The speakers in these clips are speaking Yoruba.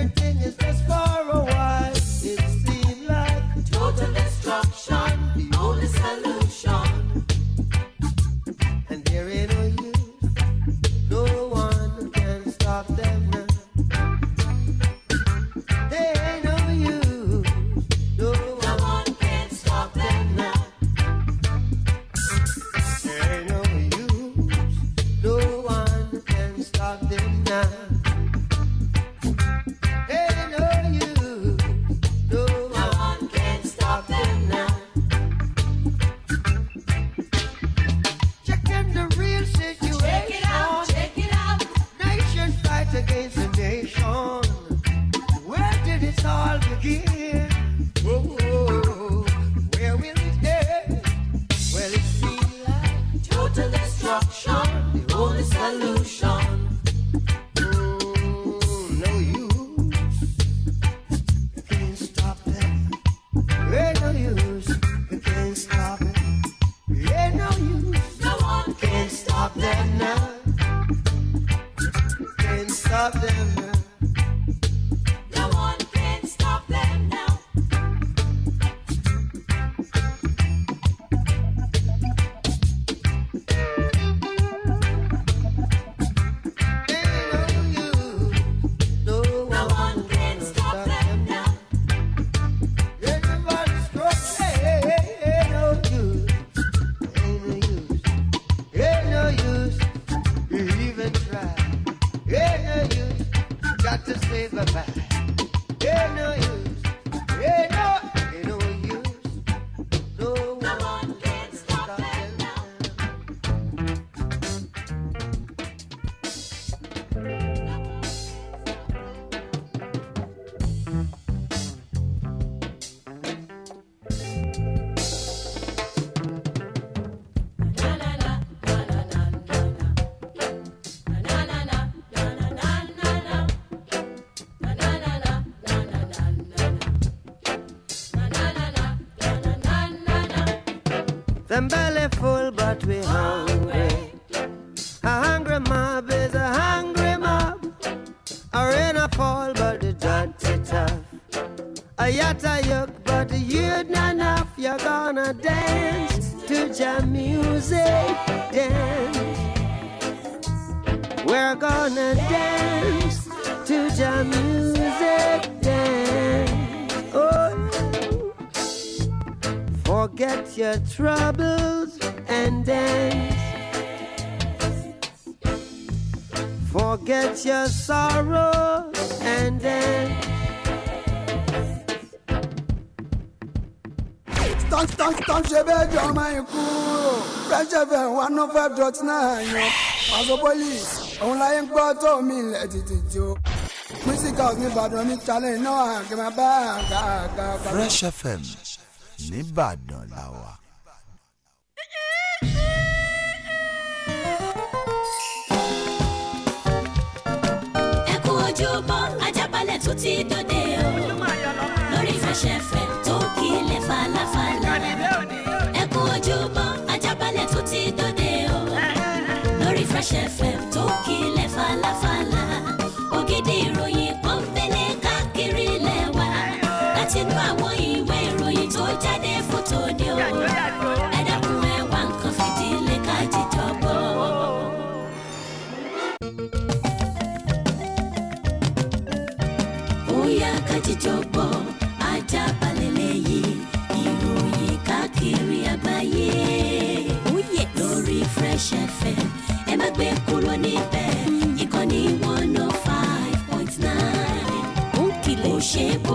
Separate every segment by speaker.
Speaker 1: everything is forget your troubles and dance. Forget your sorrows and dance.
Speaker 2: Fresh one oh five challenge Fresh
Speaker 3: FM nìbàdàn la wà.
Speaker 4: ẹ kú ojúbọ ajábalẹ̀ tó ti dòde o lórí fẹsẹ̀fẹ̀ tó kílẹ̀ falafala ẹ kú ojúbọ ajábalẹ̀ tó ti dòde o lórí fẹsẹ̀fẹ̀ tó kílẹ̀ falafala.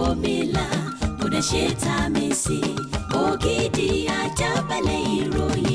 Speaker 4: bòmílà kò dẹ̀ ṣe tá a sí ògidì ajábalẹ̀ ìròyìn.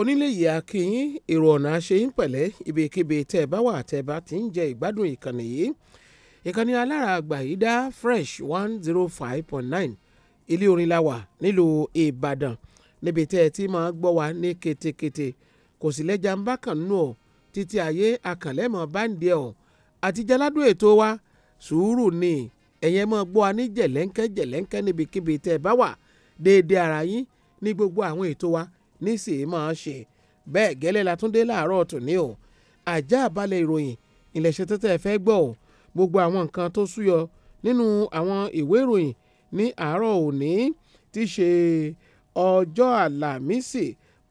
Speaker 5: oníléyìí akínyìn èrò ọ̀nà àṣeyín pẹ̀lẹ́ ibikíbi tẹ́ ẹ bá wà tẹ́ ẹ bá ti ń jẹ ìgbádùn ìkànnì yìí ìkànnì alára àgbà yìí dá fresh one zero five point nine ilé orin la wà nílùú ìbàdàn níbi tẹ́ ẹ ti máa gbọ́ wa ní ketekete kò sì lẹ́jà ń bá kàn nù ọ́ títí ayé akànlẹ́mọ̀ báńdì ẹ̀ ọ́ àtijọ́ládùn ètò wa sùúrù ni ẹ̀yẹ́ máa gbọ́ wa ní jẹ̀lẹ́ńkẹ́ jẹ̀lẹ́ńkẹ́ níbikíbi tẹ́ ẹ bá wà déédéé ara yín ní gbogbo àwọn ètò wa nísìí máa ṣe bẹ́ẹ̀ gẹ́lẹ́ la tún dé láàárọ̀ tòní o àjá àbálẹ̀ ìròyìn ìlẹ̀ṣẹ̀ tẹ́tẹ́ fẹ́ gbọ́ o gbogbo àwọn nǹkan tó súyọ nínú àwọn ìwé ìròyìn ní àárọ̀ òní ti ṣe ọjọ́ àlàmísì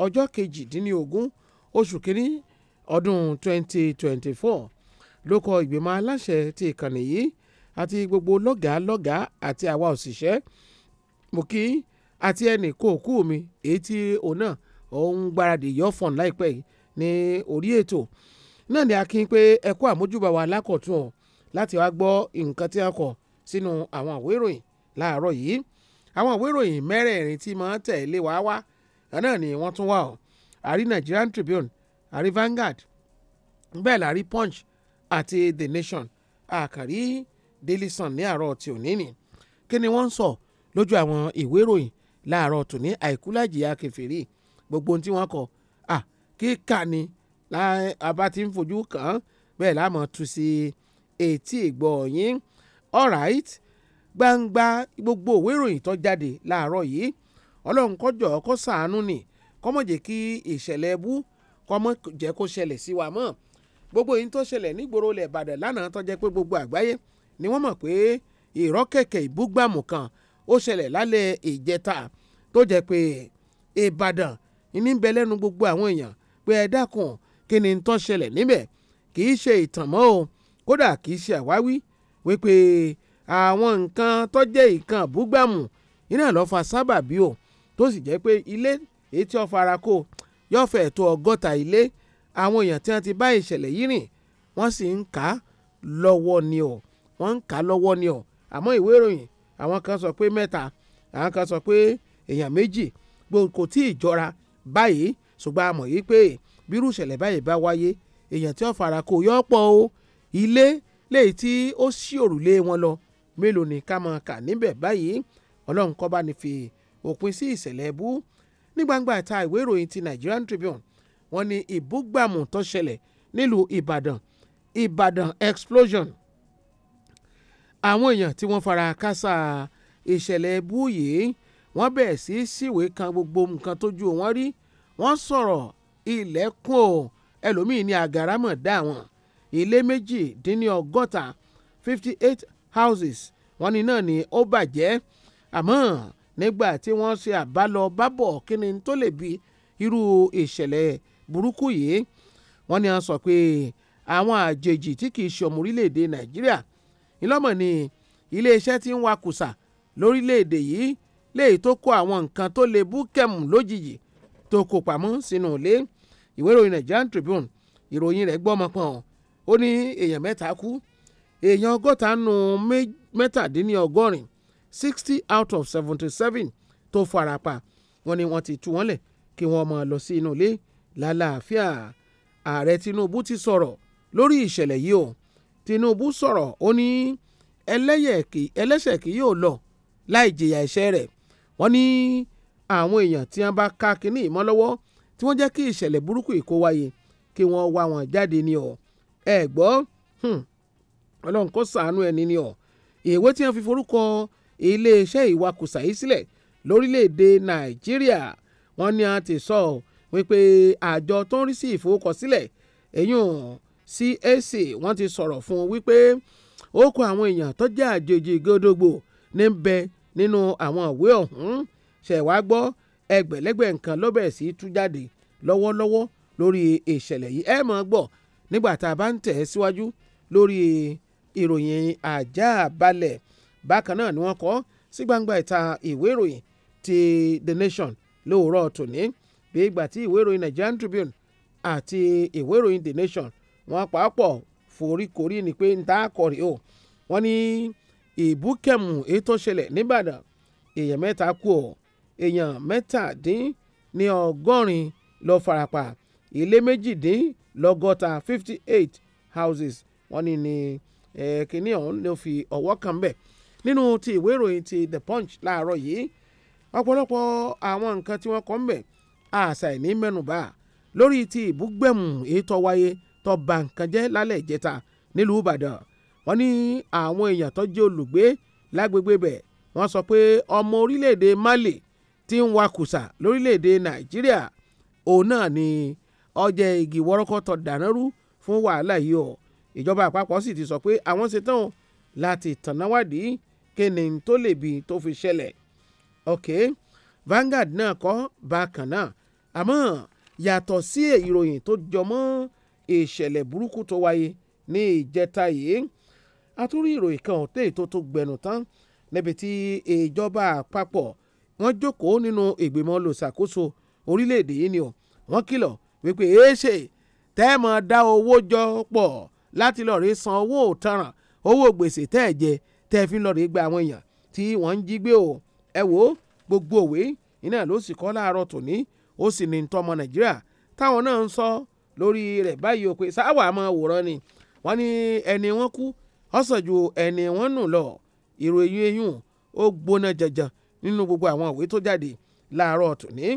Speaker 5: ọjọ́ kejìdínlógún oṣù kínní ọdún 2024 ló kọ ìgbìmọ̀ aláṣẹ ti ìkànnì yìí àti gbogbo lọ́gàá lọ́gàá àti àwa òṣìṣẹ́ mo kí àti ẹnì kòókù mi èyí tí òun náà òun gbáradì yọ fọ̀n láìpẹ́ yìí ní orí ètò náà ni akin pé ẹ̀kọ́ àmójúbà wa lákọ̀tún ọ̀ láti wá gbọ́ nǹkan tí a kọ sínú àwọn àwé ìròyìn láàárọ̀ yìí àwọn àwé ìròyìn mẹ́rẹ̀ẹ̀rin tí máa tẹ̀lé wá wá náà ni wọ́n tún wà ọ́ àrí Nigerian Tribune àrí Vanguard bẹ́ẹ̀ lárí Punch àti The Nation àkàrí Daily Sun ní àárọ̀ tí ò ní nì kí ni wọ́n ń sọ lójú àwọn ìwé ìròyìn láàárọ̀ tòní àìkú lájìyà kẹfìrí gbogbo ohun tí wọ́n kọ kíkà ni àbá ti ń fojú kàn án bẹ́ẹ̀ láàmú tu sí etí ìgbọ́ yín alright gbangba gbogbo òwe ìròyìn tó jáde láàárọ̀ yìí ọlọ́run kọjọ́ kó ṣàánú ni kọ́mọ̀jẹ́ kí ìṣẹ̀lẹ̀ ẹbú kọ́mọ̀ jẹ́ kó ṣẹlẹ̀ sí wa mọ́ gbogbo yìí tó ṣẹlẹ̀ nígboro ilẹ̀ ìbàdàn lánàá tó jẹ́ pé gbogbo àgbáyé ni wọ́n mọ̀ pé ìrọ́kẹ̀kẹ̀ ìbúgbàmù kan ó ṣẹlẹ̀ lálẹ́ ìjẹta tó jẹ́ pé Ìbàdàn ní bẹ lẹ́nu gbogbo àwọn èèyàn pé ẹ dákun kí ni tó ṣẹlẹ̀ níbẹ̀ kì í ṣe ìtàn mọ́ o kódà kì í ṣe àwáwí wípé àwọn nǹkan tó jẹ́ ìkan búgbàmù iná ló fa sábàbí o tó sì jẹ́ pé ilé èyí tí ó fara kó yóò fẹ́ tó ọgọ́ta ilé àwọn èèyàn tí wọ́n ti bá ìṣẹ̀lẹ̀ yìí rìn wọ́n sì ń kà á lọ́wọ́ ni o wọ́n ń kà á lọ́wọ́ ni o àmọ́ ìwé ìròyìn àwọn kan sọ pé mẹ́ta àwọn kan sọ pé èèyàn méjì kò tí ì jọra báyìí ṣùgbọ́n a mọ̀ yìí pé bírú ìṣẹ̀lẹ̀ báyìí bá wáyé èèyàn tí ó fara kò yọ pọ̀ o ilé léyìí tí ó ṣí òrùlé wọn lọ mélòó ni ká mọ̀ kà níbẹ̀ báyìí ọlọ́run kó bá ní fi òpin sí ìṣẹ̀lẹ̀ ẹbú ní gbangba ìta ìwé ìròyìn ti Nigerian Tribune wọ́n ní ìbúgbàmù tó ṣẹlẹ̀ nílùú Ìbàdàn Ìbàdàn explosion àwọn èèyàn tí wọ́n fara kásá ìṣẹ̀lẹ̀ ẹbú yìí wọ́n bẹ̀rẹ̀ sí í síwèé kan gbogbo nǹkan tójú wọn rí wọ́n sọ̀rọ̀ ilẹ̀kùn o ẹlòmíì ní àgàràmọ̀ dá wọn ilé méjì dín ní ọgọ́ta fifty eight houses wọ́n ní náà ni ó bàjẹ́ àmọ́ nígbà tí wọ́n ṣe àbálọ bábọ̀ kí ni tó lè bi irú ìṣẹ̀lẹ̀ burúkú yìí wọ́n ní a sọ pé àwọn àjèjì tí kì í ṣe ọmọ orílẹ̀-èdè nàìjíríà ìlọ́mọ̀ ni iléeṣẹ́ tí ń wakùsà lórílẹ̀-èdè yìí léyìí tó kó àwọn nǹkan tó lè bú kẹ̀mù lójijì tó kó pamọ́ sínú ilé ìwé ìròyìn Nigerian Tribune ìròyìn rẹ̀ gbọ́mọ pọ̀n ó ní èèyàn mẹ́ta kú èèyàn ọgọ́ta nù mẹ́tàdínlọ́gọ́rin sixty out of seventy seven tó farapa wọ́n ní wọ́n ti tú wọ́n lẹ̀ kí wọ́n máa lọ sí inú ilé lálàáfíà ààrẹ Tinubu ti sọ̀rọ̀ lórí ìṣẹ̀lẹ̀ yìí o Tinubu sọ̀rọ̀ ó ní ẹlẹ́ṣẹ̀ kì yóò lọ láì jìyà ẹ̀ṣẹ̀ rẹ̀ wọ́n ní àwọn èèyàn tí wọ́n bá ká kínní ìmọ́ lọ́wọ́ tí wọ́n jẹ́ kí ìṣẹ̀lẹ̀ burúkú ìkó wáyé kí wọ́n wá wọn jáde ni ọ̀ ẹ gbọ́ hmm, ọlọ́run kó ṣàánú ẹni ni ọ̀ ìwé tí wọ́n fi forúkọ iléeṣẹ́ ìwakùsà yìí sílẹ̀ lórílẹ̀‐èdè nàìjíríà wọ́n ní a ti sọ wípé àjọ tó ń rí sí ìfowókọsílẹ̀ èyún CAC wọ́n ti sọ̀rọ̀ fún un wípé ó kọ àwọn èèyàn tó jẹ́ àjèjì gòdògbò ní bẹ́ẹ̀ nínú àwọn ìwé ọ̀hún ṣẹ̀wá gbọ́ ẹgbẹ̀lẹ́gbẹ̀ nǹkan ló bẹ̀rẹ̀ sí í tú jáde lọ́wọ́lọ́wọ́ lórí ìṣẹ̀lẹ̀ yìí ẹ mọ̀ ọ́ gbọ́ nígbà tá a bá ń tẹ̀ ẹ́ síwájú lórí ìròyìn ajá balẹ̀ bákan náà ni wọ́n kọ sí gbangba ìta ìwé ìròyìn ti The Nation lóòrọ̀ tòní bí ìgbà tí ìwé ìròyìn Nigerian Tribune àti ìwé ìròyìn The Nation wọ́n pàápọ̀ foríkorí ni pé ń tá a kọ̀rí o wọ́n ní. Ni ìbúkẹ̀mù èyí tó ṣẹlẹ̀ nìbàdàn èèyàn mẹ́ta kú ọ̀ èèyàn mẹ́tàdín ní ọgọ́rin ló farapa ilé méjìdínlọ́gọ́ta fifty eight houses wọ́n ní ní kínní ọ̀hún ló fi ọwọ́ kan bẹ̀ nínú ti ìwé ìròyìn ti the punch láàárọ̀ yìí ọ̀pọ̀lọpọ̀ àwọn nǹkan tí wọ́n kọ́ ń bẹ̀ àṣà ìní mẹ́nubà lórí ti ìbúgbẹ̀mù èyí tó wáyé tó ba nǹkan jẹ́ lálẹ́ ìjẹta nílùú ìbàdàn wọ́n ní àwọn èèyàn tó jẹ́ olùgbé lágbègbè bẹ̀ wọ́n sọ pé ọmọ orílẹ̀-èdè Mali ti ń wakùsà lórílẹ̀-èdè Nàìjíríà òun náà ni ọjẹ́ igi wọ́rọ́kọ́ tó dànárú fún wàhálà yìí o ìjọba àpapọ̀ sì ti sọ pé àwọn ṣetán láti tànáwádìí kéne tó lè bi tó fi ṣẹlẹ̀ okay Vanguard náà kọ́ bákan náà àmọ́ yàtọ̀ sí ìròyìn tó jọmọ́ ìṣẹ̀lẹ̀ burúkú tó wáyé ní ìjẹta yìí àtúrí ìròyìn kan òtẹ́ ètò tó gbẹnu tán níbi tí ìjọba àpapọ̀ wọ́n jókòó nínú ìgbìmọ̀ olùṣàkóso orílẹ̀-èdè yìí ni o wọ́n kìlọ̀ wípé èéṣe tẹ́ mọ̀ dá owó jọ pọ̀ láti lọ́ọ́ rí san owó òtanràn owó gbèsè tẹ́ ẹ̀ jẹ tẹ́ ẹ fi lọ́ọ́ rí gba àwọn èèyàn tí wọ́n ń jí gbé o ẹ wo gbogbo òwe iná ló sì kọ́ láàárọ̀ tòní ó sì ní tọmọ nàìjíríà táwọn náà ń sọ lórí rẹ̀ báyìí o pé sáwà máa wòran ni wọ́n ní ẹni wọ́n kú ó sàn ju ẹni wọ́n nù lọ ìròyìn eyín ó gbóná janjan nínú gbogbo àwọn ìwé tó jáde láàárọ̀ tòní.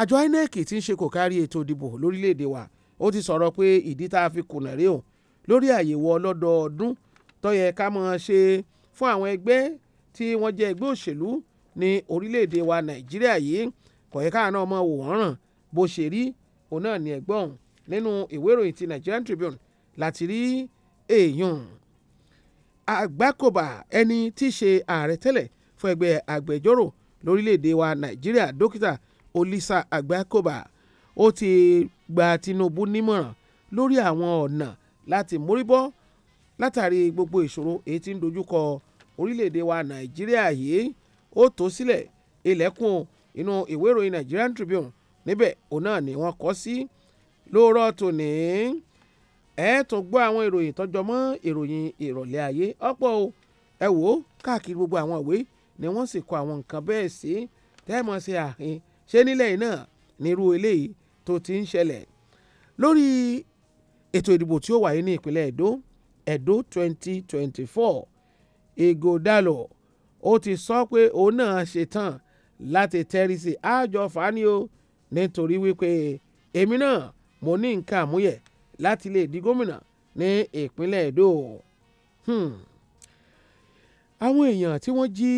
Speaker 5: àjọ INEC ti ń ṣe kò kárí ètò ìdìbò lórílẹ̀‐èdè wa ó ti sọ̀rọ̀ pé ìdí tá a fi kùnà rèé o lórí àyèwò ọlọ́dọọdún tó yẹ ká mọ̀ ṣe fún àwọn ẹgbẹ́ tí wọ́n jẹ́ ẹgbẹ́ òṣèlú ní orílẹ̀‐èdè wa Nàìjíríà yìí kò yẹ káà náà mọ̀ wò wọ́n ràn bó ṣe rí òun náà ní ẹ̀gbọ́n nínú ìwé ìròyìn ti Nigerian Tribune láti rí èèyàn àgbákòbà ẹni tí í ṣe ààrẹ tẹ́lẹ̀ fún ẹgbẹ́ agbẹjọ́rò lórílẹ̀‐èdè wa nàìjíríà dókítà olisa àgbákòbà ó ti gba tinubu nímọ̀ràn lórí àwọn ọ̀nà láti móríbọ́ látàrí gbogbo ìṣòro èyí tí ń dojúkọ orílẹ̀‐èdè wa nàìjíríà yìí ó tó sílẹ̀ ilẹ̀kùn inú ìwé ìròyìn Nigerian Tribune níbẹ̀ òun náà ni wọ́n kọ sí lóòrọ̀ tòní ẹ tún gbọ́ àwọn ìròyìn tọ́jọ́ mọ́ ìròyìn ìrọ̀lẹ́ ayé ọ̀pọ̀ o ẹ wò ó káàkiri gbogbo àwọn ìwé ni wọ́n sì kọ àwọn nǹkan bẹ́ẹ̀ sí tẹ́ẹ̀mọ́ sí àhín ṣé nílẹ̀ yìí náà nírú eléyìí tó ti ń ṣẹlẹ̀ lórí ètò ìdìbò tí ó wáyé ní ìpínlẹ̀ Ẹdó Ẹdó 2024 Ego Dalo ó ti sọ pé òun náà ṣetán láti tẹ́rí sí àjọ fani o nítorí wípé èmi náà mo ní nǹkan àmúyẹ̀ láti lè di gómìnà ní ìpínlẹ̀ Edo hmm. àwọn èèyàn tí wọ́n jí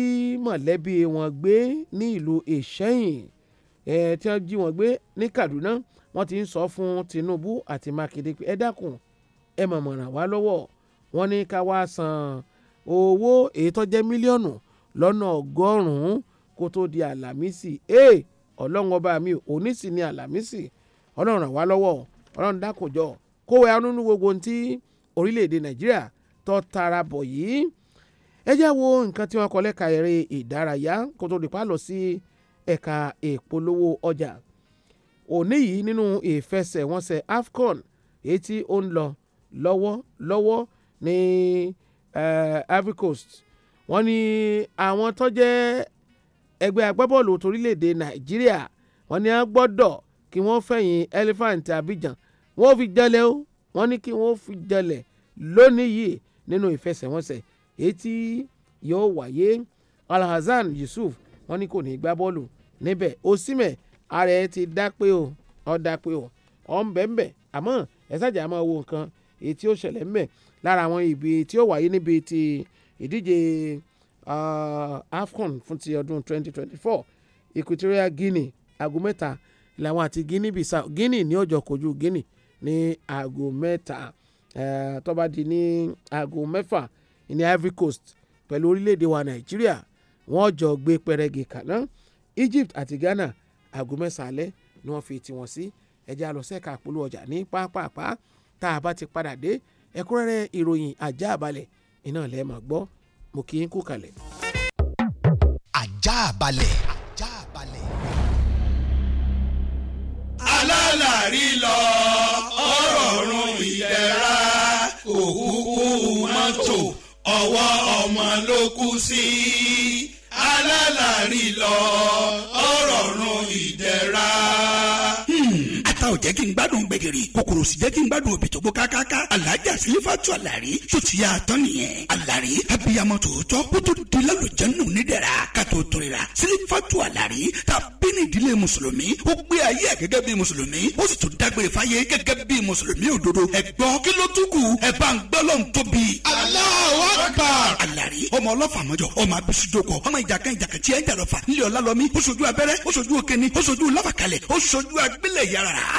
Speaker 5: mọ̀lẹ́bí wọn gbé ní ìlú Ìṣẹ́yìn ẹ̀ tí wọ́n jí wọn gbé ní Kaduna wọ́n ti ń sọ fún Tinubu àti Makinde pé ẹ dákun ẹ mọ̀mọ̀ ràn wá lọ́wọ́ wọn ní ká wá san owó èyí tó jẹ́ mílíọ̀nù lọ́nà ọgọ́rùn-ún kó tó di àlàmísì ee ọlọ́run ọba mi ò ní sì ní àlàmísì ọlọ́run ràn wá lọ́wọ́ ọlọ́run dákun jọ̀ọ́ kó wẹ anúnú gbogbo ti orílẹ̀-èdè nàìjíríà tó tara bọ̀ yìí ẹ jẹ́ wo nǹkan tí wọ́n kọ lẹ́ka eré ìdárayá kó tó dìpá lọ sí ẹ̀ka ìpolówó ọjà òní yìí nínú ìfẹsẹ̀wọnsẹ̀ AFCON èyí tí ó ń lọ lọ́wọ́ lọ́wọ́ ní Ivory Coast wọ́n ní àwọn tó jẹ́ ẹgbẹ́ agbábọ́ọ̀lù torílẹ̀‐èdè Nàìjíríà wọ́n ní a gbọ́dọ̀ kí wọ́n fẹ̀yìn Elephant Abidjan wọ́n fi jẹlẹ̀ o wọ́n ní kí wọ́n fi jẹlẹ̀ lónìí yìí nínú ìfẹsẹ̀wọnsẹ̀ etí yóò wáyé Alhassan Yusuf wọ́n ní kò ní gbá bọ́ọ̀lù níbẹ̀ Osimhen ara ẹ ti dá pé o ọ dá o ọ ń bẹ̀ ń bẹ̀ àmọ́ ẹ sájà máa wo nǹkan etí ó ṣẹlẹ̀ ń lára àwọn ibi tí ó wáyé níbi ti ìdíje AFCON fún ti ọdún 2024 Equatorial Guinea aago mẹ́ta làwọn àti Guinea Bissau Guinea ní ọjọ́ kojú Guinea ní aago mẹ́ta tó bá di ní aago mẹ́fà ní Ivory Coast pẹ̀lú orílẹ̀-èdè wa Nàìjíríà wọ́n jọ gbé pẹrẹgì kàná Egypt àti Ghana aago mẹ́sàn-án alẹ́ ni wọ́n fi tiwọn sí ẹjẹ́ àlọ́sẹ̀ka àpolówó ọjà ní pápápá tá a bá ti padà dé ẹ̀kúnrẹ́rẹ́ ìròyìn ajá àbálẹ̀ iná lẹ́ẹ̀ máa gbọ́ mo kí n kú kalẹ̀. ajá àbálẹ̀.
Speaker 3: alálàrí lọ ọ̀rọ̀ run ìdẹ̀ra òkúkú mọ́tò ọwọ́ ọmọ ló kú sí alálàrí lọ ọ̀rọ̀ run ìdẹ̀ra
Speaker 6: ò jẹ́ kí n gbádùn gbẹ̀gìrì
Speaker 3: kòkòrò sì jẹ́ kí n gbádùn òbí tó gbó kákáká alájà sílífàtú àlàrí tó ti yá àtọ́ nìyẹn àlàrí abiyamọ tòótọ́ kó tó di lálùjẹ́nù nídẹ̀ra ká tó torira sílífàtú àlàrí ta bí ní ìdílé mùsùlùmí ó gbé ayé ẹ̀ gẹ́gẹ́ bí mùsùlùmí ó sì tún dágbére fáyé gẹ́gẹ́ bí mùsùlùmí òdodo ẹ gbọ́ kí ló tún kù ẹ bá ń gbọ́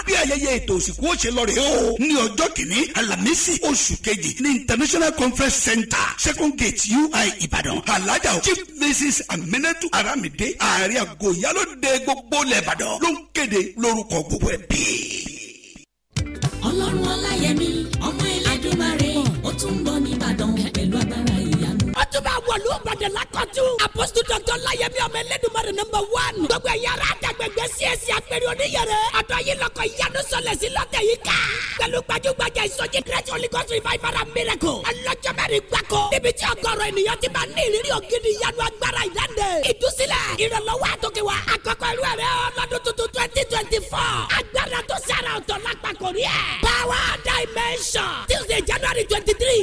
Speaker 3: bí ayẹyẹ ètò òsìnkú ó ṣe lọ rèé o ní ọjọ́ kìíní alamisi oṣù kejì ní international conference center second gate ui ìbàdàn alájà chief mrs aminatu aramide ààrẹ
Speaker 7: àgọ́yálóde gbogbo lẹ́bàdàn ló ń kéde lórúkọ gbogbo ẹbí.
Speaker 4: ọlọ́run ọlọ́run. wọ̀lú ìbàdàn lákọ̀tún. apọ́sítù dọ́kítọ̀ láyẹ̀mí ọmọ ẹlẹ́dùnmọ́rẹ̀ nọmba
Speaker 8: one. gbogbo ẹ̀yà ara àtàgbẹ̀gbẹ̀ csc apẹ̀rẹ̀ oníyẹrẹ. ọ̀dọ̀ yìí lọkọ̀ ìyanu sọlẹ̀ sí lọ́tẹ̀ yìí ká. pẹ̀lú gbajúgbajà ìsọjí grace holy gods revival and miracle. ọlọ́jọ́ mẹ́rin gbáko. níbi tí ọgọ́rọ̀ ènìyàn ti máa ní ìrírí ògidì ìyanu agbára ìdáǹdè. ìdúsílẹ̀ ìrànlọ́wọ́ àtòkè wa. àkọ́kọ́ irú ẹ̀rẹ́ ọlọ́dún tuntun twenty twenty four. agbára tó sára ọ̀tọ̀ lápá kò rí ẹ̀. power dimension. tuesday january twenty three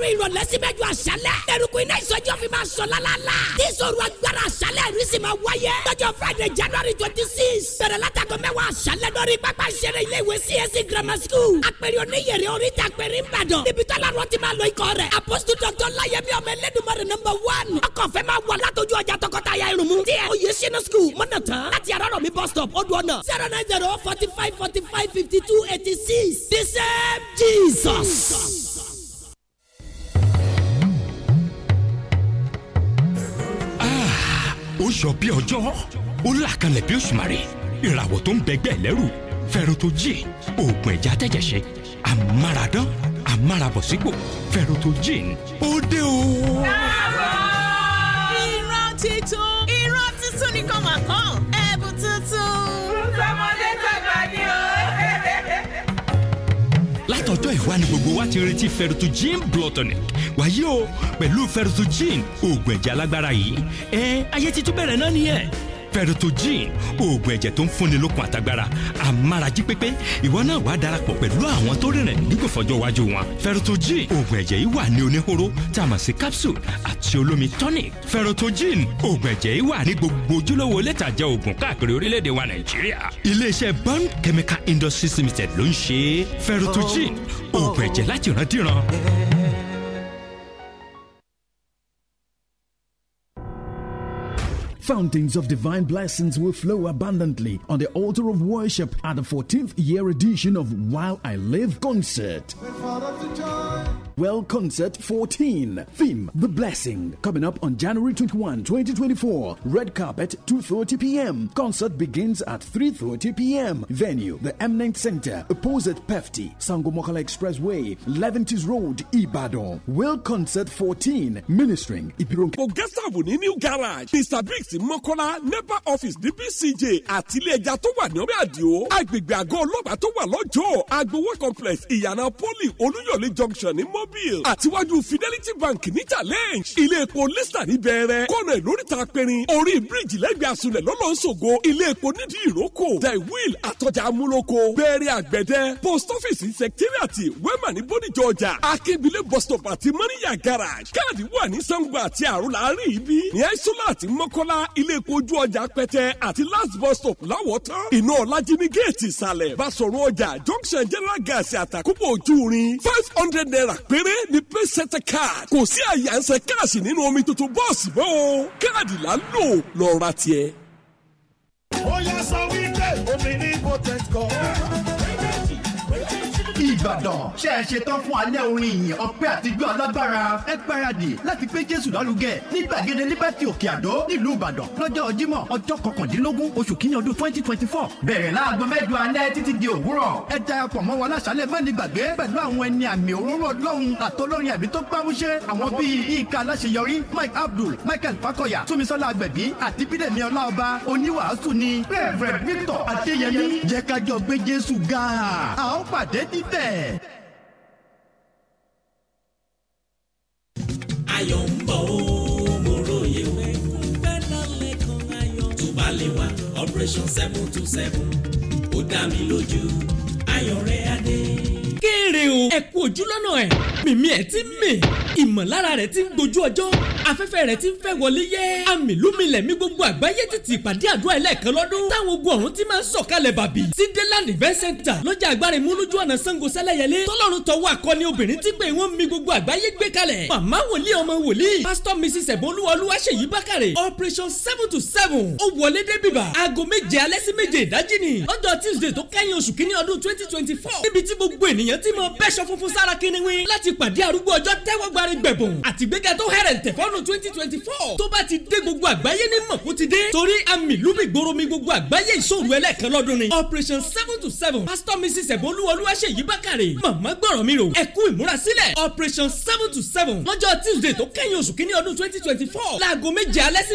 Speaker 8: láàárọ̀ ìrọ̀lẹ́ sí mẹ́jọ àṣálẹ́. ẹrùkù iná ìsọjí òfin máa sọ lálálá. tí ìṣòro agbára àṣálẹ́ rí sì máa wáyé. lọ́jọ́ friday january twenty six. bẹ̀rẹ̀ látàgọ́ mẹ́wàá àṣálẹ́ lórí pápá ìṣeré ilé ìwé csc e grammar school. àpèrè oníyèrè oríta àpèrè ìbàdàn. ibi tó lárọ ti máa lọ ikọ̀ rẹ̀. apostle dr layemi ọmọ ẹlẹ́dùnmọ́rẹ̀ number one. ọkọ̀ fẹ́ máa wà látọjú ọjà tọkọtaya ìrùnmú. tí ẹ oyè sinu school mọ́nà tán. láti àrọ́rọ̀ mi bus stop odò ọ̀nà. zero forty five forty five fifty two eighty six. the same jesus
Speaker 9: ó yọ bí ọjọ́ ó là kalẹ̀ bí òṣùmàrè ìràwọ̀ tó ń bẹgbẹ́ lẹ́rù fẹ́rọ̀tọ̀jì oògùn ẹ̀já tẹ̀jẹ̀ṣẹ̀ amáradán amárabọ̀sípò
Speaker 7: fẹ́rọ̀tọ̀jì ó dé o.
Speaker 4: ìran titun ìran titun nìkan mà kàn.
Speaker 9: látọjọ́ ìwá ni gbogbo wa ti retí ferritogen blood tonic wàyí o pẹ̀lú ferritogen oògùn ẹ̀jẹ̀ alágbára yìí ẹ ayé ti tún bẹ̀rẹ̀ náà nìyẹn ferritojin oògùn ẹ̀jẹ̀ tó ń fúnni lókun àtagbára amárají pépé ìwọ náà wàá darapọ̀ pẹ̀lú àwọn tó rìnrìn nígbò fọjọ́ iwájú wọn ferritojin oògùn ẹ̀jẹ̀ yìí wà ní oníhóró tá a mọ̀ sí capsule àti olómi tonic ferritojin oògùn ẹ̀jẹ̀ yìí wà ní gbogbo ojúlówó lẹ́tàjẹ́ oògùn káàkiri orílẹ̀-èdè wa nàìjíríà iléeṣẹ́ bond chemical industries limited ló ń ṣe ferritojin oògùn ẹ̀jẹ̀ láti ìran díran.
Speaker 3: fountains of divine blessings will flow abundantly on the altar of worship at the 14th year edition of While I Live concert. Well Concert 14. Theme The Blessing. Coming up on January 21, 2024. Red Carpet 2:30 p.m. Concert begins at 3:30 p.m. Venue The Eminent Center, opposite Pefti, Sangomokala Expressway, Leventis Road,
Speaker 7: Ibadan. Well Concert 14. Ministering Ibirun. Ogestavu ní New Garage, Mr. Briggs Mokola, NEPA office the BCJ àti ilé ẹja tó wà ní àdìo. Agbègbè àgọ́ ọlọ́pàá tó wà lọ́jọ́. Agbowó complex Ìyànà Poli Olúyọ̀lé junction in Mọ́b mobil àtiwájú fidelity bank ní challenge ilé epo lista ní bẹ̀rẹ̀ kọ́nà ìlóríta apẹ̀rin orí bíríìjì lẹ́gbẹ̀ẹ́ àsunlẹ̀ lọ́lọ́sọ̀gọ ilé epo nídìí ìrókò daiwil àtọ́jà amúlòkọ bẹ̀rẹ̀ àgbẹ̀dẹ post office secretariat wema ní bódìjọ ọjà akébílẹ̀ bus stop àti mọ́níyà garage káàdì wà ní sango àti àrùn láàrin ibi ní aisola àti mọ́kọ́lá ilé epo ojú ọjà pẹ́tẹ́ àti last bus stop láwọ̀tán iná ọ̀làjì ní géètì ìsàlẹ̀ basọ̀rọ̀ ọjà junction general gas àtàkùnbọ̀ ojú rin five hundred naira péré ni paycenter card kò sí àyànṣe káàṣì nínú omi tuntun bọ́ọ̀sì mọ́ o káàdì là ń lò lọ́ọ́ ra tiẹ̀.
Speaker 3: ó yá sọ wípé omi ìbàdàn ṣe é ṣe tán fún alẹ́ orin ìyìn ọpẹ́ àtijọ́ alágbára ẹ gbáradì láti gbé jésù lálùgẹ ní gbàgede liberty òkè àdó
Speaker 9: nílùú ìbàdàn lọ́jọ́ jímọ̀ ọjọ́ kọkàndínlógún oṣù kìíní ọdún twenty twenty four bẹ̀rẹ̀ láago mẹ́jọ alẹ́ títí
Speaker 3: di òwúrọ̀ ẹ darapọ̀ mọ́ wa láṣálẹ̀ mẹ́ni gbàgbé pẹ̀lú àwọn ẹni àmì òróró ọlọ́run àtọlọ́rin àbí mike abdul michael fakoya túnmisọ́lá agbẹ̀bí àti bídẹ̀mí ọláọba oníwàásù ni reverend victor adéyẹmí jẹ́ kájọ gbé jésù ga a ó pàdé níbẹ̀
Speaker 2: ayọ̀ ń bọ̀ ó operation seven two seven ó
Speaker 10: dá mi lójú ayọ̀ rẹ̀ adé
Speaker 7: rere o ẹ kú ojúlọ́nà ẹ̀ mímí ẹ̀ ti mì ìmọ̀lára rẹ̀ ti ń gbojú ọjọ́ afẹ́fẹ́ rẹ̀ ti ń fẹ́ wọlé yẹ́ amìlúmilẹ̀ mi gbogbo àgbáyé títí ìpàdé àdúrà ẹlẹ́ẹ̀kan lọ́dún táwọn ogun ọ̀run ti máa ń sọ̀kalẹ̀ bàbí sí deland event center lọ́jà agbára ìmúlójú ọ̀nà Ṣàngó Sẹ́lẹ̀yẹlé tọ́lọ́run tọwọ́ akọni obìnrin tí pé wọ́n mi gbogbo àgbáyé gbé kalẹ̀ màmá wòlíì ọmọ wòlíì pásítọ̀ mrs ẹ̀bọ́nlúwọ̀ olúwaṣèyí bákàrẹ̀ operation seven to seven ó wọlé dé bíbà aago méje alẹ́ sí méje ìdájí ni lọ́jọ́ tuesday tó kẹ́yìn oṣù kínní ọdún twenty twenty four níbi tí gbogbo ènìyàn ti m mọ bẹ́sọ̀ funfun sára kiniwin láti pàdé arúgbó ọjọ́ tẹ́wọ́ gbari gbẹ̀bùn àtìgbéga tó hẹ̀rẹ̀ tẹ̀ fọ́nù twenty twenty four tó bá ti dé gbogbo àgbáyé ní mọ̀kú ti dé torí àmì lùmí gbòòrò gbogbo àgbáyé ìṣòro ẹlẹ́ẹ̀kan lọ́dún ni operation seven to seven pastor mrs ẹ̀bọ́lúwọlúwa ṣèyí bákàrẹ̀ màmá gbọ́rọ̀ mi rò ẹ̀kú ìmúrasílẹ̀ operation seven to seven lọ́jọ́ tuesday tó kẹ́yìn oṣù kínní ọdún twenty twenty four láago méje alẹ́ sí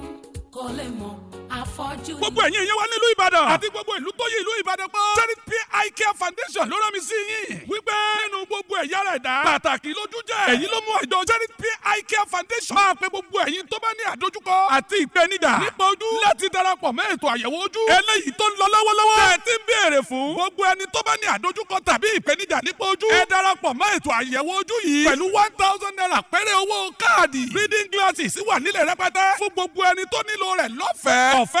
Speaker 11: colemo afọ́jú ni. gbogbo ẹ̀yin ìyẹn wá nílùú ìbàdàn àti gbogbo ìlú tó yí ìlú ìbàdàn pọ̀. charity pay eye care foundation ló rán mi sí yín. wípé nínú gbogbo ẹ̀yà rẹ̀ dá. pàtàkì lójú jẹ́. èyí ló mú àjọ charity pay eye care foundation. máa pe gbogbo ẹ̀yin tó bá ní àdójúkọ àti ìpèníjà. nípa ojú láti darapọ̀ mẹ́ ètò àyẹ̀wò ojú. eléyìí tó ń lọ lọ́wọ́lọ́wọ́. ẹ ti ń béèrè fún. gbogbo ẹni tó bá ní àdójúkọ tàbí ìpèníjà nípa ojú. ẹ darapọ̀ mẹ́ ètò àyẹ̀wò ojú yìí. pẹ̀lú one thousand naira péré owó káàdì. reading glasses wà nílẹ̀ rẹpẹtẹ. fún gbogbo ẹni tó nílò rẹ̀ lọ́fẹ̀ẹ́. ọ̀fẹ́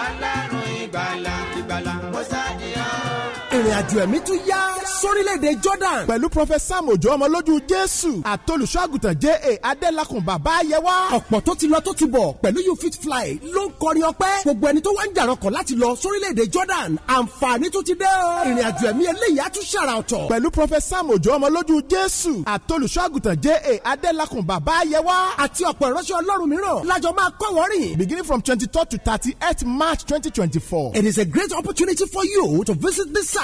Speaker 11: ọlọ́run ìgbàlà ìgbàlà mọ́sáàdì ọ̀hún
Speaker 3: ìrìnàjò ẹ̀mí tún yá sórílẹ̀-èdè Jordan pẹ̀lú prọfẹsà Sam Òjó ọmọlójú Jésù àtolùṣọ́àgùtàn J.A. Adélakùn bàbá ayẹwà ọ̀pọ̀ tó ti lọ tó ti bọ̀ pẹ̀lú you fit fly ló ń kọrin ọpẹ́ gbogbo ẹni tó wá ń jàrọ̀kọ̀ láti lọ sórílẹ̀-èdè Jordan àǹfààní tó ti dé o ìrìnàjò ẹ̀mí eléyìí á tún ṣàrà ọ̀tọ̀ pẹ̀lú prọfẹsà Sam Òjó ọmọlójú Jésù àtolùṣọ́àgùtàn J.A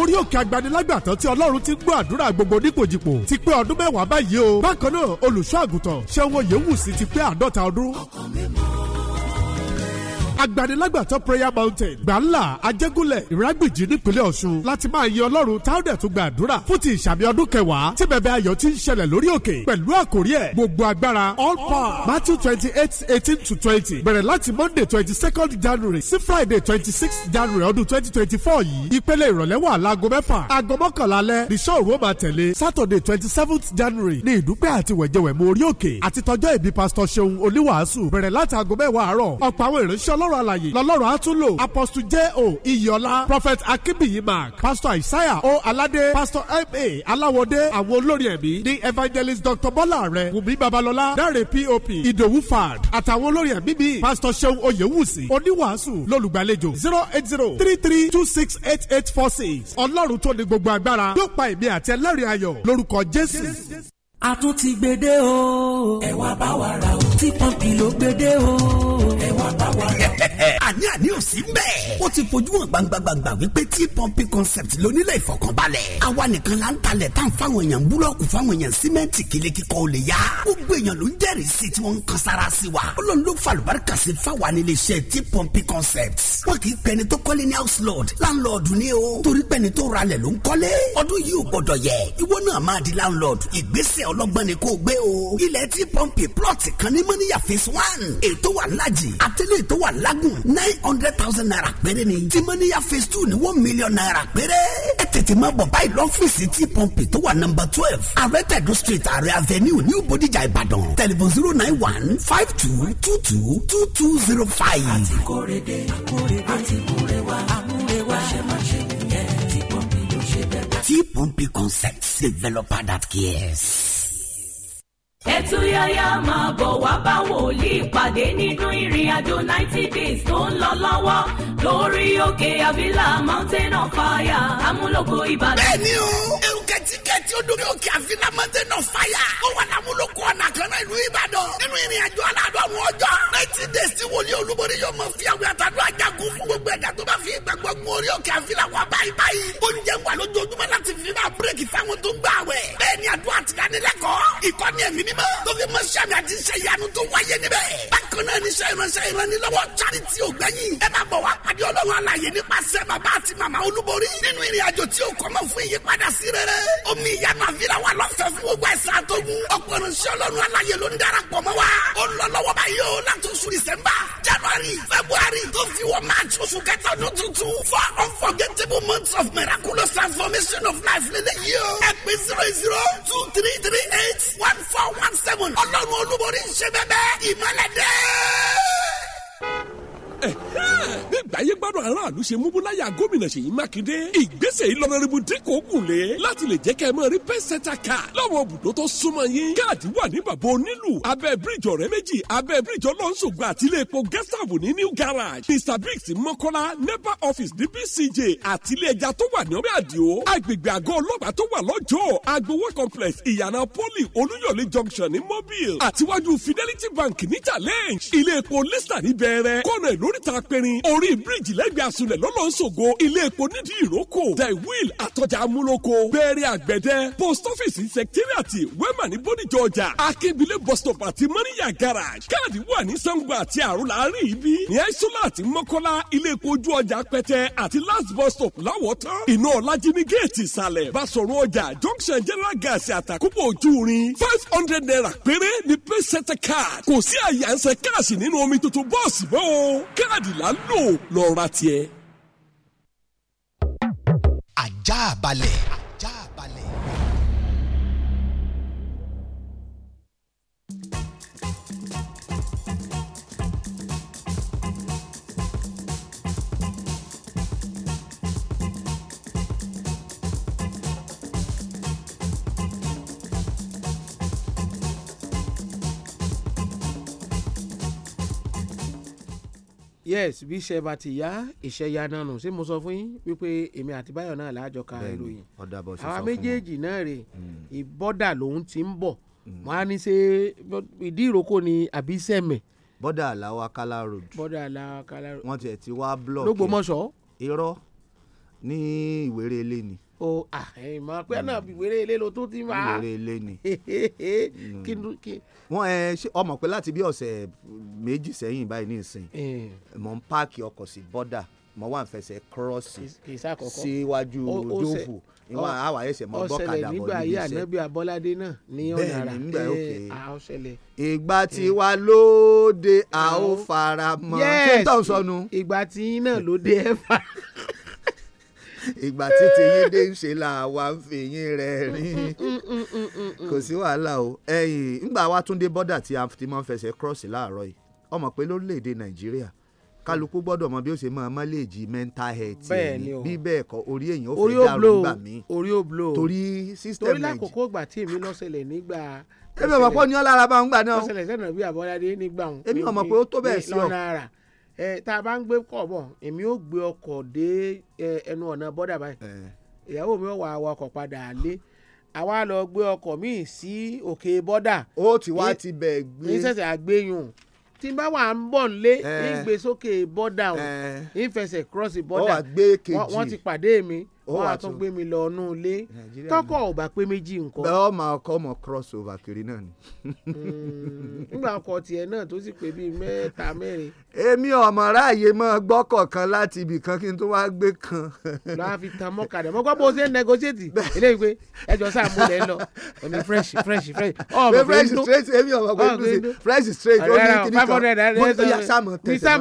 Speaker 3: orí òkè agbanilágbàtàn tí ọlọ́run ti gbọ́ àdúrà gbogbo nípòjìpò ti pé ọdún mẹ́wàá báyìí o bákan náà olùṣọ́ àgùntàn ṣẹ́wọ̀n yẹ̀wù sí ti pé àádọ́ta ọdún. ọkàn mi mọ́ agbanilágbàtọ́ prayer mountain gbàlá ajégúnlẹ̀ ìrágbìjì nípínlẹ̀ ọ̀ṣun láti máa yin ọlọ́run táwọ̀dẹ̀ tó gba àdúrà fún ti ìsàmì ọdún kẹwàá tí bẹ̀bẹ̀ ayọ̀ ti ń ṣẹlẹ̀ lórí òkè pẹ̀lú àkórí ẹ̀ gbogbo agbára all power matthew twenty eight eighteen to twenty bẹ̀rẹ̀ láti monday twenty second january sí friday twenty six january ọdún twenty twenty four yìí ìpele ìrọ̀lẹ́ wà láago mẹ́fà aago mọ́kànlá alẹ́ ní ṣọ́ọ̀rù ó máa tẹ̀lé saturday twenty seventh january ní ìdúpẹ́ àti wẹ̀jẹ̀wẹ̀mú orí òkè àti tọjọ́ ìbí pásítọ̀ ṣeun oníwàásù bẹ̀rẹ̀ láti aago mẹ́wàá àárọ̀ ọ̀pọ̀ àwọn ìránṣẹ́ ọlọ́run ọlọ́run àlàyé lọ́lọ́run àtúnlò apostle j o iyọlá prophet akínbíyì mark pastor isaiah o aládé pastor ma aláwọdé àwọn olórí ẹ̀mí ní evangelist dr bọ́lá rẹ̀ wùmí babalọ́lá dáre pop ìdòwú fad àtàwọn olórí ẹ̀mí bíi pastor seun oyewusi oníwàásù lólùgbàlejò zero eight zero three three two six eight eight four six ọlọ́run tó ní gbogbo agbára yóò pa èmi àti ẹlẹ́rìí ayọ̀ lórúkọ jésù a tún ti gbede o. ẹ wá bá wa ra o. tí pọ́ǹpì ló gbede o. ẹ wá bá wa ra o. àní àní ò sí bẹ́ẹ̀.
Speaker 8: ó ti fojú hàn gbangbangba wípé tí pọ́ǹpì concept lónílẹ̀ ìfọ̀kànbalẹ̀. àwa nìkan la ń talẹ̀ tán fáwọn èèyàn búlọ́ọ̀kù fáwọn èèyàn símẹ́ǹtì kílé kíkọ́ ò lè yá. gbogbo èèyàn ló ń jẹ́rìí sí tí wọ́n ń kan sára sí wa. ọlọ́run ló fa àlùbáríkà sí fáwa nílé iṣẹ́ tí pọ́ǹpì concept. wọ́n kì í pẹni house lord landlord ni o. torí pẹni tó ralẹ̀ ló ń kọ́lé. ọdún yìí landlord. ìgbésẹ̀ ọlọ́gbọ́n ni kò gbé o. ilẹ̀ tí pọ́ǹpì plọ̀tì kan ní mọ́níyà phase one ètò wà lájì àtẹlẹ́ ètò wà lágùn nine hundred thousand naira péré ni tí mọ́níyà phase two ni one million naira péré. ẹ tètè máa bọ̀ báyìí lọ́fíìsì tí pọ́ǹpì tó wà nọmba twelve ààrẹ street ààrẹ avenue new bodijà ìbàdàn tẹlifon zero nine one five two two two two two zero five. àti
Speaker 4: kórede àti kórewa àmúrewa ṣe máa ṣe nìyẹn tí pọ́ǹpì ló ṣe tí pọ́ǹpì concepts developer that cares
Speaker 7: ẹtúyáyá máa bọ̀
Speaker 4: wá bá wòlíì pàdé nínú ìrìn àjò ninety days tó ń lọ lọ́wọ́ lórí òkè àbílà mountain of fire amúlòkọ ìbàdàn. bẹ́ẹ̀ni o ẹrù
Speaker 8: kẹtíkẹtí ó dórí òkè àbílà mountain of fire ó wà lámúlòkọ ìlú ìbàdàn nínú ìrìn àjò aládọ́run ọjọ́ ninety days tí wòlíì olúborí yóò mọ fi àwọn àtàdúrà jagun fún gbogbo ẹ̀dá tó bá fi ìgbàgbọ́ gun orí òkè àfilà wà báyìí báyìí oúnjẹ wà lójoojúmọ́ láti fi máa bírèkì fáwọn tó ń gbà wẹ̀ bẹ́ẹ̀ ni àdúrà ti ìkọ́ni ẹ̀mí mímọ́ tó fi mọ sàmì àti iṣẹ́ ìyanu tó wáyé níbẹ̀ bákan náà níṣẹ́ ìránṣẹ́ ìrànlọ́wọ́ charity yẹ ló ń darapọ̀ mọ́ wa. ó lọ lọ́wọ́ báyìí o láti oṣù December January February tó fi wọ March oṣù kẹta ọdún tuntun for unforgettable months of miraculous transformation of life lẹ́lẹ́ yìí o. ẹ zero zero two three three eight one four one seven ọlọ́run olúborí ń ṣe bẹ́ẹ̀ bẹ́ẹ̀ ìmọ̀lẹ́dẹ́
Speaker 7: bí gbàyé gbádùn aráàlú ṣe múbúláyà gómìnà Ṣèyí Mákindé ìgbésẹ̀ ìlọrẹ́rìbù dínkù ògùn lé láti lè jẹ́ kẹ́ ẹ mọ́ rí pẹ́sẹ́tà kà lọ́wọ́ bùdó tó súnmọ́ yín káàdì wà ní bàbá onílù abẹ́ bíríjì ọ̀rẹ́ méjì abẹ́ bíríjì ọlọ́nṣogbo àti ilé epo gẹ́sàbù ní new garage mr briggs mọ́kọ́lá nepa office ní bcj àti ilé ẹja tó wà ní ọbẹ̀ àdìo agbègbè àgọ́ ọlọ́pàá tó wà lọ́jọ́ agbowo complex ìyànà poli olúyọ̀lé junction ní mobile àtiwájú fidelity bank ní challenge ilé epo lista ní bẹ̀rẹ̀ kọ́nà lóríta pẹ̀rin orí bíríìjì lẹ́gbẹ̀ẹ́ asunlẹ̀ lọ́lọ́sọ̀gọ ilé epo nídìí ìrókò the will àtọ́jà amúlòkọ bẹ́ẹ̀rẹ̀ àgbẹ̀dẹ post office secretariat wema ní bódìjọ ọjà akébílẹ̀ bus stop àti mọ́níyà garage káàdì wà ní sango àti àrùn láàrin ibi ní aisola àti mọ́kọ́lá ilé epo ojú ọjà pẹ́tẹ́ àti last bus stop láwọ̀tán iná ọ̀làjì ní géètì ìsàlẹ̀ basọ̀rọ̀ ọjà junction general gas àtàkùbọ̀ ojú rin five hundred naira péré ní pẹ́sẹ́tẹ̀ card kò sí àyànṣe káàsì nínú omi tuntun bọ́ọ̀sì bọ́ọ̀ káàdì là ń lò lọ́ọ́ ra tiẹ̀. ajá balẹ̀.
Speaker 5: yes bí iṣẹ́ bá ti yá iṣẹ́ yá náà nù ṣé mo sọ fún yín wípé èmi àti báyọ̀ náà láàjọ ka ìròyìn àwa méjèèjì náà rè hmm. ìbọ́dà lòun ti ń bọ̀ hmm. wọ́n á ní ṣe ìdí ìrókò ni àbí sẹ́mẹ̀. bọ́dà aláwa kala road bọ́dà aláwa kala road wọ́n tiẹ̀ ti wá blọọkì lógbómọ̀ṣọ́
Speaker 6: irọ́ ní ìwéré ilé ni
Speaker 5: o àìmọ̀ pé náà hmm. ìwéré ilé lo tó ti máa. ìwéré
Speaker 6: ilé ni. wọ́n ẹ ọmọ pé láti bí ọ̀sẹ̀ méjì sẹ́yìn báyìí ní ìsìn eh. mò ń páàkì ọkọ̀ sí bọ́dà mọ wà ń fẹsẹ̀ kírọ́ọ̀sì síwájú dóòfù ìwọ̀n àwa ẹsẹ̀ mọ bọ́kadà bọ̀ níbi iṣẹ́. ọ̀sẹ̀lẹ̀ nígbà yìí ànábì
Speaker 5: abọ́ládé náà ní ọ̀nà ara bẹ́ẹ̀ nígbà òkè eh, ọ̀sẹ̀lẹ̀.
Speaker 6: ìgbà eh. tí wa lóde a ó fara mọ́ ṣé ń ìgbà tí yín náà lóde ẹ fà. ìgbà títí yín dé ń ṣe là wá ń fi rẹ̀ mm,
Speaker 1: mm, mm, kò
Speaker 6: sí wàhálà o ẹ̀yìn ńgbà wa tún bọ́dà ti máa ń fẹsẹ̀ cross láàárọ̀ yìí ọmọ pé lórílẹ̀‐èdè nàìjíríà kálukú gbọ́dọ̀ mọ bí ó ṣe máa mental health yẹn bí bẹ́ẹ̀ kọ́ orí ó dàrú gbà mí
Speaker 5: torí torí lákòókò ìgbà tí èmi nígbà èmi ọmọ pọ ní bá ń náà. ẹ tá a bá ń gbé kọ̀ bọ̀ èmi ò gbé ọkọ̀ dé ẹnu ọ̀nà bọ́dà báyìí ìyàwó mi ò wá ọkọ̀ padà lé àwa lọ gbé ọkọ̀ míì sí òkè bọ́dà. ó ti wá ti bẹ̀ gbé. ní sẹ̀sẹ̀ àgbéyùn tí n bá wà ń bọ̀ nílé ń gbé sókè bọ́dà ń fẹsẹ̀ cross bọ́dà wọ́n ti pàdé mi ó a tún gbé mi lọ ọ̀nù ilé tọkọ
Speaker 6: ò bá pé méjì nǹkan. bẹ́ẹ̀ ọ máa kọ́ ọmọ cross over kiri náà ni. Hmm. nígbà ọkọ̀
Speaker 5: tiẹ̀ náà tó sì pé bíi mẹ́ta mẹ́rin.
Speaker 6: èmi ọmọ ráàyè máa gbọ́ kọ̀ọ̀kan láti ibì kan kí n tó wá gbé kan. lọ́wọ́ fi tan mọ́kadà mọ́ bó ṣe ń negotiate eléyìí pé ẹjọ́
Speaker 5: sáà mú lọ omi fresh fresh fresh. ọmọ fresh straight èmi ọmọ kò fresh straight ó ní kíní kan mo sàmọ̀ tẹ̀sán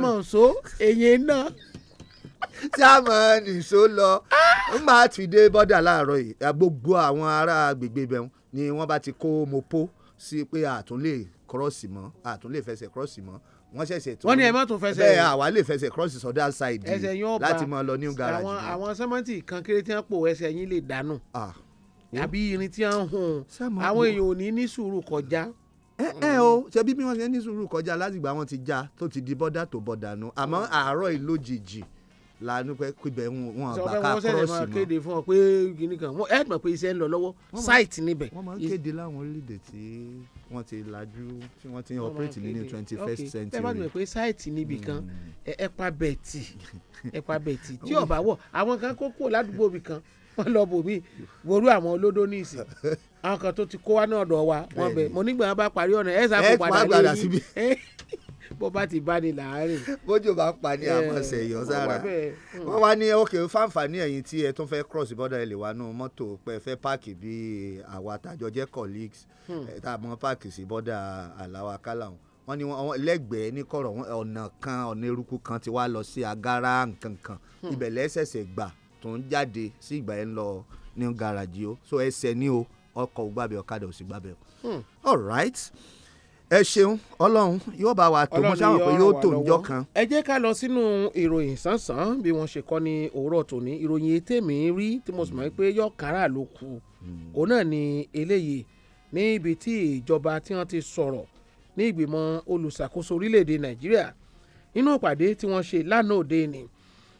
Speaker 6: tí a mọ̀ nìṣó lọ ńgbà tí dé bọ́dà láàárọ̀ yìí gbogbo àwọn ará agbègbè ibẹ̀ ni wọ́n bá ti kó mopo sí pé àtúnlé kírọ́ọ̀sì mọ́ àtúnlé fẹsẹ̀ kírọ́ọ̀sì mọ́ wọ́n ṣẹ̀ṣẹ̀ tó wọ́n ní ẹ má tún fẹsẹ̀ bẹ́ẹ̀ àwa lè fẹsẹ̀ cross sọ́dá side yìí láti máa lọ new garage. àwọn
Speaker 5: àwọn sẹ́mẹ́ǹtì kan kéré tí wọ́n pò ẹsẹ̀ yín lè dànù àbí
Speaker 6: irin tí wọ́n hùn àwọn èèyàn ò ní ní sùúrù kọjá. ẹ ẹ o ṣe bí wọ́n ṣe ní sùúrù kọjá látìgbà wọ́n ti já tó ti di bọ́dà tó bọ́dà nu àmọ́ àárọ̀ ìlójijì. No lanu pé kíbẹ̀ wọn àgbà ká kúrọ́ọ̀sì mọ́. sọ fẹ́ wọ́n sẹ́yìn máa kéde fún ọ pé gíní kan ẹ mọ̀ pé iṣẹ́ ń lọ lọ́wọ́
Speaker 5: sáìtì níbẹ̀. wọ́n máa ń
Speaker 6: kéde láwọn orílẹ̀-èdè tí wọ́n ti lajú tí wọ́n ti ń operate nínú twenty first century. tẹ́ bá ti mọ̀
Speaker 5: pé sáìtì níbì kan hmm. ẹ̀pà bẹ̀tì ẹ̀pà bẹ̀tì tí ọ̀bà wọ̀ àwọn kan kó kúrò ládùúgbò bì kan wọ́n lọ bò mí ború àwọn olódó ní ìsìn àwọn kan tó ti kó wá náà dọ̀ wa wọ́n bẹ̀ mo nígbà wọn bá parí ọ̀nà ẹ̀ sá bó bá ti bá ní làárẹ̀. bójú bá pa ní àmọ́ sẹ̀yọ́ sára hmm.
Speaker 6: wọ́n wá ní ok fáǹfààní ẹ̀yìn tí ẹ tún fẹ́ cross border ẹ̀ lè nú mọ́tò pé fẹ́ páàkì bíi àwa àtàjọ jẹ́ colleagues hmm. tá a mọ́ páàkì sí border àlàwà kálàhùn wọ́n ní wọ́n lẹ́gbẹ̀ẹ́ ní kọ̀rọ̀ ọ̀nà kan ọ̀nà eruku kan ti wá lọ sí agara nkankan hmm. ibẹ̀ lẹ́sẹ̀sẹ̀ gbà tó ń jáde sí ìgbà yẹn lọ ní garaji o so ẹsẹ̀ ní o ọkọ̀ gbàbẹ̀ ọ̀kadà ò sì gbàbẹ̀ o. all right ẹ ṣeun ọlọ́run yóò bá wa tó mo ṣáwọn pé yóò tó níjọ́ kan. ẹ jẹ́ ká lọ sínú ìròyìn sánsan bí wọ́n
Speaker 5: ṣe kọ́ ní òwúrọ̀ tòní ìròyìn ètè mi rí tí mo sì mọ̀ pé yọ kára ló kù hmm. òun náà ni eléyìí ní ibi tí ìjọba tí wọ́n ti sọ̀rọ̀ ní ìgbìmọ̀ olùṣàkóso orílẹ̀-èdè nàìjíríà nínú ìpàdé tí wọ́n ṣe lánàá òde ni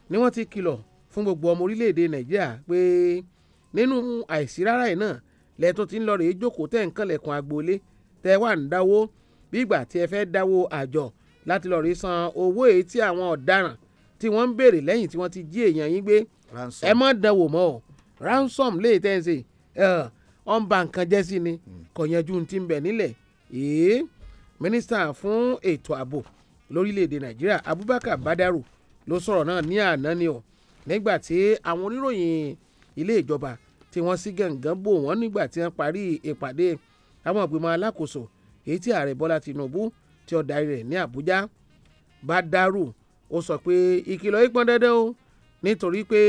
Speaker 5: ni wọ́n ti kìlọ̀ fún gbogbo ọmọ orílẹ̀-èdè tẹ́ wà ń dáwó bí ìgbà tí ẹ fẹ́ dáwó àjọ láti lọ rí san owó èyí tí àwọn ọ̀daràn tí wọ́n ń béèrè lẹ́yìn tí wọ́n ti jí èèyàn yín gbé ẹ mọ̀ dánwò mọ́ o ransom lè tẹ́ ẹ ṣe ọ̀ ń ba nǹkan jẹ́ sí ni hmm. kò yanjú ti ń bẹ̀ nílẹ̀ èé mínísítà fún ètò ààbò lórílẹ̀‐èdè nàìjíríà abubakar badaru ló sọ̀rọ̀ náà ní àná ni o nígbà tí àwọn oníròyìn ilé ìjọba tí wọ́n sì gàǹgàn bò wọ́n nígbà tí wọ́n parí ìpàdé e àwọn ìgbìmọ̀ alákòóso èyí tí ààrẹ bọ́lá tinubu tí ó darí rẹ̀ ní àbújá bá dárò ó sọ pé ìkìlọ̀ yìí pọn dandan o nítorí pé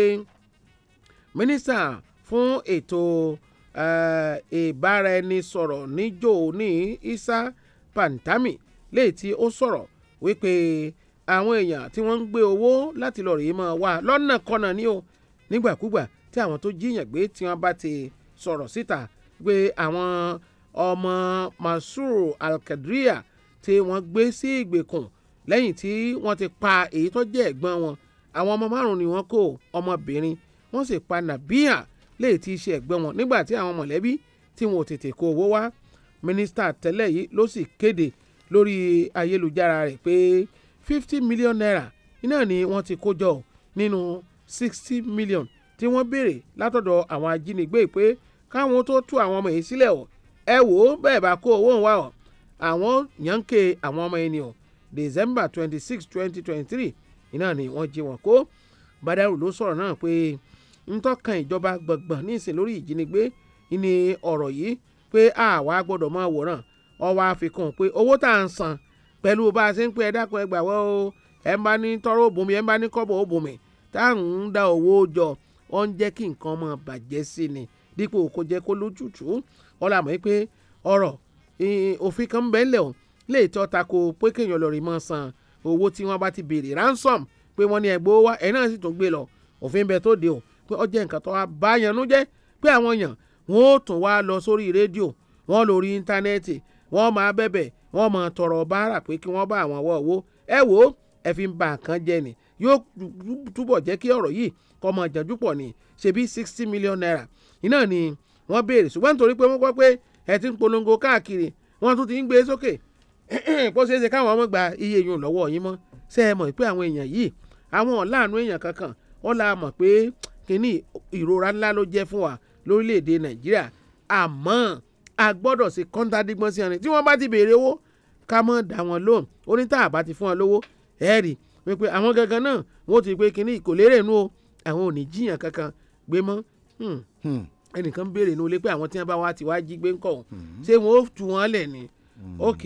Speaker 5: mínísítà fún ètò eh, ìbáraẹnisọ̀rọ̀ níjó ní isa pantami léyìí tí ó sọ̀rọ̀ wípé àwọn èèyàn tí wọ́n ń gbé owó láti lọ rèé máa wá lọ́nà kọ́nà ni o nígbàkúgbà tí àwọn tó jíyàn gbé tí wọ́n bá ti sọ̀rọ̀ síta pé àwọn ọmọ Mansour Al-Qadariyah tí wọ́n gbé sí ìgbèkùn lẹ́yìn tí wọ́n ti pa èyí tó jẹ́ ẹ̀gbọ́n wọn àwọn ọmọ márùn ni wọ́n kó ọmọbìnrin wọ́n sì pa Nabéèhà léyìí tí í ṣe ẹ̀gbọ́n wọn nígbà tí àwọn mọ̀lẹ́bí tí wọn ò tètè kó owó wá mínísítà tẹ́lẹ̀ yìí ló sì kéde lórí ayélujára rẹ̀ pé fifty million naira iná ni wọ́n ti kó jọ nínú sixty million tí wọ́n béèrè látọ̀dọ̀ àwọn ajínigbé pé káwọn tó tú àwọn ọmọ yìí sílẹ̀ ọ̀ ẹ wò ó bẹ́ẹ̀ bá kó owó ń wá ọ̀ àwọn yànké àwọn ọmọ ènìyàn december twenty six twenty twenty three iná ni wọ́n jí wọn kó badaru ló sọ̀rọ̀ náà pé ntọ́kan ìjọba gbọ̀ngbọ̀n níìsín lórí ìjínigbé ni ọ̀rọ̀ yìí pé àwa gbọ́dọ̀ máa wòran ọwọ́ àfikún pé owó tá à ń san pẹ̀lú bá a ṣe ń pé ẹ dákun ẹ gbà wọ́n o ẹ ń bá ní tọ́rọ̀ òbòmí ẹ ń bá ní kọ́bọ̀ òbòmí tá à ń da owó jọ ó ń jẹ́ kí nǹkan máa bàjẹ́ sí ni dípò kó jẹ́ kó lójútùú ọ̀la mọ̀ pé ọ̀rọ̀ òfin kan bẹ́ẹ̀lẹ̀ o lè tọ́ tako pé kéèyàn lọ rí mọ́ san owó tí wọ́n bá ti béèrè ransom pé wọ́n ní ẹgbẹ́ owó wa ẹ̀ náà sì tún gbé lọ òfin bẹ tó de o pé ó jẹ́ nǹkan tó wá bá yanú jẹ́ pé àwọn èèyàn wọ́n ó tún wá lọ sórí rédíò wọ́n lórí íńtánẹ́ẹ̀tì wọ́n máa bẹ̀bẹ̀ wọ́n máa tọrọ báárà pé kí wọ́n bá àwọn wọ́ owó ẹ wò ó ẹ fi ń ba nǹkan jẹ ni yóò túbọ̀ jẹ́ kí ọ̀rọ̀ yìí kọ́ mọ jẹ́jú ni ṣebí sixty million naira iná ni wọ́n béèrè ṣùgbọ́n nítorí pé wọ́n gbọ́ pé ẹ ti ń polongo káàkiri wọ́n tún ti ń gbé e sókè bó ṣe é ṣe káwọn ọmọ gba iye yun lọ́wọ́ yín mọ́ ṣe é mọ̀ pé àwọn èèyàn yìí àwọn ọ̀làánú èèyàn kankan wọ́n la mọ̀ pé kínní ìrora ńlá ló jẹ́ fún wa lórílẹ̀‐èdè nàìjíríà àmọ́ a gbọ́dọ̀ ṣe kọ́ńtàdígbọ́n sí ẹni tí wọ́n bá ti béèrè owó ká mọ́ dá wọn lóhùn ó ní tá a bá ti fún wọn lówó ẹ̀ẹ́rì wípé àwọn gangan náà wọ́n ti pé kínní ìkòlérè nù o àwọn ò ní jiyàn kankan gbé mọ́. Hmm. Hmm ẹnìkan béèrè ní olé pé àwọn tí wọ́n bá wá ti wá jí gbé ń kọ̀ hmm. ṣé wọ́n ó tu wọ́n lẹ̀ ni hmm. ok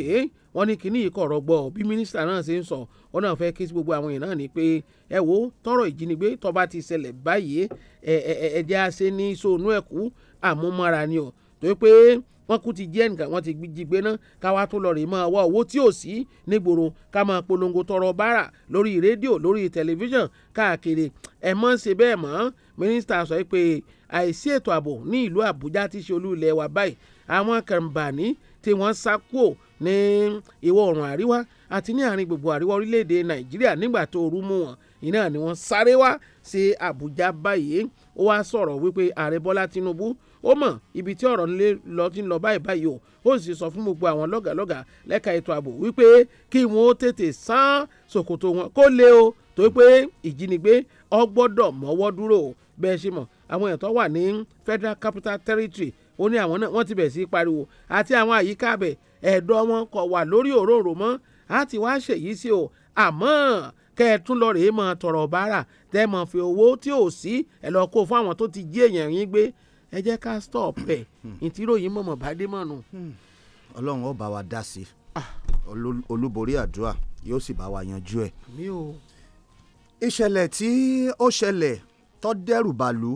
Speaker 5: wọ́n ní kínní ìkọ̀rọ̀ gbọ́ bí mínísítà náà ṣe ń sọ wọ́n náà fẹ́ kí gbogbo àwọn èèyàn náà ni pé ẹ wo tọrọ ìjínigbé tó bá ti ṣẹlẹ̀ báyìí ẹ ẹ ẹ jẹ́ àṣẹ ní sóònù ẹ̀kú àmúmọ́ra ni o torí pé wọ́n kú ti jẹ́ nǹkan wọ́n ti jí gbé náà káwá tó lọ rèé máa wá owó tí ò sí nígboro ká máa polongo tọrọ bára lórí rédíò lórí tẹlifíṣàn káàkiri ẹ mọ̀ ṣe bẹ́ẹ̀ mọ́ mínísítà sọ pé àìsí ètò ààbò ní ìlú Àbújá tí ṣe olú ilẹ̀ wa báyìí àwọn kàǹbàní tí wọ́n sá kúò ní ìwọ̀ oòrùn àríwá àti ní àárín gbogbo àríwá orílẹ̀-èdè Nàìjíríà nígbà tó ooru mú wọn iná ni wọ́n sáré wá sí Àbújá báyìí ó wá sọ̀rọ̀ wípé ààrẹ Bọ́lá Tinubu ó mọ̀ ibi tí ọ̀rọ̀ nílé lọ ti ń lọ báyìí báyìí o ó sì sọ fún gbogbo àwọn lọ́gàlọ́gà lẹ́ka ètò ààbò wípé kí wọ́n ó tètè sán ṣòkòtò wọn kó lé o tó pé ìjínigbé ọgbọ́dọ̀ mọ́wọ́ dúró bẹ́ẹ̀ ṣe mọ̀ àwọn èèyàn tó wà ní Federal Capital Territory ó ní àwọn náà wọ́n ti bẹ̀ sí pariwo àti àwọn àyíká abẹ ẹ̀dọ̀ wọn kò wà lórí òróró mọ́ àti wá ṣèyí sí o àmọ́ kẹ́ẹ̀tún lọ rèé mọ́ tọrọ bárà tẹ́ mọ́ fi owó tí ò sí ẹ̀ lọ kó fún àwọn tó ti jí èèyàn yín gbé ẹ jẹ́ ká stop ẹ̀
Speaker 6: ìtìròyìn mọ̀mọ́ bá dé mọ̀nù. Ọlọ́run ó bá wa dá sí ah. olúborí àdúrà yóò sì bá wa yanjú ẹ̀. ìṣẹ̀lẹ̀ tí ó ṣẹlẹ̀ tó dẹ́rù bàlú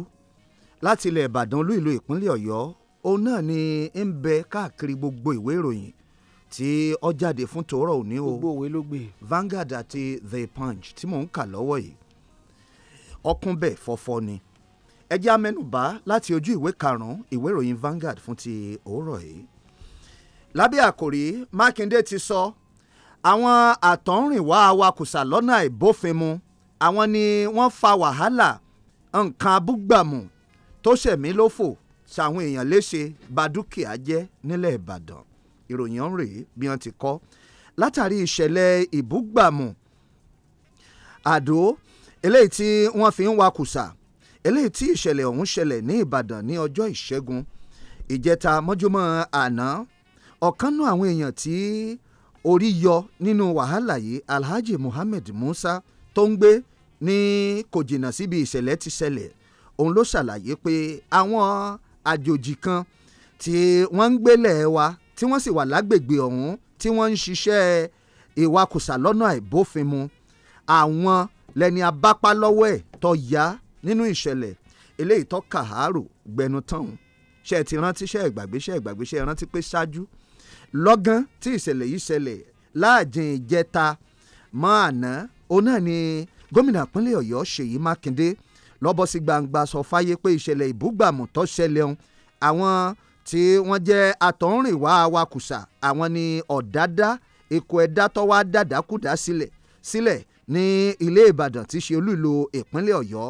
Speaker 6: láti ilẹ̀ ìbàdàn olú ìlú ìpínlẹ̀ ọ̀yọ́ òun náà ni ń bẹ káàkiri gbogbo ìwé ìròyìn tí ó jáde fún tòórọ̀ òní o gbogbo òwe ló gbé Vanguard àti The Punch tí mò ń kà lọ́wọ́ yìí ọkùnbẹ̀ fọ́fọ́ ni ẹ jẹ́ amẹ́nubà láti ojú ìwé karùn-ún ìwé ìròyìn Vanguard fún ti òórọ̀ yìí lábẹ́ àkòrí Mákindé ti sọ àwọn àtọ̀húnrìnwá awakùsà lọ́nà àìbófinmu àwọn ni wọ́n fa wàhálà nǹkan abúgbàmù tó ṣẹ̀mí lófò ṣàwọn èèyàn léṣe ba dúkìá jẹ́ nílẹ̀ Ìbàdàn ìròyìn ọ̀hún rèé bí wọ́n ti kọ látàrí ìṣẹ̀lẹ̀ ìbúgbàmù àdó eléyìí tí wọ́n fi ń wakùsà eléyìí tí ìṣẹ̀lẹ̀ ọ̀hún ṣẹlẹ̀ ní Ìbàdàn ní ọjọ́ ìṣẹ́gun ìjẹta mọ́júmọ́ àná ọ̀kanú àwọn èèyàn tí orí yọ nínú wàhálà yìí Alhaji Muhammed Musa tó ń gbé ní kò jìnnà síbi ìṣẹ̀lẹ̀ ti ṣẹlẹ̀ òun ló ṣàlàyé pé àwọn àjòjì kan tí wọ́n ń gbélé wa tí wọ́n sì wà lágbègbè ọ̀hún tí wọ́n ń ṣiṣẹ́ ìwakùsà lọ́nà àìbófinmu àwọn lẹni abápá lọ́wọ́ ẹ̀ tó yá nínú ìṣẹ̀lẹ̀ eléyìí tó kàárò gbẹnu tán ṣe ti rántí ṣe ìgbàgbé ṣe ìgbàgbé ṣe rántí pé ṣáájú lọ́gán tí ìṣẹ̀lẹ̀ yìí ṣẹlẹ̀ láàjìn ìjẹta mọ́ àná òun náà ni gómìnà ìpínlẹ̀ ọ̀yọ́ ṣèyí mákindé lọ́bọ̀ sí gbangba sọ fáyé pé ìṣẹ̀lẹ̀ ìbúgbàmù tó ṣẹlẹ̀ ọ̀hún àwọn tí wọ́n jẹ́ àtọ̀húnrìnwá awakùsà àwọn ni ọ̀dádá èkó ẹ̀dá tó wá dàdákùdá sílẹ̀ sílẹ̀ ní ilé ìbàdàn tí ṣe olú ìlú ìpínlẹ̀ ọ̀yọ́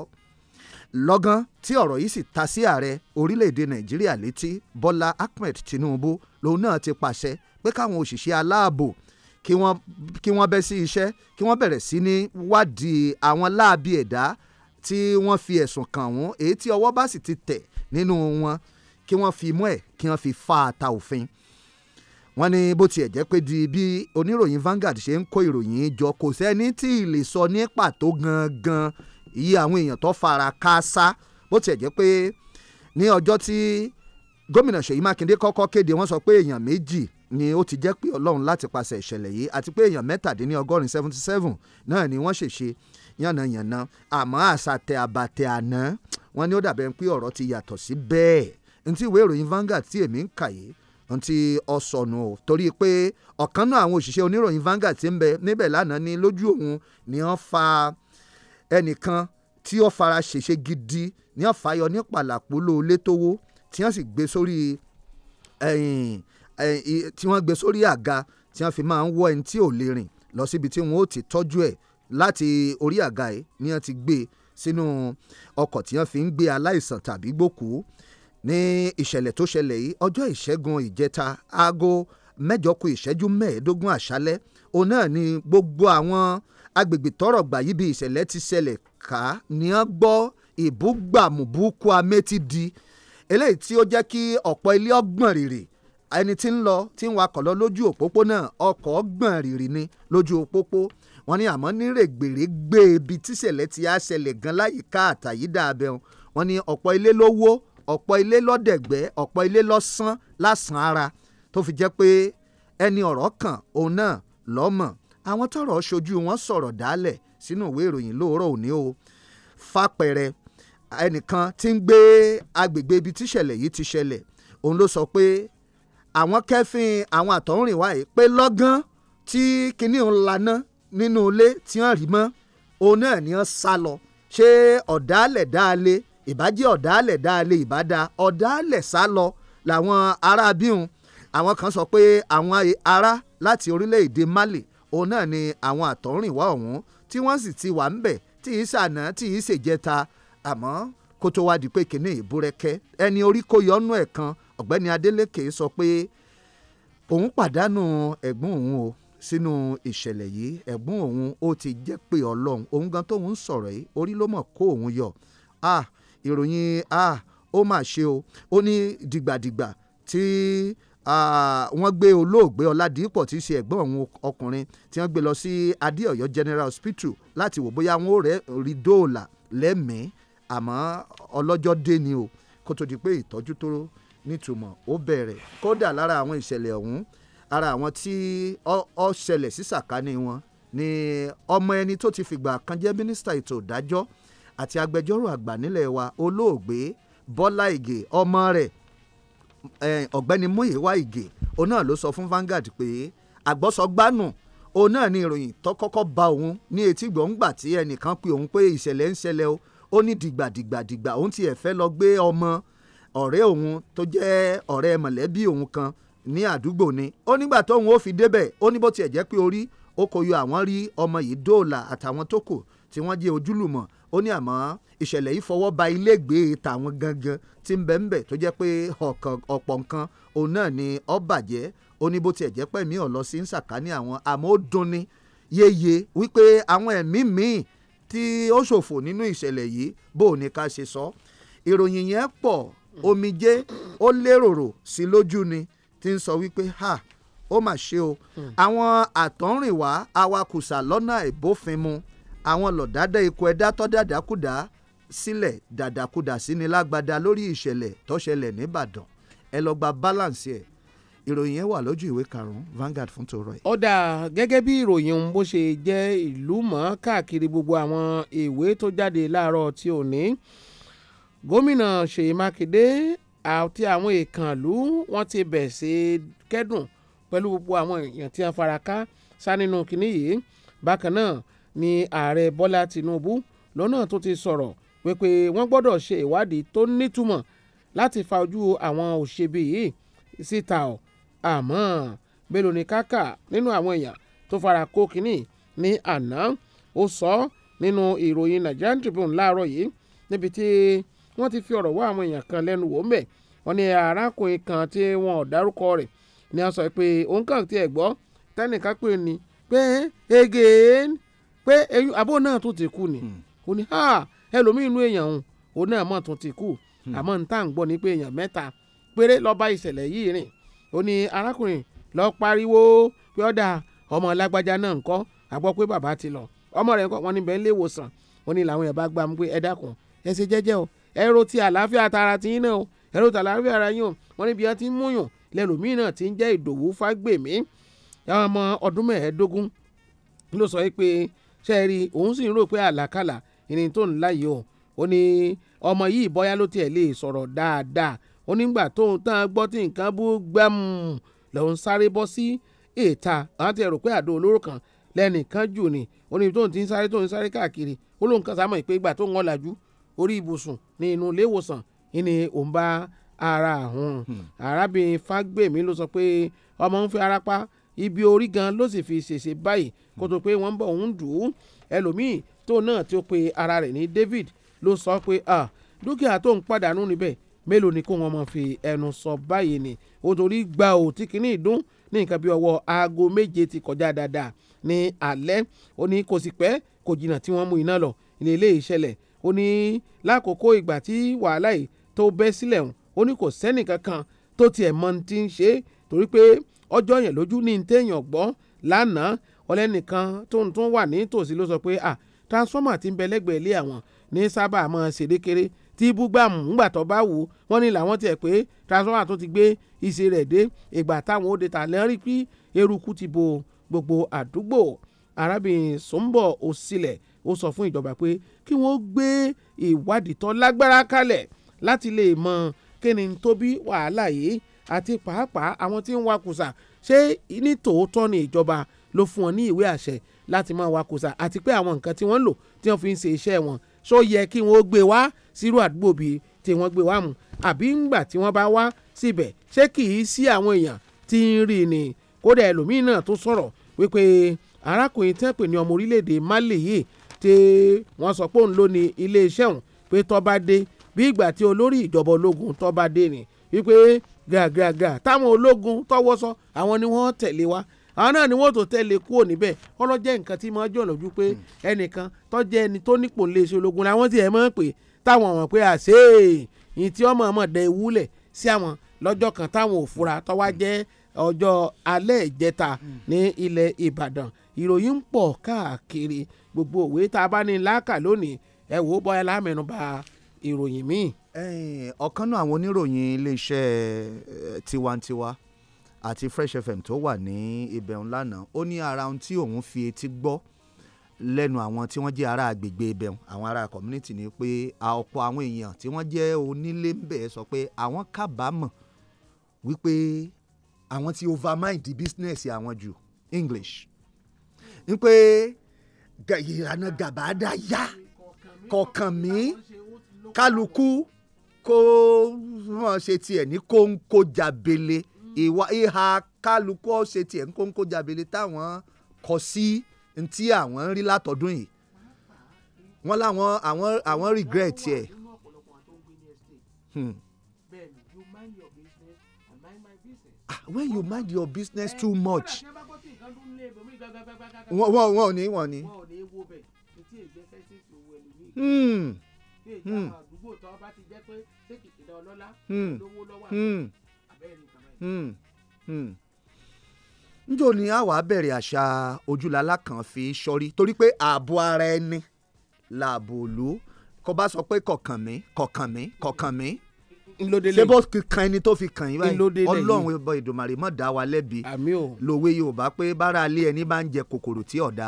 Speaker 6: lọ́gán tí ọ̀rọ̀ yìí sì ta sí ààrẹ orílẹ̀-èdè nàìjíríà létí bọ́lá ahmed tinubu lòun náà ti pàṣẹ pé káwọn òṣìṣẹ́ aláàbò kí wọ́n bẹ́ sí iṣẹ́ kí wọ́n bẹ̀rẹ̀ sí ní wádìí àwọn láabi ẹ̀dá tí wọ́n fi ẹ̀sùn kàn wọ́n èyí tí ọwọ́ bá sì ti tẹ̀ nínú wọn kí wọ́n fi mú ẹ̀ kí wọ́n fi fa ata òfin wọ́n ní bó tiẹ̀ jẹ́ pé di bí oníròyìn Vanguard ṣe ń kó ìròyìn jọ kò sẹ́ni tí ì lè sọ ní pàtó gangan iye àwọn èèyàn tó fara káásá bó tiẹ̀ jẹ́ pé ní ọjọ́ tí gómìnà Ṣèyí Mákindé kọ́kọ́ kéde wọ́n sọ pé èèyàn méjì ni ó ti jẹ́ pé ọlọ́run láti pàṣẹ ìṣẹ̀lẹ̀ yìí àti pé èèyàn mẹ́tàdínlọ́gọ́rin seventy seven náà ni wọ́n ṣèṣe yànnàyànnà àmọ́ àṣàtẹ̀ àbàtẹ̀ àná wọ́n ní ó dàbẹ̀ pé ọ̀rọ̀ ti yàtọ̀ sí bẹ́ẹ̀ ntí ìwé ìròyìn Vanguard tí èmi ń kà yìí ntí ọ̀sọ̀nù o torí pé ọ̀kan náà àwọn òṣìṣẹ́ oníròyìn Vanguard ti ń bẹ níbẹ̀ lánàá ní lójú òun ni wọ́n fa ẹnìkan tí ó fara ṣèṣe gidi ní ọ̀fàyọ ní pàlàpọ̀lọ́ létówó tí wọ́n sì gbé sórí tí wọ́n gbé sórí àga tí wọ́n fi máa ń wọ́ ẹni tí ò lè rìn lọ síbi tí wọ́n ó ti tọ́jú ẹ̀ láti orí àga yìí ni wọ́n ti gbé sínú ọkọ̀ tí wọ́n fi ń gbé aláìsàn tàbí gbòkú ní ìṣẹ̀lẹ̀ tó ṣẹlẹ̀ yìí ọjọ́ ìṣẹ́gun ìjẹta aago mẹ́jọ kù ìṣẹ́jú mẹ́ẹ̀ẹ́dógún àṣálẹ́ òun náà ni gbogbo àwọn agbègbè tọ́rọ̀ gbà yí bí ìṣẹ̀lẹ̀ ti ṣẹlẹ̀ ká ni wọ́n gbọ́ ìbúgbàmùbúkú amétí di eléyìí tí ó jẹ́ kí ọ̀pọ̀ ilé ọgbọ̀n rìrì ẹni tí ń lọ tí ń wakọ̀ lọ lójú òpópónà ọkọ̀ ọgbọ̀n rìrì ni lójú òpópó wọ́n ní àmọ́ nírègbèrè gbé ibi tíṣẹ̀lẹ̀ ti á ṣẹlẹ̀ gan láyìíká àtàyídà abẹ́hùn wọ́n ní ọ̀pọ̀ ilé ló wó ọ̀pọ̀ ilé lọ́dẹ̀gbẹ́ ọ̀pọ̀ ilé lọ́sán lásán ara tó fi jẹ́ pé ẹni ọ̀rọ̀ kan òun náà lọ́mọ̀ àwọn tọ́rọ̀ ṣojú wọn sọ̀rọ̀ dálẹ̀ sínú ìwé ìròyìn lóòrọ̀ òní o fapẹ̀rẹ ẹnìkan tí ń gbé agbègbè ibi tíṣẹ̀lẹ̀ yìí ti ṣẹlẹ̀ òun ló sọ pé àwọn kẹfìn àwọn àtọ̀húnrìnwá yìí pé lọ́gán tí kinní òun laná nínú ilé tí wọ́n rí mọ́ òun náà ni wọ́n sá lọ ṣé ọ̀dàálẹ̀ dáalé ìbàjẹ́ ọ̀dàálẹ̀ dáalé ìbàdà ọ̀dàálẹ̀ sá lọ làwọn ará bíhun àwọn kan sọ pé àwọn ará láti orílẹ̀-èdè Mali òun náà ni àwọn àtọ̀rìnwá ọ̀hún tí wọ́n sì ti wà ń bẹ̀ tí í sànà tí í ṣèjẹta àmọ́ kó tó wá di pé kínní ìbúrẹ́kẹ́ ẹni orí kó yọnú ẹ̀ kan ọ̀gbẹ́ni Adeleke sọ pé òun pàdánù ẹ̀gbọ́n òun o sínú ìṣẹ̀lẹ̀ yìí ẹ̀gbọ́n òun ó ti jẹ́ pé ọlọ́run òun gan tóun ń sọ̀rọ̀ yìí orí ló mọ̀ kó òun yọ ah ìròyìn ah ó mà ṣe o ó ní dìgbàdìgbà tí wọ́n gbé olóògbé ọládìípọ̀ tí í ṣe ẹ̀gbọ́n òun ọkùnrin tí wọ́n gbé lọ sí adéọ̀yọ́ general hospital láti wò bóyá wọn ò rẹ́ rí dóòlà lẹ́mìí àmọ́ ọlọ́jọ́ dé ni o kó tó di pé ìtọ́jú tó nítumọ̀ ó bẹ̀rẹ̀ kódà lára àwọn ìṣẹ̀lẹ̀ ọ̀hún ara àwọn tí ó ṣẹlẹ̀ sí sàkání wọn ni ọmọ ẹni tó ti fìgbà kan jẹ́ mínísítà ètò ìdájọ́ àti agbẹjọ́rò àgbà nílẹ̀ wa olóògbé Bọ́lá Ìgè ọmọ rẹ̀ ọ̀gbẹ́ni Múyìwá Ìgè òun náà ló sọ fún Vanguard pé àgbọ́sọgbánù òun náà ni ìròyìn tó kọ́kọ́ ba òun ní etí gbòǹgbà tí ẹnìkan pe òun pé ìṣẹ̀lẹ̀ ń ṣẹlẹ̀ o ó ní dìgbàdìgbàdìgbà òun tiẹ̀ fẹ́ lọ gbé ọmọ ọ̀rẹ́ òun tó jẹ́ ọ̀rẹ́ mọ̀lẹ́bí òun kan ní àdúgbò ni ó nígbà tóun ó fi débẹ̀ ó ní bó tiẹ̀ jẹ́ pé orí ó kò yọ àwọn rí ọmọ yìí dóòlà àtàwọn tó kù tí wọ́n jẹ́ ojúlùmọ̀ ó ní àmọ́ ìṣẹ̀lẹ̀ yìí fọwọ́ ba ilégbèé e tàwọn gangan tí ń bẹ̀ ń bẹ̀ tó jẹ́ pé ọ̀pọ̀ nǹkan òun náà ni ó bàjẹ́ ó ní bó tiẹ̀ jẹ́ pé mi ò lọ sí ń sàkání àwọn àmọ́ ó dunni yeye wípé àwọn ẹ̀mí míì tí ó ṣòfò nínú ìṣẹ̀lẹ̀ yìí bó o ní ká ṣe sọ ìròyìn yẹn pọ̀ omijé ó lérò sí lójú ni ti ń sọ wípé ha ó mà ṣe o hmm. àwọn àtọ̀rìnwá awakùsà lọ́nà ìbófinmu àwọn lọ̀dádẹ́ ikú ẹ̀dá tọ́dàdàkúdà sílẹ̀ dàdàkúdà síni lágbada lórí ìṣẹ̀lẹ̀ tọ́ṣẹlẹ̀ nìbàdàn ẹ lọ gba balance ẹ̀ ìròyìn yẹn wà lójú ìwé karùn-ún Vanguard fún tòrọ ẹ. ọ̀dà gẹ́gẹ́ bí
Speaker 5: ìròyìn ń bó ṣe jẹ́ ìlú mọ́ káàkiri gbogbo àwọn ìwé tó jáde láàárọ̀ tí ò ní gómìnà Ṣèyí Mákindé àti àwọn ìkànnlú wọ́n ti bẹ̀ sí kẹ́dùn pẹ̀lú gbogbo àwọn èèyàn tí a fara ká sá nínú kinní yìí bákan náà ni ààrẹ bọ́lá tìǹbù lọ́nà tó ti sọ̀rọ̀ wípé wọ́n gbọ́dọ̀ ṣe ìwádìí tó nítumọ̀ láti fa ojú àwọn òṣèbí yìí síta ọ̀ àmọ́ mélòó ni kákà nínú àwọn èèyàn tó fara kó kínní ní àná ó sọ nínú ìròyìn Nigerian Tribune láàárọ̀ yìí níbi tí wọ́n ti fi ọ̀rọ̀ wá àwọn èèyàn kan lẹ́nu wò mẹ́ wọ́n ní arákùnrin kan tí wọn ò dárúkọ rẹ̀ ni wọ́n sọ pé òun kàn tiẹ̀ gbọ́ tẹ́nìkan pè ní pé again pé àbó náà tún ti kú ni hmm. ó ní ha ẹlòmíín inú èèyàn òun òun náà mọ̀ tún ti kú hmm. àmọ́ n tá ń gbọ́ ni pé èèyàn mẹ́ta péré ló bá ìṣẹ̀lẹ̀ yìí rìn ó ní arákùnrin ló pariwo pé ọ̀dà ọmọ lágbájá náà ń kọ́ àgbọ́ pé bàbá ti lọ ọmọ rẹ̀ ń kọ́ wọn níbẹ̀ ń lé ó ní làwọn yẹn bá gbà mú pé ẹ dákun ẹ ṣe jẹ́jẹ́ o ẹ̀rọ ti àlàáfíà tara ti yín náà o ẹ̀rọ ti àlàáfíà ara yín o wọ́n níbi wọn ti ń múyàn lẹ́lòmíì náà ti ń jẹ́ ìdòwú fágbèmí ọmọ ọdún mẹ́ẹ̀ẹ́dógún ló sọ pé ṣe é rí òun sì ń rò pé àlàkàlà ìní tó ń láyé o ó ní ọmọ yìí bọ́yá ló tiẹ̀ lè sọ̀rọ̀ dáadáa ó nígbà tóun tán gbọ́ tí nǹkan bú gbẹ́m lòun sáré bọ́ sí èta àwọn ti rò pé àdó olóró kan lẹ́nìkan jù ni ó ní tóun ti ń sáré tóun sáré káàkiri ó lóun kan sámọ̀ ìpé ìgbà tóun ọ̀làjú orí ibùsùn ní inú ilé ìwòsàn ní òun bá ara àhún hmm. arábìnrin Fagbemi ló sọ pé ọmọ ń fi ara pa ibi orí gan ló sì fi ṣèṣe báyìí kó tó pé wọ́n ń bọ̀ ń dùn ún ẹlòmíì tó náà tí ó pe ara rẹ̀ ní David ló sọ pé dúkìá tó ń pàdánù níbẹ̀ mélòó ni kó wọn mọ̀ fi ẹnu sọ báyìí ni ó torí gba ò tí kìíní ìdún ní nǹkan bí ọwọ́ aago méje ti kọjá dáadáa ní alẹ́ ó ní kò sì pẹ́ kò jìnnà tí wọ́n mú iná lọ ilé ilé ìṣẹ̀lẹ̀ ó ní lákòókò ìgbà tí wàhálà yìí tó bẹ́ sílẹ̀ hùn ó ní kò sẹ́nì kankan tó tiẹ̀ mọ ti ń ṣe torí pé ọjọ́ yẹn lójú ní téèyàn gbọ́ lánàá ọlẹ́nìkan tó ń tún wà ní tòsí ló sọ pé à transformer ti ń bẹ lẹ́gbẹ̀ẹ́ ilé àwọn ní sábà máa ṣèrékéré tí búgbàmù ńgbà tó bá wù ú wọ́n ní làwọn tiẹ̀ pé transformer tó ti gbé ìṣe rẹ̀ dé ìgbà táwọn òde tà lẹ́rìí pé eruku ti bo gbogbo àdúgbò arábìnrin sọ́nbọ̀ òsílẹ̀ ó sọ fún ìjọba pé kí wọ́n gbé ìwádìí tó lágbára kalẹ̀ láti lè mọ kí ni tó bí wàhálà yìí àti pàápàá àwọn tí ń wakùsà ṣé ní tòótọ́ ni ìjọba ló fún wọn ní ìwé àṣẹ láti máa wakùsà àti pé àwọn nǹkan tí wọ́n lò tí wọ́n fi ń ṣe iṣẹ́ wọn ṣó yẹ kí wọ́n gbé wá sírú àdúgbò bíi tí wọ́n gbé wá mu àbí ńgbà tí wọ́n bá wá síbẹ̀ ṣé kì í sí àwọn èèyàn tí ń rí ni kódà ẹlòmíín tó sọ̀rọ̀ wípé arákùnrin tẹ́pẹ̀ ní ọmọ orílẹ̀-èdè Mali yìí tí wọ́n sọ pé òun ló ní iléeṣẹ́ òun pé tó bá dé bí ìgbà tí olórí ìjọba ológun tó dé ni wípé gàgàgà táwọn ológun tọwọ́ sọ àwọn ni wọ́n tẹ̀lé wa àwọn náà ni wọ́n tó tẹ̀lé kúrò níbẹ̀ ọlọ́jẹ́ nǹkan tí mo jọ lójú pé hmm. ẹnìkan tó jẹ́ ẹni tó nípò iléeṣẹ́ ológun làwọn ti ẹ̀ mọ̀ pé táwọn mọ̀ pé àṣẹ ìyìn ọmọ ọmọ dẹ ìwúlẹ̀ sí àwọn lọ́jọ́ kan táwọn ò tọ́wá hmm. jẹ́ ọjọ́ alẹ́ ìjẹta hmm. ní ilẹ̀ Ìbàdàn ìròyìn ń pọ̀ káàkiri gbogbo òwe tá a bá ní láàkà lónìí ẹ wò ó bọ́yá lámẹ́nubà
Speaker 6: ìròyìn míì. ọ̀kan náà àwọn oníròyìn iléeṣẹ́ tiwantiwa àti Fresh FM tó wà ní ibẹ̀ ńlá náà ó ní ara ohun tí òun fi etí gbọ́ lẹ́nu àwọn tí wọ́n jẹ́ ará agbègbè ibẹ̀ àwọn ará community ni pé ọ̀pọ̀ àwọn èèyàn tí wọ́n jẹ́ onílé ń bẹ̀ sọ pé àwọn kábàámọ̀ wípé àwọn ti overmind the business àwọn jù english ń pé ìlànà gàbádà yá kọ̀ọ̀kan mi kálukú kó wọ́n ṣe tiẹ̀ ní kóńkó jàbele ìwà ìhà kálukú ó ṣe tiẹ̀ ní kóńkó jàbele táwọn kọ sí ntí àwọn ń rí látọdún yìí wọ́n láwọn àwọn àwọn regret ẹ̀. Hmm. when you mind your business too eh, much.
Speaker 5: Eh,
Speaker 6: wọ́n wọ́n wọ́n ò ní wọ́n ní. njó ni a wàá bẹ̀rẹ̀ àṣà ojúlala kan fi sọrí torí pé ààbò ara ẹni làbò lò kó bá sọ pé kọ̀kànmí kọ̀kànmí kọ̀kànmí ńlọdẹlẹ ṣé bó kan ẹni tó fi kàn yín báyìí ọlọ́run ẹbọ ìdòmàrè mọ̀ dá wa lẹ́bi lòwe yorùbá pé bára alé ẹni bá ń jẹ kòkòrò tí ọ̀dà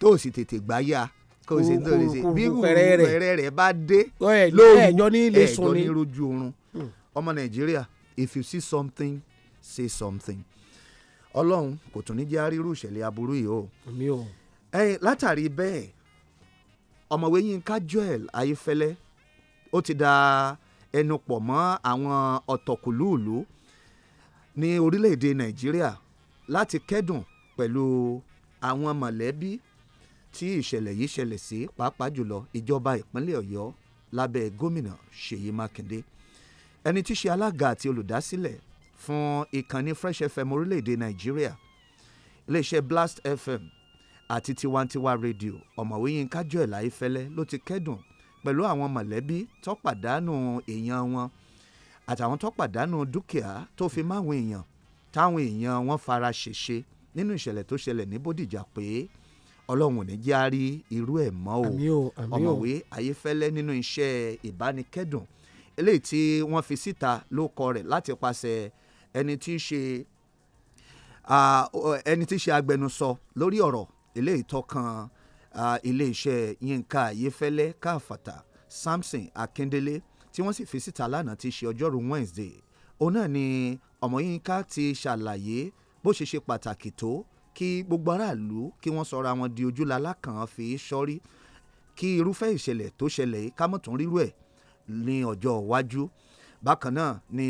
Speaker 6: tó sì tètè gbáyà kò sí tó lè ṣe bí rúurú rẹ̀ bá dé lóru hmm. ọmọ nàìjíríà if you see something say something ọlọ́run kò tún ní jẹ́ àrírú ìṣẹ̀lẹ̀ aburú yìí o. ẹyin látàrí bẹ́ẹ̀ ọ̀mọ̀wé yínká joel ayéfẹ́lẹ́ ó ti da ẹnu pọ̀ mọ́ àwọn ọ̀tọ̀kùlúùlú ní orílẹ̀-èdè nàìjíríà láti kẹ́dùn pẹ̀lú àwọn mọ̀lẹ́bí tí ìṣẹ̀lẹ̀ yìí ṣẹlẹ̀ sí pàápàá jùlọ ìjọba ìpínlẹ̀ ọ̀yọ́ lábẹ́ gómìnà ṣèyí mákindé ẹni tí ṣe alága àti olùdásílẹ̀ fún ìkànnì fresh fm orílẹ̀-èdè nàìjíríà iléeṣẹ́ blast fm àti tiwantiwa radio ọ̀mọ̀wé yínká jọ̀ẹ́lá ifẹ̀lẹ́ ló ti kẹ́dùn pẹ̀lú àwọn mọ̀lẹ́bí tó pàdánù èèyàn wọn àtàwọn tó pàdánù dúkìá tó fi máwọn èèyàn táwọn èèyàn wọn fara ṣèṣe nínú ìṣẹ̀lẹ̀ tó ṣẹlẹ̀ ní Bódìjà pé Ọlọ́run ò ní jẹ́ àárí irú ẹ̀ mọ́ o ọ̀mọ̀wé Ayéfẹ́lẹ́ nínú iṣẹ́ ìbánikẹ́dùn eléyìí tí wọ́n fi síta ló kọ rẹ̀ láti pàṣẹ ẹni tí í ṣe ẹni tí í ṣe agbẹnusọ lórí ọ̀rọ̀ eléyìí tó iléeṣẹ́ Yínká Ayéfẹ́lẹ́ káfàtà Samson Akíndélé tí wọ́n sì fi síta lánàá ti ṣe ọjọ́rú Wednesday òun náà ni ọmọ Yínká ti ṣàlàyé bó ṣe ṣe pàtàkì tó kí gbogbo aráàlú kí wọ́n sọra wọn di ojúlalá kan fi sọ́rí kí irúfẹ́ ìṣẹ̀lẹ̀ tó ṣẹlẹ̀ kámọ̀tún rírú ẹ̀ ní ọjọ́ iwájú bákan náà ni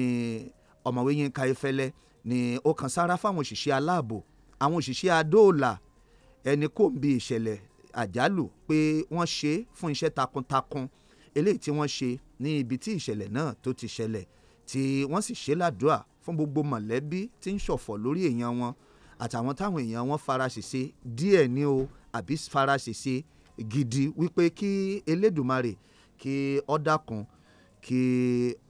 Speaker 6: ọ̀mọ̀wé Yínká Ayéfẹ́lẹ́ ni ó kan sára fáwọn òṣìṣẹ́ aláàbò àwọn òṣìṣẹ́ adóòlà ẹni kò ń bi ìṣẹ̀lẹ̀ àjálù pé wọ́n ṣe é fún iṣẹ́ takuntakun eléyìí tí wọ́n ṣe ní ibi tí ìṣẹ̀lẹ̀ náà tó ti ṣẹlẹ̀ tí wọ́n sì ṣe ládùúà fún gbogbo mọ̀lẹ́bí tí ń ṣọ̀fọ̀ lórí èèyàn wọn àtàwọn táwọn èèyàn wọn faraṣèṣe díẹ̀ ní o àbí faraṣèṣe gidi wípé kí Elédùmarè kí ó dákun kí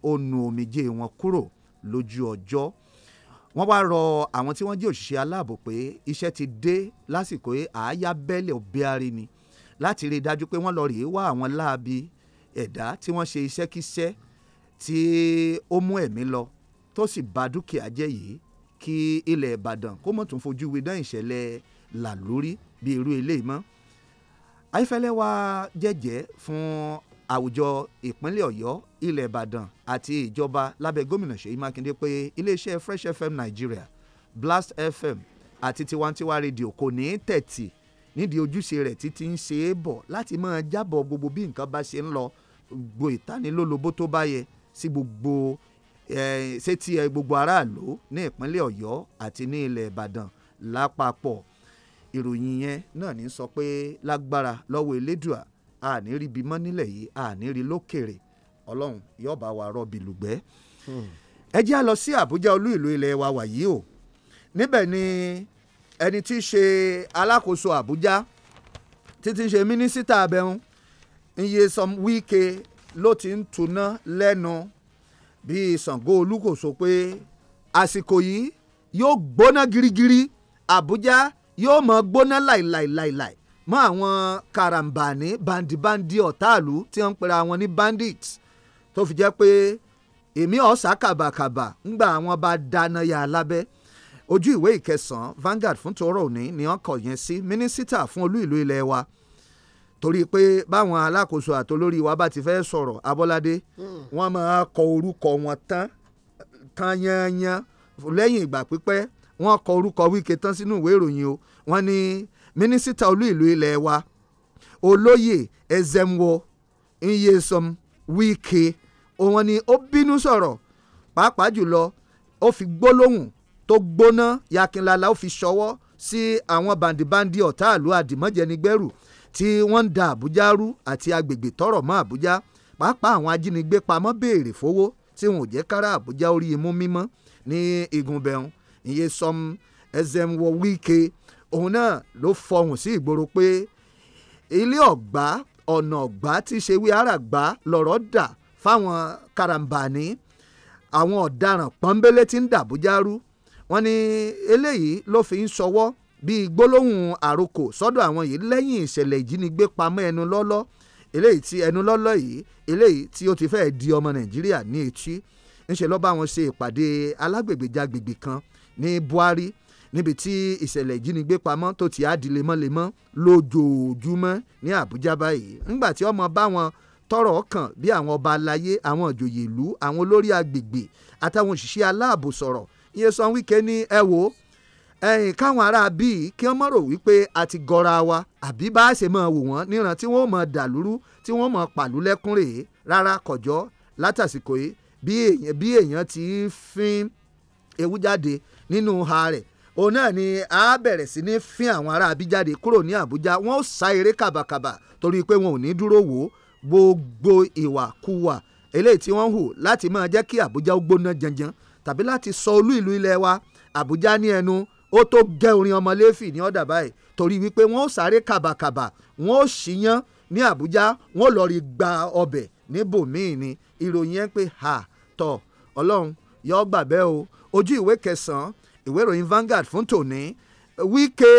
Speaker 6: ó nu omijé wọn kúrò lójú ọjọ́ wọ́n wá rọ àwọn tí wọ́n jẹ́ òṣìṣẹ́ aláàbò pé iṣẹ́ ti dé lásìkò àáyá bẹ́lẹ̀ òbíari ni láti rí i dájú pé wọ́n lọ rèé wá àwọn láabi ẹ̀dá tí wọ́n ṣe iṣẹ́kíṣẹ́ tí ó mú ẹ̀mí lọ tó sì bà dúkìá jẹ́ yìí kí ilẹ̀ Ìbàdàn kó mọ̀ tún fojú widán ìṣẹ̀lẹ̀ làlórí bí irú eléyìí mọ́ ayífẹ́lẹ́ wa jẹ́jẹ́ fún àwùjọ ìpínlẹ̀ Ọ̀yọ́ ilẹ̀ ìbàdàn àti ìjọba lábẹ́ gómìnà ṣèyí mákindé pé iléeṣẹ́ fresh fm nigeria blast fm àti tiwantiwa rédíò kò ní tẹ̀tì nídìí ojúṣe rẹ̀ títí ń ṣe é bọ̀ láti máa jábọ̀ gbogbo bí nǹkan bá ṣe ń lọ gbogbo ìtanilólobó tó bá yẹ sí gbogbo ṣé ti ẹ gbogbo aráàlú ní ìpínlẹ̀ ọ̀yọ́ àti ní ilẹ̀ ìbàdàn lápapọ̀ ìròyìn yẹn náà ní sọ pé lágbára lọ́wọ́ elédùà àníríbi mọ́ nílẹ̀ yìí àníri lókèrè ọlọ́run yóò bá wa rọ́ọ̀bì lùgbẹ́. Hmm. ẹ jẹ́ à lọ sí àbújá olú ìlú ilẹ̀ wa wàyí o níbẹ̀ ni ẹni tí í ṣe alákòóso àbújá títí ṣe mínísítà abẹ́hún iye sọm wíkẹ́ ló ti ń tuná lẹ́nu bíi Ṣàngó Olúkòso pé àsìkò yìí yóò gbóná girigiri àbújá yóò mọ gbóná láìláìláìláì mọ àwọn karambani bandibandi ọ̀táàlú tí wọ́n ń pera wọn ní bandits tó fi jẹ́ pé èmi ọ̀sà kàbàkàbà ńgbà wọn bá dáná ya lábẹ́ ojú ìwé ìkẹsàn-án Vanguard fún tòró òní ni wọ́n kọ yẹn sí mínísítà fún olú ìlú ilẹ̀ wa torí pé báwọn alákòóso àtolórí wa bá ti fẹ́ sọ̀rọ̀ Abọ́ládé hmm. wọ́n máa kọ orúkọ wọn tán tán yanyan lẹ́yìn ìgbà pípẹ́ wọ́n kọ orúkọ Wike tán sínú ìwé ìròyìn o wọ́n ní mínísítà olú ìlú ilẹ̀ wa olóyè Ezenwo Nyesom Wike òun ni ó bínú sọ̀rọ̀ pàápàá jùlọ ó fi gbólóhùn tó gbóná yakinlala ó fi ṣọwọ́ sí àwọn bàǹdìbàǹdì ọ̀tá àlú àdìmọ́jẹnigbẹ́rù tí wọ́n ń da Àbújá rú àti agbègbè tọ́rọ̀ mọ́ Àbújá pàápàá àwọn ajínigbé pamọ́ béèrè fowó tí wọn ò jẹ́ kára Àbújá orí imú mímọ́ ní igunbẹ̀hún ìyẹn sọm ẹzẹ̀mwọ̀ Wike òun náà ló fọhùn sí ìgboro pé ilé ọ̀gbá ọ̀nà ọ̀gbá tí ṣe wí ara gbá lọ̀rọ̀ dà fáwọn karambani àwọn ọ̀daràn pọ́nbélé tí ń dàbújá rú wọ́n ní eléyìí ló fi ń ṣọwọ́ bíi gbólóhùn àrokò sọ́dọ̀ àwọn yìí lẹ́yìn ìṣẹ̀lẹ̀ ìjínigbé pamọ́ ẹnu lọ́lọ́ eléyìí tí ẹnu lọ́lọ́ yìí eléyìí tí ó ti fẹ́ẹ́ di ọmọ nàìjíríà ní etí ńṣe ló bá wọn ṣe ìpàdé alágbègbèjagbègbè kan ní buhari níbi tí ìṣẹ̀lẹ̀ ìjínigbé pamọ́ tó ti á di lemọ́lemọ́ lójoojúmọ́ ní àbújá báyìí ńgbà tí ọmọ bá wọn tọ́rọ̀ kàn bí àwọn ọba aláyé àwọn ìjòyè ìlú àwọn olórí agbègbè àtàwọn òṣìṣẹ́ aláàbò sọ̀rọ̀ ìyẹn sọ wíkẹ́ ní ẹ wò ó ẹ̀yìn káwọn ará bíi kí wọ́n mọ̀ rò wípé a ti gọra wa àbí bá a ṣe máa wò wọ́n níran tí wọ́n máa dàlúrú tí wọ́n máa pàlú lẹ́kún rèé rárá kọjọ́ látàsìkò bí èèyàn bí èèyàn ti fín ewu jáde nínú ha rẹ̀ òun náà ni a bẹ̀rẹ̀ sí ní fín àwọn ará bí jáde kúrò ní Àbújá wọ́n ó sa eré kàbàkàbà torí pé wọn ò ní dúró wò gbogbo ìwàkuwà eléyìí tí wọ́n hù láti máa jẹ́ kí Àbújá ó gbóná janjan tàbí láti sọ olú ìlú ilẹ̀ wa Àbújá ní ẹnu ó tó gẹ orin ọmọ lẹ́fì ní ọ̀dà báyìí torí wípé wọ́n ó sáré kàbàkàbà wọ́n ó ṣìyàn ní Àbújá wọ́n ó lọ rí gba ọbẹ̀ níbòmíì ni ìròyìn yẹn pé ha tọ̀ Ọlọ́run yọ gbà bẹ́ẹ̀ o ojú ìwé kẹsàn-án ìwé ìròyìn Vanguard fún tòní Wike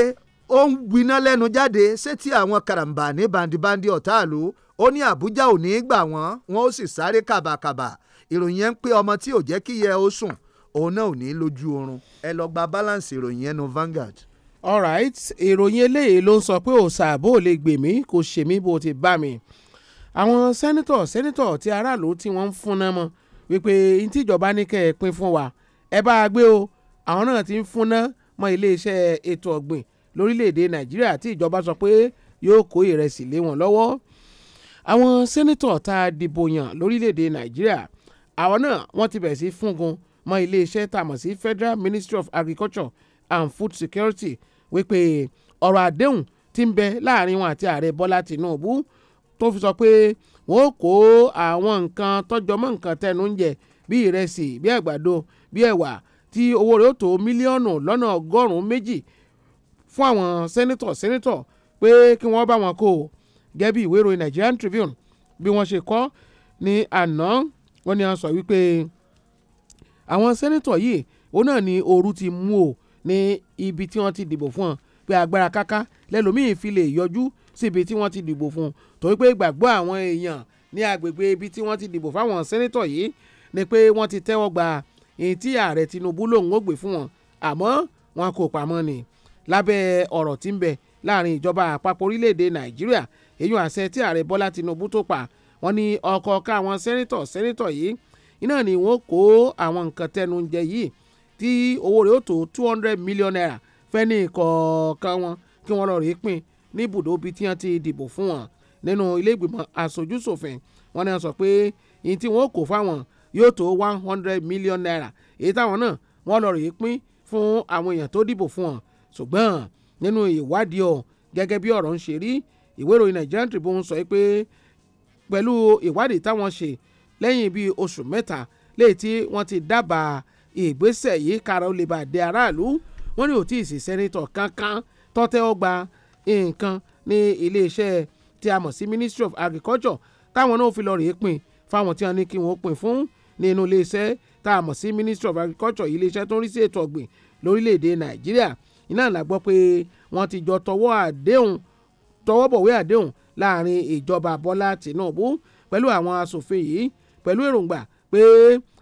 Speaker 6: ó ń gbiná lẹ́nu jáde sétí àwọn karambà ní bandibandi ọ̀táàlú ó ní Àbújá ò ní í gbà wọ́n wọn ó sì sáré kàbàkàbà ìròyìn yẹn ń pé ọmọ tí ò jẹ́ kí yẹ ó sùn òun náà ò ní lójú oorun ẹ lọ gba balance ìròyìn yẹn nu Vanguard. alright ìròyìn eléyìí ló
Speaker 5: ń sọ pé òòsà bó lè gbè mí kò ṣe mí bó ti bá mi àwọn sẹ́nitọ̀ sẹ́nitọ̀ ti aráàlú tí wọ́n ń fúnná mọ́ wípé ntíjọba ní kẹ́ ẹ pín fún wa ẹ bá a gbé o àwọn náà ti ń fúnná mọ́ iléeṣẹ́ ètò ọ̀gbìn lórílẹ̀‐èdè Nàìjíríà tí ìjọba sọ pé yóò kó ìrẹsì lé wọn lọ́wọ́ àwọn sẹ́nitọ̀ tá a dìbò yàn lórílẹ̀‐èdè nàìjíríà àwọn náà wọ́n ti bẹ̀rẹ̀ sí fúngun mọ́ iléeṣẹ́ tá a mọ̀ sí Federal Ministry of Agriculture and Food Security wípé ọ̀rọ̀ àdéhùn ti ń bẹ láàrin wọn àti ààrẹ Bọ́lá Tinubu tó fi sọ pé wọ́n kó àwọn nǹkan tọ́jọmọ́ nǹkan tẹnu ń jẹ bí ìrẹsì bí àgbàdo bí ẹ̀wà tí owó rẹ̀ ó tó mílíọ̀nù lọ́nà ọgọ́rùn-ún méjì fún àwọn sẹ́nitọ̀ sẹ́nitọ̀ pé kí wọ́n bá wọn kó o gẹ́bí ìwé ìròyìn Nigerian Tribune bí wọ́n ṣe kọ́ ní àná wọ́n ní a sọ wípé àwọn sẹ́nitọ̀ yìí ó náà ní ooru ti mú o ní ibi tí wọ́n ti dìbò fún ọ pé agbára káká lẹ́lòmíì fi lè yọjú síbi tí wọ́n ti dìbò fún torí pé ìgbàgbọ́ àwọn èèyàn ní agbègbè ibi tí wọ́n ti dìbò fáwọn sẹ́nitọ̀ yìí ni pé wọ́n ti tẹ́wọ́ gba èyí tí ààrẹ Tinubu lòun ó gbé fún wọn àmọ́ wọn kò pamọ́ ni lábẹ́ ọ̀rọ̀ tí ń bẹ láàrin ìjọba àpapọ̀ orílẹ̀-èdè Nàìjíríà èyí àṣẹ tí ààrẹ bọ́lá tinubu tó pa wọ́n ní ọ̀kọ̀ọ̀kan àwọn sẹ́nitọ̀ sẹ́nitọ̀ yìí iná ni wọ́n kó àwọn nǹkan tẹnu jẹ yìí tí owó rẹ̀ ó tó two hundred million naira fẹ́ni kọ̀ọ̀kan wọn kí wọ́n lọ rèé pín ní ibùdó bíi tí wọ́n ti dìbò fún wọn nínú ilé ìgbìmọ̀ aṣojúṣòfin wọn ni wọ́n sọ pé ìyìn tí wọ́n kó fáwọn yóò tó one hundred million naira èyí táwọn náà wọ́n lọ rèé pín fún àwọn èèyàn tó dìbò fún wọn ṣùgbọ́n nínú ìwádìí ọ̀ gẹ́gẹ́ bí ọ̀rọ̀ ń ìwé ìròyìn Nigerian Tribune sọ pé pẹ̀lú ìwádìí táwọn ṣe lẹ́yìn bíi oṣù mẹ́ta léyìí tí wọ́n ti dábàá ìgbésẹ̀ yìí kára ó lè bà dé aráàlú wọ́n ní ò tí ì sí sẹ́nitọ̀ kankan tọ́tẹ́ ọgbà nǹkan ní iléeṣẹ́ tí a mọ̀ sí Ministry of Agriculture táwọn náà fi lọ rèé pin fáwọn tí wọ́n ní kí wọ́n pin fún nínú iléeṣẹ́ tá a mọ̀ sí Ministry of Agriculture iléeṣẹ́ tó ń rí sí ètò ọ̀gbìn lórílẹ̀‐èdè Nàìjíríà iná là gbọ́ pé wọ́n ti jọ tọwọ́ àdéhùn tọwọ́ bọ̀wé àdéhùn láàrin ìjọba Bọ́lá Tinubu pẹ̀lú àwọn asòfin yìí pẹ̀lú èròǹgbà pé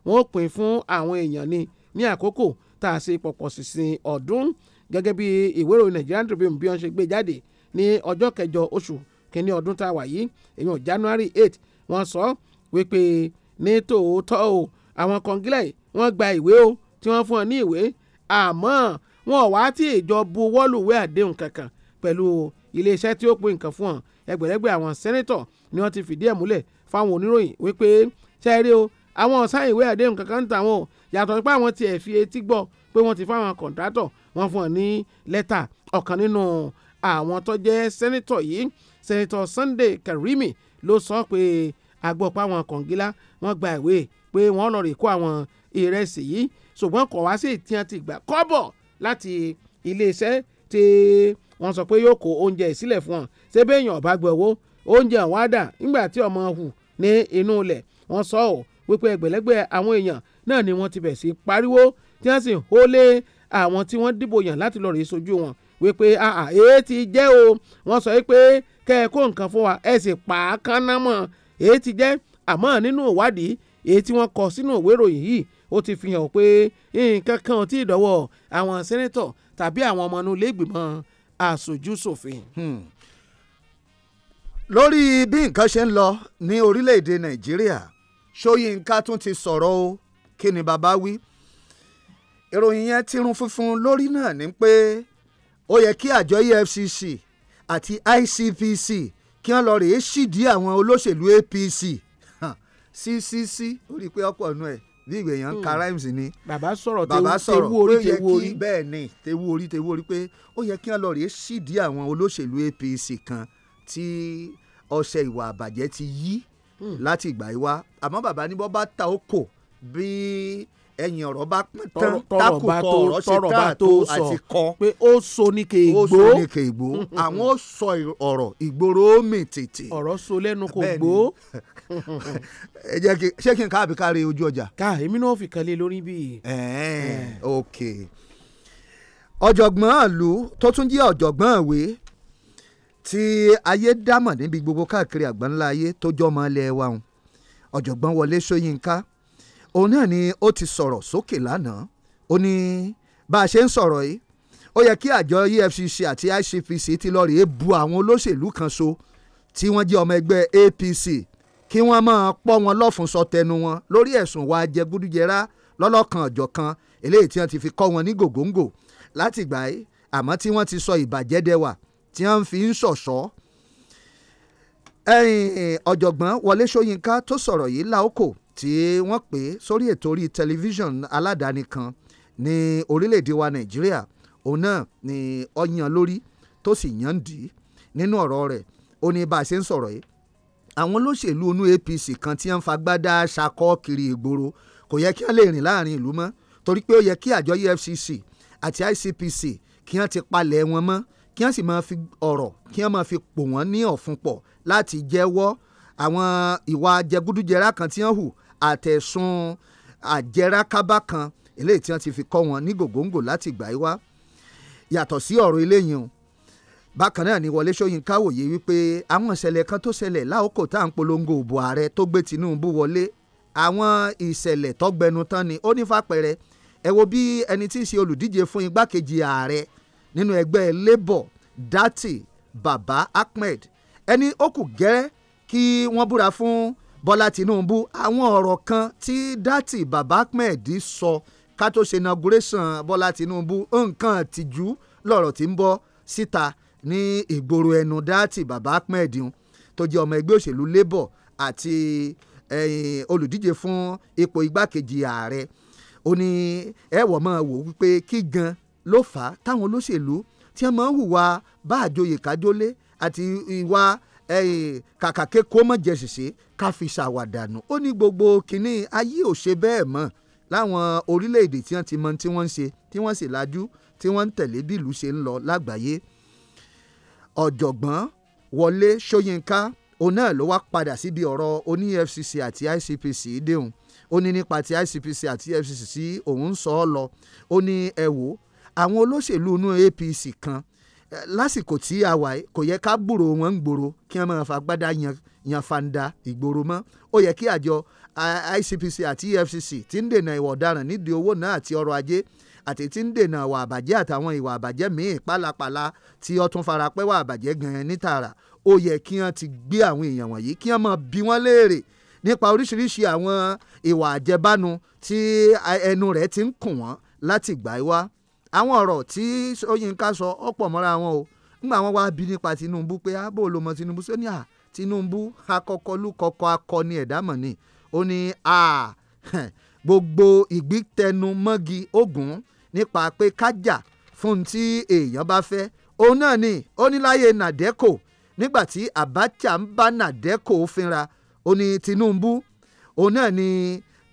Speaker 5: wọ́n pín fún àwọn èèyàn ni ní àkókò tá a ṣe pọ̀pọ̀ ṣìnṣìn ọdún gẹ́gẹ́ bí ìwé ìròyìn Nigerian Tribune bí wọ́n ṣe gbé jáde ní ọjọ́ kẹjọ oṣù kínní ọdún tá a wà yìí èèyàn January 8, wọ́n sọ wípé ní tòótọ́ o àwọn kọ̀ǹgílẹ̀ wọ́n gba ìwé o tí wọ́n fún ọ ní ìwé àmọ́ wọn ò wá tí ìjọ buwọ́lùwé àdéhùn kankan pẹ̀lú iléeṣẹ́ tí ó pín nǹkan fún ọ ẹgbẹ̀lẹ́gbẹ̀ àwọn sẹ́nẹ́tọ̀ ni wọ́n ti fìdí ẹ̀ múlẹ̀ fáwọn oníròyìn wípé ṣe o àwọn ọ̀sán ìwé àdéhùn kankan ń tàwọn o yàtọ̀ pé àwọn tiẹ̀ fi etí gbọ́ pé wọ́n ti fáwọn kọ̀ǹtrátọ̀ wọ́n fún ọ ní lẹ́tà ọ̀kan nínú àwọn tó jẹ́ sẹ́nẹ́tọ̀ yìí sẹ́nẹ́tọ̀ Sunday Karimi ló sọ pé agbọ́pá àwọn kọ̀ǹgílá wọ́n gba ìwé pé wọ́n lọ rè kó àwọn ìrẹsì yìí ṣùgbọ́n kọ̀ sí ìtìyàn ti gbà kọ́bọ̀ láti iléeṣẹ́ tí wọ́n sọ pé yóò kó oúnjẹ ìsílẹ̀ fún wọn ṣé béèyàn ọ̀bá gbẹ̀wò oúnjẹ ọ̀hún á dà nígbà tí ọmọ hù ní inú ilẹ̀ wọ́n sọ ọ́ wípé ẹgbẹ̀lẹ́gbẹ̀ àwọn èèyàn náà ni wọ́n ti bẹ̀ sí pariwo tí wọ́n sì ń hólé àwọn tí wọ́n dìbò yàn láti lọ́ọ́ rí sojú wọn wípé àà èé ti jẹ́ o wọ́n sọ pé kẹ́ ẹ kó nǹkan fún wa ẹ sì pa á kánná mọ́ èé ti jẹ́ àmọ́ nínú ìwádìí èyí tí wọ́n kọ sínú ìwé ìròyìn yìí ó ti fi hàn pé nǹkan kan ò tí ì dọ́wọ́ àwọn sẹ́nẹ́tọ̀ tàbí àwọn ọmọ inú ilé ìgbìmọ̀ aṣojú-ṣòfin.
Speaker 6: Hmm. lórí bí nǹkan ṣe ń lọ ní orílẹ̀-èdè nàìjíríà ṣóyínká tún ti sọ̀rọ̀ o kí ni bàbá wí ìròyìn yẹn ti run funfun lórí náà ni pé ó yẹ kí àjọ EFCC àti ICPC kí wọ́n lọ rèé ṣìdí àwọn olóṣèlú APC CCC ó rí i pé ọ̀pọ̀ ọ̀nù ẹ̀ bí ìgbà èèyàn ń ka hmm. rhymes ni. bàbá sọ̀rọ̀ tewu orí tewu orí. bẹ́ẹ̀ ni tewu orí tewu orí pé ó yẹ kí wọ́n lọ rèé sídìí àwọn olóṣèlú APC kan tí ọṣẹ ìwà àbàjẹ́ ti yí hmm. láti ìgbà yìí wá àmọ́ bàbá ní bọ́ bá ta ó kò bí ẹ̀yìn ọ̀rọ̀ bá pín tán tákù
Speaker 5: kọ ọ̀rọ̀ ṣe káàtó àti kọ pé ó so ní ke ìgbó ó so ní ke ìgbó àwọn ó
Speaker 6: sọ ọ̀rọ̀ ìgboro mi tètè. ọ̀rọ̀ so lẹ́nu kò gbó. ẹ jẹ́ kí ṣé kí n káàbí káre ojú ọjà. ká èmi náà fi kan lórí bí. ok ọ̀jọ̀gbọ́n ìlú tó tún jẹ́ ọ̀jọ̀gbọ́n ìwé tí ayé dámọ̀ níbi gbogbo káàkiri àgbáńlá ayé tó jọmọ ilé wa ọ̀jọ̀gbọ́n Wọlé Ṣóyínká so òun náà ni ó ti sọ̀rọ̀ sókè lánàá ó ní bá a ṣe ń sọ̀rọ̀ yìí ó yẹ kí àjọ EFCC àti ICPC ti lọ rèé bu àwọn olóṣèlú kan so tí wọ́n jẹ́ ọmọ ẹgbẹ́ APC kí wọ́n máa pọ́ wọn lọ́fun sọ tẹnu wọn lórí ẹ̀sùn wa jẹgúdújẹrá lọ́lọ́kan ọ̀jọ̀kan eléyìí tí wọ́n ti fi kọ́ wọn ní gògóńgò láti gbà yìí àmọ́ tí wọ́n ti sọ ìbàjẹ́dẹwà tí wọ́n fi ń ṣọ̀ṣọ́ ọ̀jọ̀gbọ́n Wọlé Ṣóyínká tó sọ̀rọ̀ yìí láòkò tí wọ́n pè sórí ètò orí tẹlifíṣàn aládàáni kan ní orílẹ̀-èdè wa nàìjíríà òun náà ni ọyàn lórí tó sì yàn dì í nínú ọ̀rọ̀ rẹ̀ ó ní bá a ṣe ń sọ̀rọ̀ yìí àwọn olóṣèlú inú APC kan tí wọ́n ń fagbádá ṣakọ́ kiri ìgboro kò yẹ kí wọ́n lè rìn láàrin ìlú mọ́ torí pé ó yẹ kí àjọ EFCC àti ICPC kí wọ́n ti palẹ̀ wọn mọ́ kí wọ́n sì máa fi ọ̀rọ̀ kí wọ́n máa fi pò wọ́n ní ọ̀fun pọ̀ láti jẹ́wọ́ àwọn ìwà jẹgúdújẹrá kan tí wọ́n hù àtẹ̀sùn àjẹrákábá kan eléyìí tí wọ́n ti fi kọ́ wọn ní gògóńgò láti ìgbà yìí wá yàtọ̀ sí ọ̀rọ̀ eléyìí o bákan náà ni Wọlé Ṣóyínká wòye wípé àwọn ìṣẹ̀lẹ̀ kan tó ṣẹlẹ̀ láòkò tá à ń polongo òbò ààrẹ tó gbé Tinubu wọlé àwọn ìṣẹ̀lẹ̀ tọ́gbẹnu tán ni ó ní fàpẹẹrẹ ẹ wo bí ẹni tí í ṣe olùdíje fún igbákejì ààrẹ nínú ẹgbẹ́ Labour Dati Baba Ahmed ẹni ó kù gẹ́rẹ́ kí wọ́n búra fún Bọ́lá Tinubu àwọn ọ̀rọ̀ kan tí dátì Baba Ahmed sọ ká tó ṣe inauguration Bọ́lá Tinubu nǹkan tìjú lọ̀rọ̀ tí ń bọ́ síta ní ìgboro ẹnu dátì Baba Ahmed tó jẹ́ ọmọ ẹgbẹ́ òṣèlú Labour àti eh, olùdíje fún ipò igbákejì ààrẹ ó ní ẹ̀wọ̀ máa wò wípé kí gan ló fà á táwọn olóṣèlú tí wọ́n máa ń hùwà bá àjòyè kájólé àti ìwà kàkà kéko mọ̀ jẹ ṣèṣe ká fi ṣàwàdànù ó ní gbogbo kínní ayé ò ṣe bẹ́ẹ̀ mọ́ láwọn orílẹ̀-èdè tí wọ́n ti mọ tí wọ́n ń ṣe tí wọ́n sì lajú tí wọ́n ń tẹ̀lé bí ìlú ṣe ń lọ lágbàáyé ọ̀jọ̀gbọ́n Wọlé Ṣóyínká òun náà ló wá padà síbi ọ̀rọ̀ oní EFCC àti ICPC déhùn ó ní nípa ti ICPC àti EFCC sí òun sọ ọ́ lọ ó ní ẹ àwọn olóṣèlú inú APC kan lásìkò tí a wà kò yẹ ká gbúrò wọn ń gbòòrò kí wọn máa fagbádá yan yan fanda ìgboro mọ́ ó yẹ kí àjọ ICPC àti EFCC ti ń dènà ìwà ọ̀daràn nídìí owó náà àti ọrọ̀ ajé àti tí ń dènà àwọ̀ àbàjẹ́ àtàwọn ìwà àbàjẹ́ míì pálapàla tí ọtún farapẹ́ wà àbàjẹ́ gan-an ní tààrà ó yẹ kí wọ́n ti gbé àwọn èèyàn wọ̀nyí kí wọ́n máa bi wọ́n léèrè nípa oríṣiríṣi àwọn ìwà àjẹbánu tí ẹnu rẹ̀ ti ń kùn wọ́n láti wá àwọn ọ̀rọ̀ tí Ṣóyínká sọ ọ̀pọ̀ mọ́ra wọn o nígbà wọn wá bí nípa Tinubu pé ààbò ló mọ Tinubu sọ ní à Tinubu akọkọlúkọkọ akọni ẹ̀dá mọ̀ ni ó ní à gbogbo ìgbìtẹnumọ́gi ogun nípa pé kájà fún tí èèyàn bá fẹ́ òun náà ni ó ní láyé nàdẹ́kò nígbà tí Abacha ń bá nàdẹ́kò fínra ó ní Tinubu òun náà ni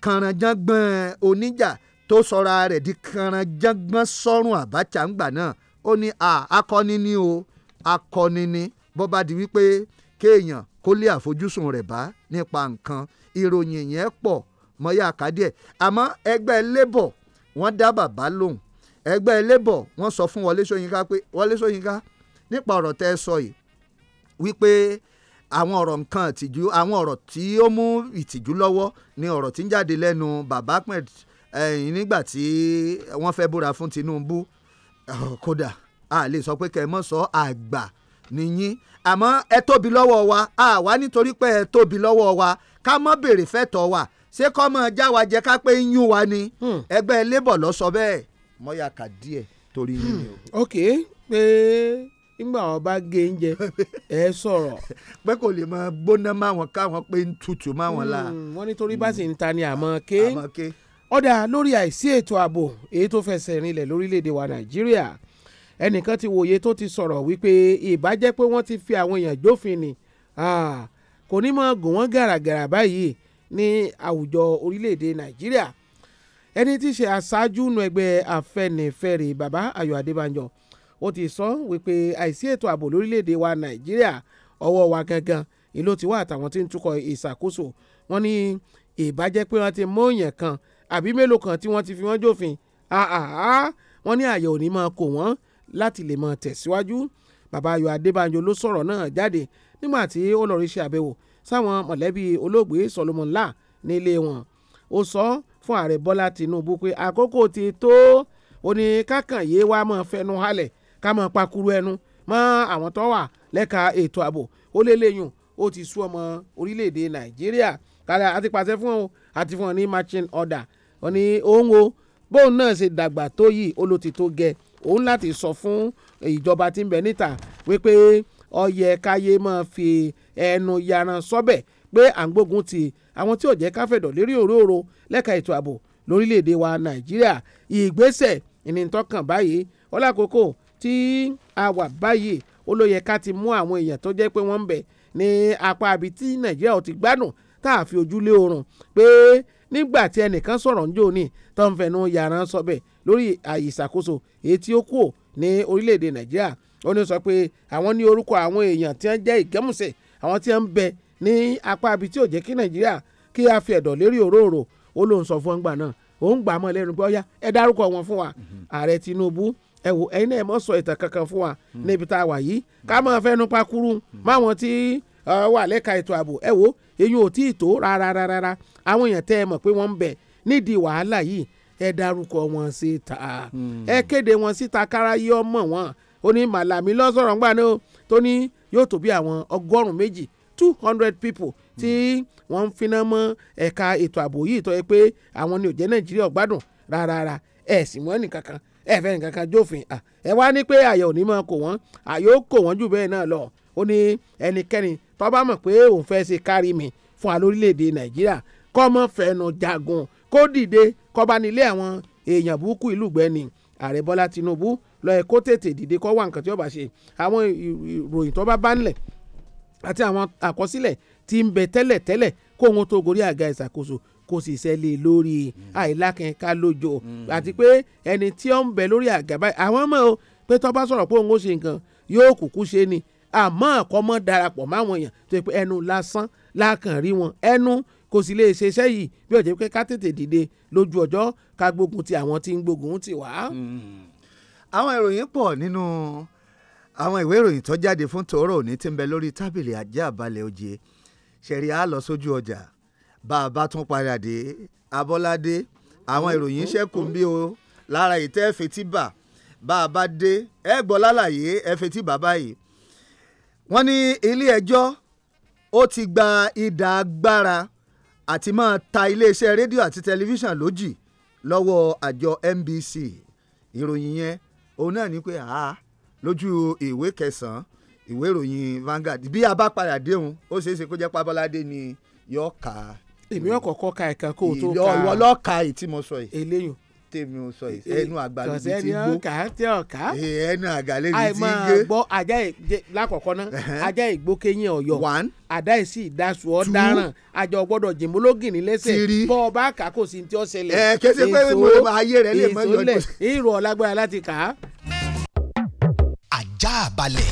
Speaker 6: kànrànjàngbọ̀n oníjà tó sọra rẹ̀ di kanran jágbọ́n sọ́run Abacha ńgbà náà ó ní akọni ni o akọni ni bó bá di wípé kéèyàn kó lé àfojúsùn rẹ̀ bá nípa nǹkan ìròyìn yẹn pọ̀ mọ́yà kádìẹ̀ àmọ́ ẹgbẹ́ labour wọ́n dá bàbá lóhùn ẹgbẹ́ labour wọ́n sọ fún Wọlé Ṣóyínká pé Wọlé Ṣóyínká nípa ọ̀rọ̀ tẹ́ ẹ sọ yìí wípé àwọn ọ̀rọ̀ nǹkan ìtìjú àwọn ọ̀rọ̀ tí ó mú ìtìjú lọ́wọ́ ni ọ̀rọ̀ tí ń jáde lẹ́nu bàbá Ahmed nígbà tí wọ́n fẹ́ búra fún Tinubu kódà a lè sọ pé kẹ́ ẹ mọ̀ sọ àgbà nìyín àmọ́ ẹ tóbi lọ́wọ́ wa àwa nítorí pé ẹ tóbi lọ́wọ́ wa ká mọ́ béèrè fẹ́tọ̀ wa ṣé kọ́ mọ́ já wa jẹ ká pé ń yún wa ni hmm. ẹgbẹ́ labour lọ sọ bẹ́ẹ̀ mọ́yà kà díẹ̀ torí yín ni o. Hmm. ok pé nígbà wọn bá gé oúnjẹ ẹ sọ̀rọ̀. pé kò lè máa gbóná máwọn káwọn pé ń tutù máwọn la.
Speaker 5: Hmm, wọ́n nítorí bá sì ń ta ni àmọ́ ké ọ̀dà lórí àìsí ètò ààbò èyí tó fẹsẹ̀ rinlẹ̀ lórílẹ̀‐èdè wa nàìjíríà ẹnìkan ti wòye tó ti sọ̀rọ̀ wípé ìbájẹ́ pé wọ́n ti fi àwọn èèyàn jófin ni kò ní mọ̀ gùn wọ́n gàràgàrà báyìí ní àwùjọ orílẹ̀‐èdè nàìjíríà ẹni tí í ṣe aṣáájú nu ẹgbẹ́ afẹ́nifẹ́re bàbá ayọ̀ adébánjọ ó ti sọ wípé àìsí ètò ààbò lórílẹ̀‐èdè wa nàìjíríà ọwọ́ wa gangan ìlú tiwa àtàwọn tí ń tukọ̀ ìṣàkóso wọn ní ìbájẹ́ pé wọ́n ti mú èèyàn kan àbí mélòó kan tí wọ́n ti fi wọ́n jófin wọ́n ní àyè òní máa kó wọ́n láti lè máa tẹ̀síwájú bàbá Ayọ̀ Adébánjọ ló sọ̀rọ̀ náà jáde nígbà tí ó lọ́ọ́ rí ṣe àbẹ̀wò sáwọn mọ̀lẹ́bí olóògbé Solomon La nílé wọn ó sọ fún ààrẹ Bọ́lá Tinubu pé àkókò ti tó ó ní kákànyé wa máa fẹnu halẹ̀ ká máa pakuru ẹnu mọ́ àwọn tó wà lẹ́ka ètò ààbò ó lé lẹ́yìn ó ti sú ọmọ orílẹ̀-èdè Nàìjíríà kálá àti pàṣẹ fún ọ àti fún ọ ní marching order ó ní òun o bóun náà ṣe dàgbà tó yìí ó ló ti tó gẹ òun láti sọ fún ìjọba tí ń bẹ níta wípé ó yẹ káyé máa fi ẹnu yaran sọ́bẹ̀ pé à ń gbógun ti àwọn tí ò jẹ́ káfẹ̀dọ̀ lérí òróòro lẹ́ka ètò ààbò lórílẹ̀‐èdè wa nàìjíríà ìgbésẹ̀ ìnìtọ́kàn báyìí ọlákòókò tí a wà báyìí ó ló yẹ ká ti mú àwọn èèyàn tó jẹ́ pé wọ́n ń bẹ ní apá ibi nàìjíríà ò ti gbádùn tá a fi ojú lé oorun pé nígbà tí ẹnìkan sọ̀rọ̀ ńjó ní tó ń fẹnu yàrá sọ bẹ́ẹ̀ lórí àyè ìṣàkóso èyí tí ó kù ní orílẹ̀-èdè nàìjíríà ó ní sọ pé àwọn ní orúkọ àwọn èèyàn tí wọ́n jẹ́ ìgẹ́mùsẹ̀ àwọn tí wọ́n ń bẹ ní apá ibi tí ò jẹ́ kí nàìjíríà kí a fi ẹ̀dọ̀ lérí òróòrò ó lóun sọ fún ọgbà náà òun gbà mọ́ lẹ́nu pé ẹ dárúkọ wọn fún wa ààrẹ tinubu ẹ wò ẹ̀yin náà ẹ mọ̀ sọ ìtàn kankan fún wa hmm. níbi tá a wà yìí ká máa fẹ́nu pakuru máwọn hmm. tí wà lẹ́ka ètò ààbò ẹ wo eyín ò tí ì tó rárá rárá àwọn èèyàn tẹ́ ẹ mọ̀ pé wọ́n ń bẹ nídìí wàhálà yìí ẹ dárúkọ wọn síta hmm. ẹ kéde wọn síta káráyé ọmọ wọn ó ní màlàmí lọ́sọ̀rọ̀ ńgbà náà tó ní yóò tó bí àwọn ọgọ́rùn-ún méjì two hundred people tí wọ́n ń finá mọ́ ẹ̀ka ètò ààbò yìí tó yẹ pé àwọn ni ò jẹ́ Nàìjíríà gbádùn rárá ẹ̀ sì mọ́ nìkankan ẹ̀ fẹ́ nìkankan jófin ẹ̀ wá ní pé àyẹ̀ ò ní máa kò wọ́n àyẹ̀ ó kò wọ́n jù bẹ́ẹ̀ náà lọ ó ní ẹnikẹ́ni tó bá mọ̀ pé òun fẹ́ ṣe kárí mi fún wa lórílẹ̀‐èdè nàìjíríà kó mọ́ fẹnu jagun kó dìde kó bá nílé àwọn èèyàn burúkú ìlú gbẹ́ni ààrẹ bọ́lá tinubu lọ́ọ́ kó tètè dìde kó wá nǹkan tí ó bá ṣe àwọn ìròyìn tó bá bá ńlẹ̀ àti àwọn àkọsílẹ̀ tí ń bẹ tẹ́lẹ̀ tẹ́lẹ̀ kó wọn tó gorí àga ìṣàkóso kò sì ṣẹlẹ̀ lórí àìlákẹ́ńká lójó hmm. àti pé ẹni tí ó ń bẹ lórí àga báyìí àwọn ọmọ o pé tó bá sọ̀rọ̀ pé òun ó ṣe nǹkan yóò kúkú ṣe ni àmọ́ àkọ́mọ́ darapọ̀ máwọn èèyàn tó yẹ pé ẹnu lásán lákàn rí wọn ẹnu kò sì lè ṣe iṣẹ́ yìí bí ó jẹ́ pé ká tètè dìde lójú ọjọ́ ká gbógun ti àwọn tí ń gbógun ti wá.
Speaker 6: Hmm. àwọn ìròyìn pọ̀ nínú àwọn ìwé ìròyìn tó jáde fún tòórọ́ òní tí ń bẹ lórí tábìlì ajá àbálẹ̀ òjé ṣẹ̀rí á lọ sójú ọjà bá a bá tún padà dé abọ́ládé àwọn ìròyìn ṣẹ́kù bí o lára ìtẹ́ fetí bà bá dé ẹ gbọ́ lálàyé ẹ fetí bà báyìí wọ́n ní ilé-ẹjọ́ ó ti gba idà agbára àti máa ta iléeṣẹ́ rédíò àti tẹlifíṣàn lójì lọ́wọ́ àjọ NBC ìròyìn yẹn òun náà ní pé àá lójú ìwé kẹsàn-án ìwé ìròyìn Vanguard bí a bá padà déhùn ó ṣeé ṣe kó jẹ́ pábọ́ládé ni yóò kà á.
Speaker 5: èmi ọkọ̀ kọ́ ka ẹ̀ka kó o tó ka ìlọ ìwọ lọ́ọ́
Speaker 6: yìí. eléyìí tèmi ò sọ yìí eh, eh, ẹnu àgbàlẹ̀ ti ti gbó ọkà
Speaker 5: ọkà eh, ẹnu àgbàlẹ̀ ti ti gbé. àìmọ̀ gbọ́ ajá lákọ̀ọ́kọ́ náà ajá ìgbó kẹ́yìn ọ̀yọ́ àdá ìsì ìdásù ọ̀daràn àjọ gbọ́dọ̀ jìmúlógìnì lẹ́sẹ̀ bọ́ ọba àkà kò sí ti ọ̀sẹ̀lẹ̀ èso kése pé mo ayé rẹ̀ lè mọ́ yọjú. ìrọ̀ lágbára láti kà á. àjà balẹ̀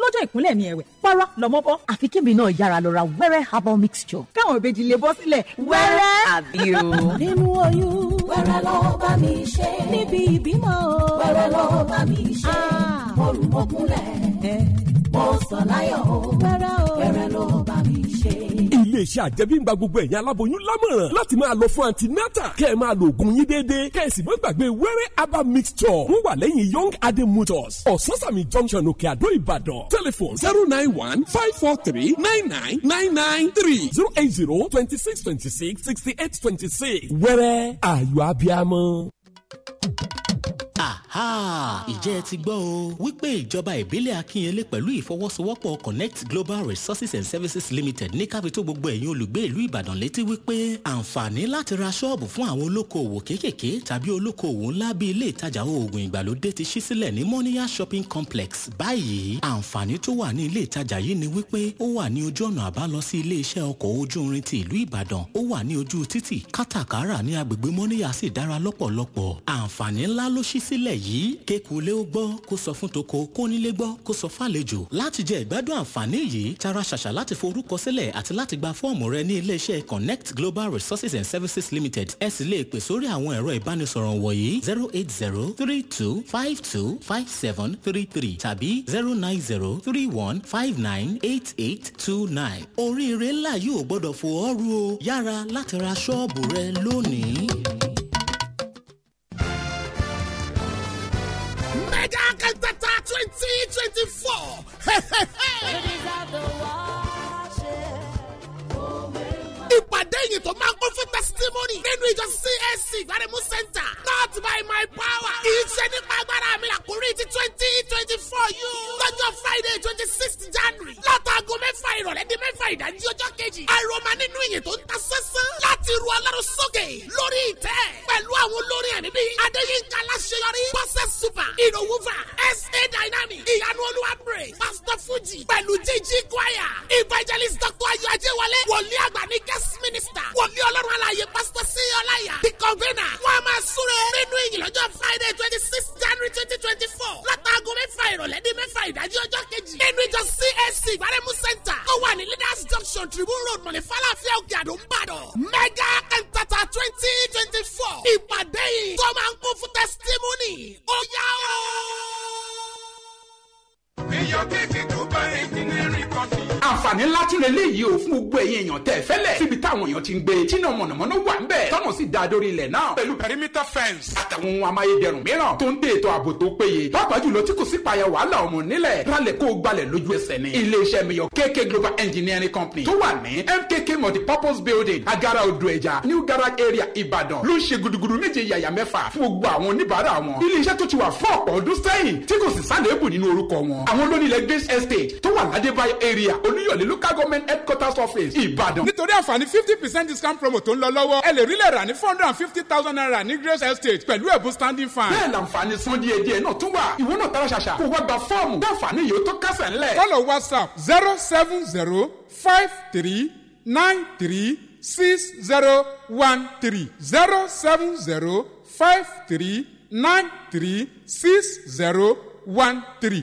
Speaker 4: lọ́jọ́ ìkúnlẹ̀ mi ẹ̀wẹ̀ para lọ́mọ bọ́. àfi kébì náà yára lọ ra wẹ́rẹ́ herbal mixture. káwọn ìbejì lè bọ́ sílẹ̀ wẹ́rẹ́. àbí o. nínú oyún wẹ́rẹ́ lọ bá mi ṣe. níbi ìbímọ wẹ́rẹ́ lọ bá mi ṣe. Ah.
Speaker 7: mo rù mọ́kúnlẹ̀ eh. mo sọ láyọ̀
Speaker 4: wẹ́rẹ́ lọ bá mi ṣe ṣe.
Speaker 7: iléeṣẹ́ àjẹmíngba gbogbo ẹ̀yin aláboyún lámọ̀ràn láti máa lọ fún antinata kẹ́ ẹ̀ máa lo oògùn yín déédéé kẹ́ ẹ̀ sì má gbàgbé wẹ́rẹ́ herbal mixture wọ́n wà lẹ́yìn young adé motors ososami junction òkè àdó ìbàdàn telephone zero nine one five four three nine nine nine nine three zero eight zero twenty six twenty six sixty eight twenty six wẹ́rẹ́ ayọ̀ abiamọ.
Speaker 9: Ah, ìjẹ́ ẹ ti gbọ́ o wípé ìjọba ìbílẹ̀ Akínyẹlé pẹ̀lú ìfọwọ́sowọ́pọ̀ Connect Global Resources and Services Limited ní káfí tó gbogbo ẹ̀yin olùgbé ìlú Ìbàdàn létí wípé àǹfààní láti ra ṣọ́ọ̀bù fún àwọn olókoòwò kéékèèké tàbí olókoòwò ńlá bíi ilé ìtajà oògùn ìgbàlódé ti ṣí sílẹ̀ ní Moniya Shopping Complex báyìí àǹfààní tó wà ní ilé ìtajà yìí ni wípé ó wà ní ojú ọ̀nà àbálọ sí ilé iṣẹ́ ọkọ̀ ojú irin ti ìlú Ìbàdàn ó wà ní ojú títì kátàkárà ní agbègbè Moniya sì dára lọ́pọ̀lọpọ̀ àǹfààní ńlá ló ṣí sílẹ̀ yìí yìí kékulé ó gbọ́ kó sọ fún toko kónílé gbọ́ kó sọ fàlejò láti jẹ ìgbádùn àǹfààní yìí tara ṣàṣà láti forúkọ sílẹ̀ àti láti gba fọ́ọ̀mù rẹ ní iléeṣẹ́ connect global resources and services limited ẹ sì lè pè sórí àwọn ẹ̀rọ ìbánisọ̀rọ̀ wọ̀nyí zero eight zero three two five two five seven three three tàbí zero nine zero three one five nine eight eight two nine oríire ńlá yóò gbọ́dọ̀ fò ọ́ ru o yára láti ra ṣọ́ọ̀bù rẹ lónìí.
Speaker 8: Jakarta 2024. Ìpàdé. lẹ́yìn tó máa ń kún fún testimony nínú ìjọ CAC gbaremu center not by my power iṣẹ́ nípa agbára mi àkórí ti twenty twenty four yìí lọ́jọ́ friday twenty sixth january látàgọ́ mẹ́fà ìrọ̀lẹ́ di mẹ́fà ìdájí ọjọ́ kejì àìrọ̀mà nínú ìyìn tó ń ta sẹ́sán láti ru ọlọ́run sókè lórí ìtẹ́ pẹ̀lú àwọn olórin ẹ̀mí bíi adéyínká aláṣeyọrí bọ́sẹ̀ super ìròwúfà sa dynamic ìyanu olúwa break pastor fuji pẹ̀lú jíjí choir evangelist dr ayọ̀ ajẹ́wọlé wòlíì àgbà ní guest ministry pastor wòlíì ọlọ́run aláàyè pastor sí ọláyà the convener wọ́n a máa súre nínú ìyìn lọ́jọ́ friday twenty six january twenty twenty four látàgọ́ mẹ́fà ìrọ̀lẹ́ ní mẹ́fà ìdájí ọjọ́ kejì nínú ìjọ CAC gbaremu center tó wà ní leaders junction tribune road mọ̀lẹ́ falafel òkè àdó ńbàdàn mega entata twenty twenty four ìpàdé yìí tó máa ń kún fún testimony ó
Speaker 12: yá o. iyọ̀ kékeré àǹfààní ńlá tí lè léyìí o fún gbogbo ẹ̀yin èèyàn tẹ̀ fẹ́lẹ̀ síbi táwọn èèyàn ti ń gbé tínà mọ̀nàmọ́ná wà ń bẹ̀ tọ́nà sì da dórí ilẹ̀ náà pẹ̀lú pẹ̀rímítà fẹ́ǹsì àtàwọn ohun amáyédẹrùn mìíràn tó ń dé ètò ààbò tó péye pàápàá jùlọ tí kò sí payà wàhálà ọmọ nílẹ̀ rálẹ̀ kó o gbalẹ̀ lójú ẹsẹ̀ ni iléeṣẹ́ mi yọ KK Global Engineering Company tó wà ní MKK Multipurpose Building agara odò ẹja New Garage Area Ìbàdàn ló ń ṣe gudugudu méje yàyà mẹ́fà fún gbogbo àwọn oníbàárà wọn iléeṣẹ́ tó ti wà fún ọ̀pọ̀ ọdún sẹ́yìn tí kò sì sálẹ̀ èbù nínú orúkọ wọn àwọn lónìí lẹ Estate tó wà ládébáyọ̀ area olúy Olúyọ̀lé local government headquarters office Ìbàdàn. nítorí àǹfààní fifty percent discount promo tó ń lọ lọ́wọ́ ẹ lè rí lẹ̀ rà ní four hundred and fifty thousand naira ní Grace Estate pẹ̀lú ẹ̀bùn standing fan. bẹ́ẹ̀ làǹfààní san díẹ̀ díẹ̀ náà tún wà ìwọ náà tara ṣàṣà kó wá gba fọ́ọ̀mù dáǹfààní yìí ó tó kásẹ̀ ńlẹ̀. kọ́lọ̀ WhatsApp zero seven zero five three nine three six zero one three zero seven zero five three nine three six zero one three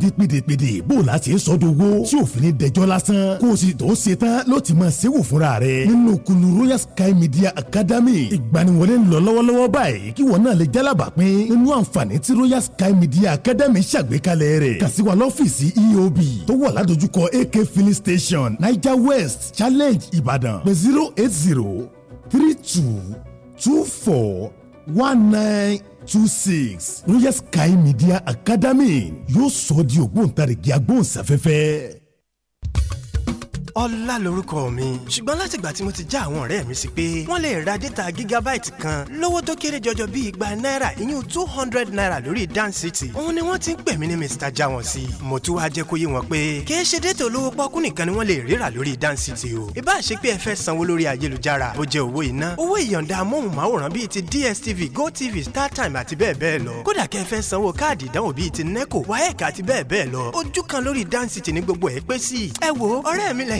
Speaker 3: di pédèpédè bó o la ṣe sọ dogo tí o fini dẹjọ́ lásán kó o sì tó ṣe tán ló ti máa ṣẹ́wò fúnra rẹ̀ nínú kunu royal sky media academy ìgbaniwọlé ń lọ lọ́wọ́lọ́wọ́ báyìí kí wọ́n náà lè jálábà pín nínú àǹfààní tí royal sky media academy ṣàgbékalẹ̀ rẹ̀ kàn sí lọ́fíìsì eob tó wà ládojúkọ ak filling station niger west challenge ibadan. pé zero eight zero three two two four one nine two six royal sky media academy yóò sọ ọ́ di ògbóǹtarìgì agbóhùnsáfẹ́fẹ́
Speaker 10: ọlá lorúkọ mi ṣùgbọ́n láti ìgbà tí mo ti já àwọn ọ̀rẹ́ mi sí pé wọ́n lè ra dẹ́ta gígábáìtì kan lówó tó kéré jọjọ bíi igba náírà ìyún two hundred naira lórí dan city òun ni wọ́n ti ń pè mí ní mr jawon sí i mo tún wá jẹ́ kó yé wọn pé kìí ṣe dẹ́tà olówó pọ́kú nìkan ni wọ́n lè ríra lórí dan city o ìbá ṣe pé ẹ fẹ́ sanwó lórí ayélujára bó jẹ́ owó iná owó ìyọ̀ǹda amóhùnmáwòrán bíi ti dstv gotv startime àti bẹ́ẹ̀ bẹ́ẹ̀ lọ kódà kẹ́ ẹ fẹ́ sanwó káàdì ìdánwò bíi ti neco kan lórí dan city ní gbogbo ẹ̀ pé sí mi lẹ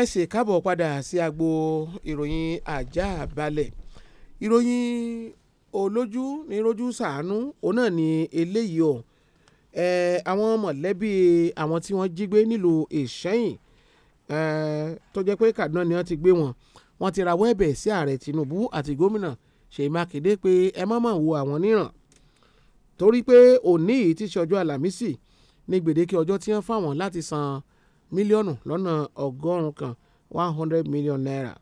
Speaker 5: ẹ sì káàbọ̀ padà sí agbo ìròyìn ajá balẹ̀ ìròyìn olójú ní rojú sàánú òun náà ni eléyìí o ẹ àwọn mọ̀lẹ́bí àwọn tí wọ́n jí gbé nílùú ìṣẹ́yìn ẹ tó jẹ́ pé Kaduna ni wọ́n ti gbé wọn wọ́n ti rawọ́ ẹ̀bẹ̀ sí ààrẹ Tinubu àti gómìnà Ṣèyí Mákindé pé ẹ má mà wo àwọn níran torí pé òní yìí ti ṣe ọjọ́ ní gbèdéke ọjọ́ tí wọ́n fáwọn láti san mílíọ̀nù lọ́nà ọgọ́rùn-ún kan one hundred million naira.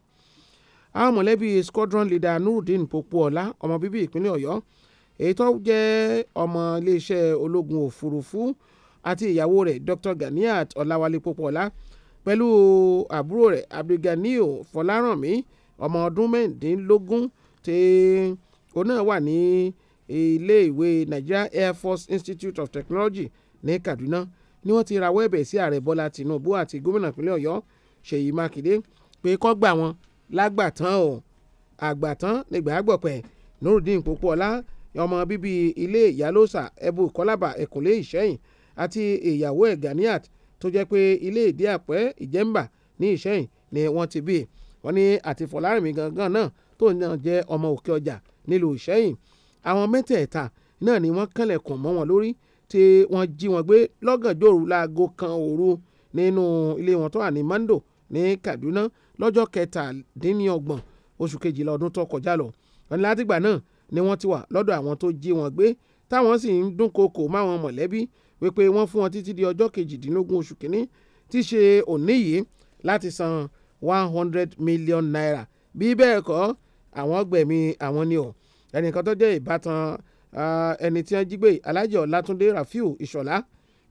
Speaker 5: àwọn mọ̀lẹ́bí squadron leader nurudeen popuola ọmọ bíbí ìpínlẹ̀ ọ̀yọ́ èyí tó jẹ́ ọmọ iléeṣẹ́ ológun òfurufú àti ìyàwó rẹ̀ dr ganiat ọláwálé popuola pẹ̀lú àbúrò rẹ̀ abdulganiyo fọlárànmí ọmọ ọdún mẹ́rìndínlógún tí òun náà wà ní ilé nigeria air force institute of technology ní kaduna ni wọ́n ti rawọ́ ẹ̀bẹ̀ sí ààrẹ bọ́lá tìǹbù àti gómìnà ìpínlẹ̀ ọ̀yọ́ ṣèyí mákindé pé kó gbà wọ́n lágbàtán o àgbàtán nígbà àgbọ̀pẹ̀ nurudeen popoola ọmọ bíbí ilé ìyálóṣà ẹbù kọlábà ẹ̀kúnlé ìṣẹ́yìn àti ìyàwó ẹ̀ ganiat tó jẹ́ pé ilé ìdí àpẹ́ ìjẹ́mbà ní ìṣẹ́yìn ni wọ́n ti bí wọ́n ní àti fọlárìnmí gangan náà tó náà jẹ́ ọmọ òkè ọjà nílùú ìṣẹ́yìn àwọn mẹ́tẹ̀ẹ̀ta náà ni wọ́n kànlẹ̀kùn mọ́ wọn lórí tí wọ́n jí wọn gbé lọ́gànjọ́ òru láago kan òru nínú ilé wọn tó wà ní Mando ní Kaduna lọ́jọ́ kẹtàdínlọ́gbọ̀n oṣù kejìlá ọdún tó kọjá lọ wọn ní látìgbà náà ni wọ́n ti wà lọ́dọ̀ àwọn tó jí wọn gbé táwọn sì ń dúnkookò máwọn mọ̀lẹ́bí wípé wọ́n fún wọn títí di ọjọ́ kejìdínlógún oṣù kínní tí ṣe òní yìí láti san one hundred million naira bí bẹ́ẹ̀ kọ́ àwọn gbẹ̀mí àwọn ni ọ̀ ẹnìkan tó jẹ́ ìbátan ẹni tí wọ́n jí gbé alájẹ ọlátúndé rafiu ìṣọ̀lá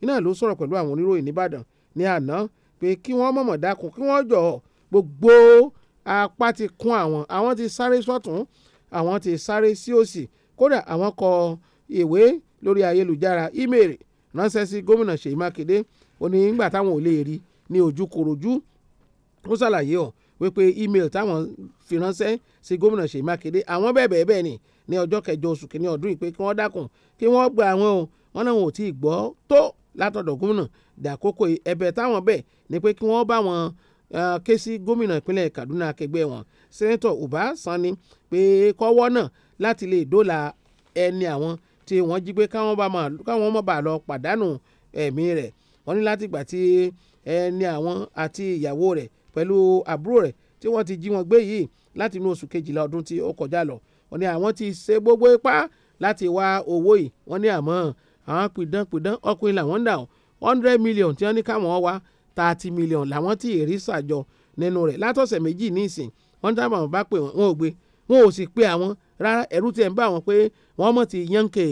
Speaker 5: iná ló sọ̀rọ̀ pẹ̀lú àwọn oníròyìn nìbàdàn ní àná pé kí wọ́n mọ̀mọ̀ dákun kí wọ́n jọ gbogbo apá ti kún àwọn àwọn ti sáré sọ́tún àwọn ti sáré sí òsì kódà àwọn kọ ìwé lórí ayélujára ímeèrè ránṣẹ́ sí gómìnà ṣèyí mákindé ó ní ìgbà táwọn ò lè rí ní ojú korojú ó ṣàlàyé ọ wípé ímeèlì táwọn fi ránṣẹ́ sí gómìnà ṣèyí mákindé àwọn bẹ́ẹ̀ bẹ́ẹ̀ bẹ́ẹ̀ ni ní ọjọ́ kẹjọ oṣù kìíní ọdún yìí pé kí wọ́n dákun kí wọ́n gba àwọn o wọ́n náà wọn ò tí ì gbọ́ tó látọ̀dọ̀ gómìnà dàkókò ẹ̀bẹ̀ táwọn bẹ̀ ni pé kí wọ́n bá wọn ké sí gómìnà ìpínlẹ̀ Kaduna akẹgbẹ́ wọn sẹ́nẹ́tọ̀ Uba Sani pé kọ́wọ́ náà láti lè dóòlà ẹni àwọn tí wọ́n jí gbé káwọn má bàa lọ pàdánù ẹ̀mí rẹ̀ wọ́n ní láti gbà tí ẹni àwọn àti ìyàwó rẹ̀ pẹ̀lú àbúrò rẹ̀ tí wọ́n ti jí wọn gbé yìí láti oṣù kejìlá ọdún tí ó kọjá lọ wọ́n ní àwọn ti ṣe gbogbo ipá láti wá owó yìí wọ́n ní àmọ́ àwọn pìdán ọkùnrin làwọn ń dà ó hundred million tí wọ́n ní káwọn wá thirty million làwọn tí èrí ṣàjọ nínú rẹ̀ látọ̀sẹ̀ méjì ní ìsìn wọ́n dábàá bá pè wọn ò gbé wọn ò sì pé àwọn rárá ẹ̀rú tiẹ̀ ń bá wọn pé wọ́n mọ̀ ti yànkè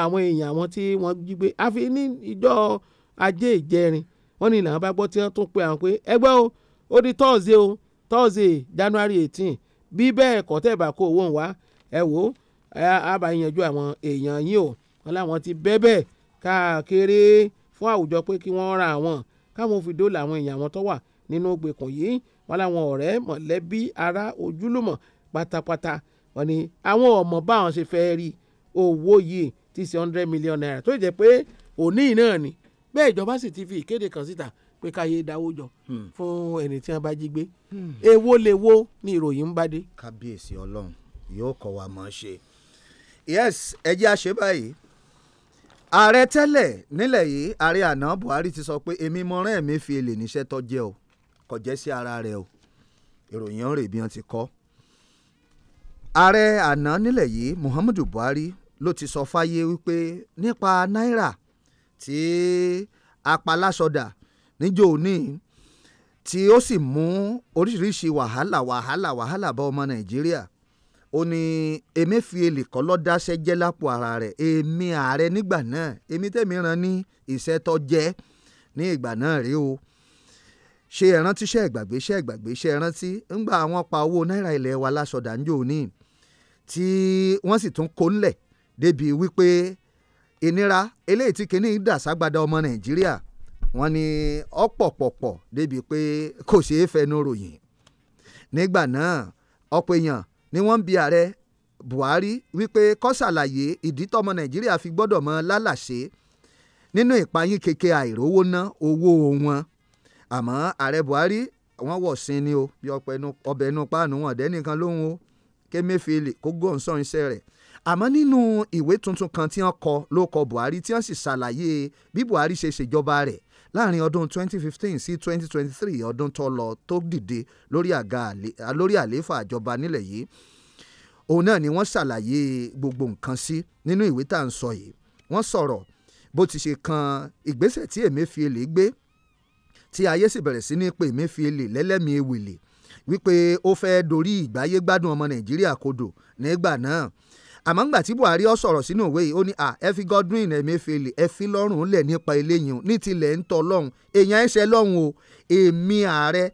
Speaker 5: àwọn èèyàn àwọn tí wọ́n jí gbé àfi ní ìjọ ajé ìjẹrin wọ́n ní làwọn bá gbọ́ tí wọ́n tún pé àwọn pé ẹgbẹ́ o ó di tọ́ọ̀sì o tọ́ọ̀sì January eighteen bí bẹ́ẹ̀ kọ́ bá kó owó ń wá ẹ wò ó àbá yanjú àwọn èèyàn yín o wọn làwọn ti bẹ́bẹ̀ káàkiri fún àwùjọ pé kí wọ́n ra àwọn káwọn fi dóòlà àwọn èèyàn àwọn tó wà nínú gbèkùn yìí wọn làwọn ọ̀rẹ́ mọ̀lẹ́bí ará ojúlùmọ̀ pátápátá wọn ni àwọn ọmọ báwọn ṣe fẹ́ rí owó yìí ti ṣe hundred million naira tó jẹ́ pé òní náà ni bẹ́ẹ̀ ìjọba sì ti fi ìkéde kan síta pé káyé dáwó jọ hmm. fún
Speaker 6: ẹni tí wọ́n bá jí gbé hmm. èwo lè ni ìròyìn ń bá dé. kábíyèsí ọlọ́run yóò kọ́ wa mọ̀ ṣe. yes ẹ jẹ́ àṣẹ báyìí ààrẹ tẹ́lẹ̀ nílẹ̀ yìí ààrẹ àná Buhari ti sọ pé èmi mo rán ẹ̀mí fi èlè níṣẹ́ tó jẹ́ o kò jẹ́ sí ara rẹ̀ o ìròyìn ọ̀rẹ́ bí wọ́n ti kọ́. ààrẹ àná nílẹ̀ yìí Muhammadu Buhari ló ti sọ fáyé wípé nípa náírà tí apalásọdà níjó ní tí ó sì mú oríṣiríṣi wàhálà wàhálà wàhálà bá ọmọ Nàìjíríà ó ní emefiele kọ́ ló dáṣẹ́ jẹ́ lápò ara rẹ̀ èmi ààrẹ nígbà náà èmi tẹ̀mí ran ní ìṣẹ́tọ́ jẹ́ ní ìgbà náà rí o ṣe ẹ̀rántí ṣe ẹ̀gbàgbé ṣe ẹ̀gbàgbé ṣe ẹ̀rántí ńgbà àwọn pa owó náírà ilẹ̀ wa lásọdà ń jò ní tí wọ́n sì tún kó ńlẹ̀ débi wípé ìnira eléyìí tí kìíní dà ságbádá ọmọ nàìjíríà wọ́n ní ọ̀pọ̀pọ̀pọ̀ débi pé kò ṣeé fẹnu ròyìn nígbà náà ọ̀pọ̀ ni wọ́n ń bi ààrẹ buhari wípé kó ṣàlàyé ìdí tọmọ nàìjíríà fi gbọ́dọ̀ mọ lálàṣe nínú ìpayín keke àìrówó ná owó wọn àmọ́ ààrẹ buhari wọ́n wọ̀ sí ni o bí ọbẹ̀ inú páànù wọn ọ̀dẹ́ nìkan lóhùn o kémefèlè kó gbọ̀nsán iṣẹ́ rẹ̀ àmọ́ nínú ìwé tuntun kan tí wọ́n kọ ló kọ buhari tí wọ́n sì ṣàlàyé bí buhari ṣe ṣèjọba rẹ̀ láàrin ọdún 2015 sí 2023 ọdún tó lọ tó dìde lórí àlééfà àjọba nílẹ̀ yìí òun náà ni wọ́n ṣàlàyé gbogbo nǹkan sí nínú ìwé tá à ń sọ yìí wọ́n sọ̀rọ̀ bó ti ṣe kan ìgbésẹ̀ tí Emefiele gbé tí ayé sì bẹ̀rẹ̀ sí ní pé Emefiele lẹ́lẹ́mìí ewìlì wípé ó fẹ́ dorí ìgbáyé gbádùn ọmọ Nàìjíríà kodò nígbà náà àmọ́ ńgbà tí Buhari ọ sọ̀rọ̀ sínú ìwé yìí ó ní à ẹ fi Godwin Emefiele ẹ fi lọ́rùn lẹ̀ nípa eléyìí ní tilẹ̀ ń tọ́ lọ́hùn èèyàn ẹ̀ṣẹ̀ lọ́hùn o èmi ààrẹ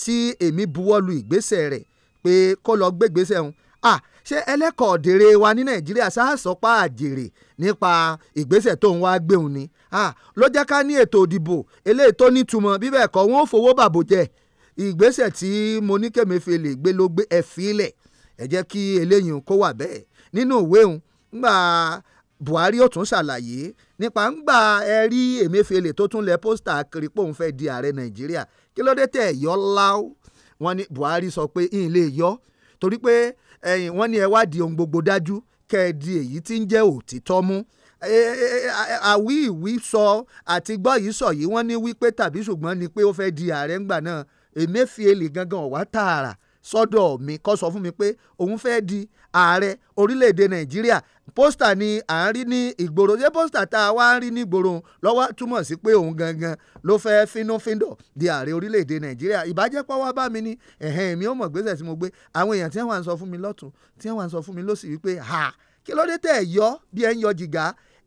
Speaker 6: tí èmi buwọ́lu ìgbésẹ̀ rẹ̀ pé kó lọ gbégbésẹ̀ òun à ṣé ẹlẹ́kọ̀ọ́ dèrè wa ní Nàìjíríà sáàsọ́pá àjèrè nípa ìgbésẹ̀ tó ń wá gbé òun ni ló jẹ́ ká ní ètò òdìbò eléyìí tó nítumọ̀ bíbẹ̀ kọ́ wọn ò fowó bàbò jẹ ìgbésẹ̀ tí mo ní kẹ́mẹ́fẹ́ lè gbé ló gbé ẹ̀ jẹ́ kí eléyìí kó wà bẹ́ẹ̀ nínú ìwé òun ńgbà Buhari ó tún ṣàlàyé nípa ńgbà ẹ rí Emefiele tó tún lẹ pósítà kiri pé òun fẹ́ di ààrẹ Nàìjíríà kí ló dé tẹ̀ yọ láó wọ́n ní Buhari sọ pé ìyìn lè yọ torí pé ẹ̀yìn wọ́n ní ẹ wá di ohun gbogbo dájú kẹ́ ẹ di èyí tí ń jẹ́ òtítọ́ mú e, e, e, àwí ìwí sọ àti gbọ́ yìí sọ yìí wọ́n ní wípé tàbí ṣùgbọ́n ni pé ó fẹ́ di ààrẹ ńgbà náà Emefiele gangan ọ̀wá tààrà sọ́dọ̀ mi kó sọ fún mi pé òun fẹ́ di ààrẹ orílẹ̀-èdè nàìjíríà pósítà ni à ń rí ní ìgboro ṣé pósítà tá a wá ń rí ní ìgboro lọ́wọ́ túmọ̀ sí pé òun gangan ló fẹ́ fínúfíndọ̀ di ààrẹ orílẹ̀-èdè nàìjíríà ìbájẹ́pọ̀ wá bá mi ni ẹ̀hẹ́n mi ò mọ̀ gbèsè tí mo gbé àwọn èèyàn tí wọ́n wá ń sọ fún mi lọ́tún tí wọ́n wá ń sọ fún mi lọ́sì wípé ha kí ló dé tẹ̀ yọ bí ẹ ń yọ jìgá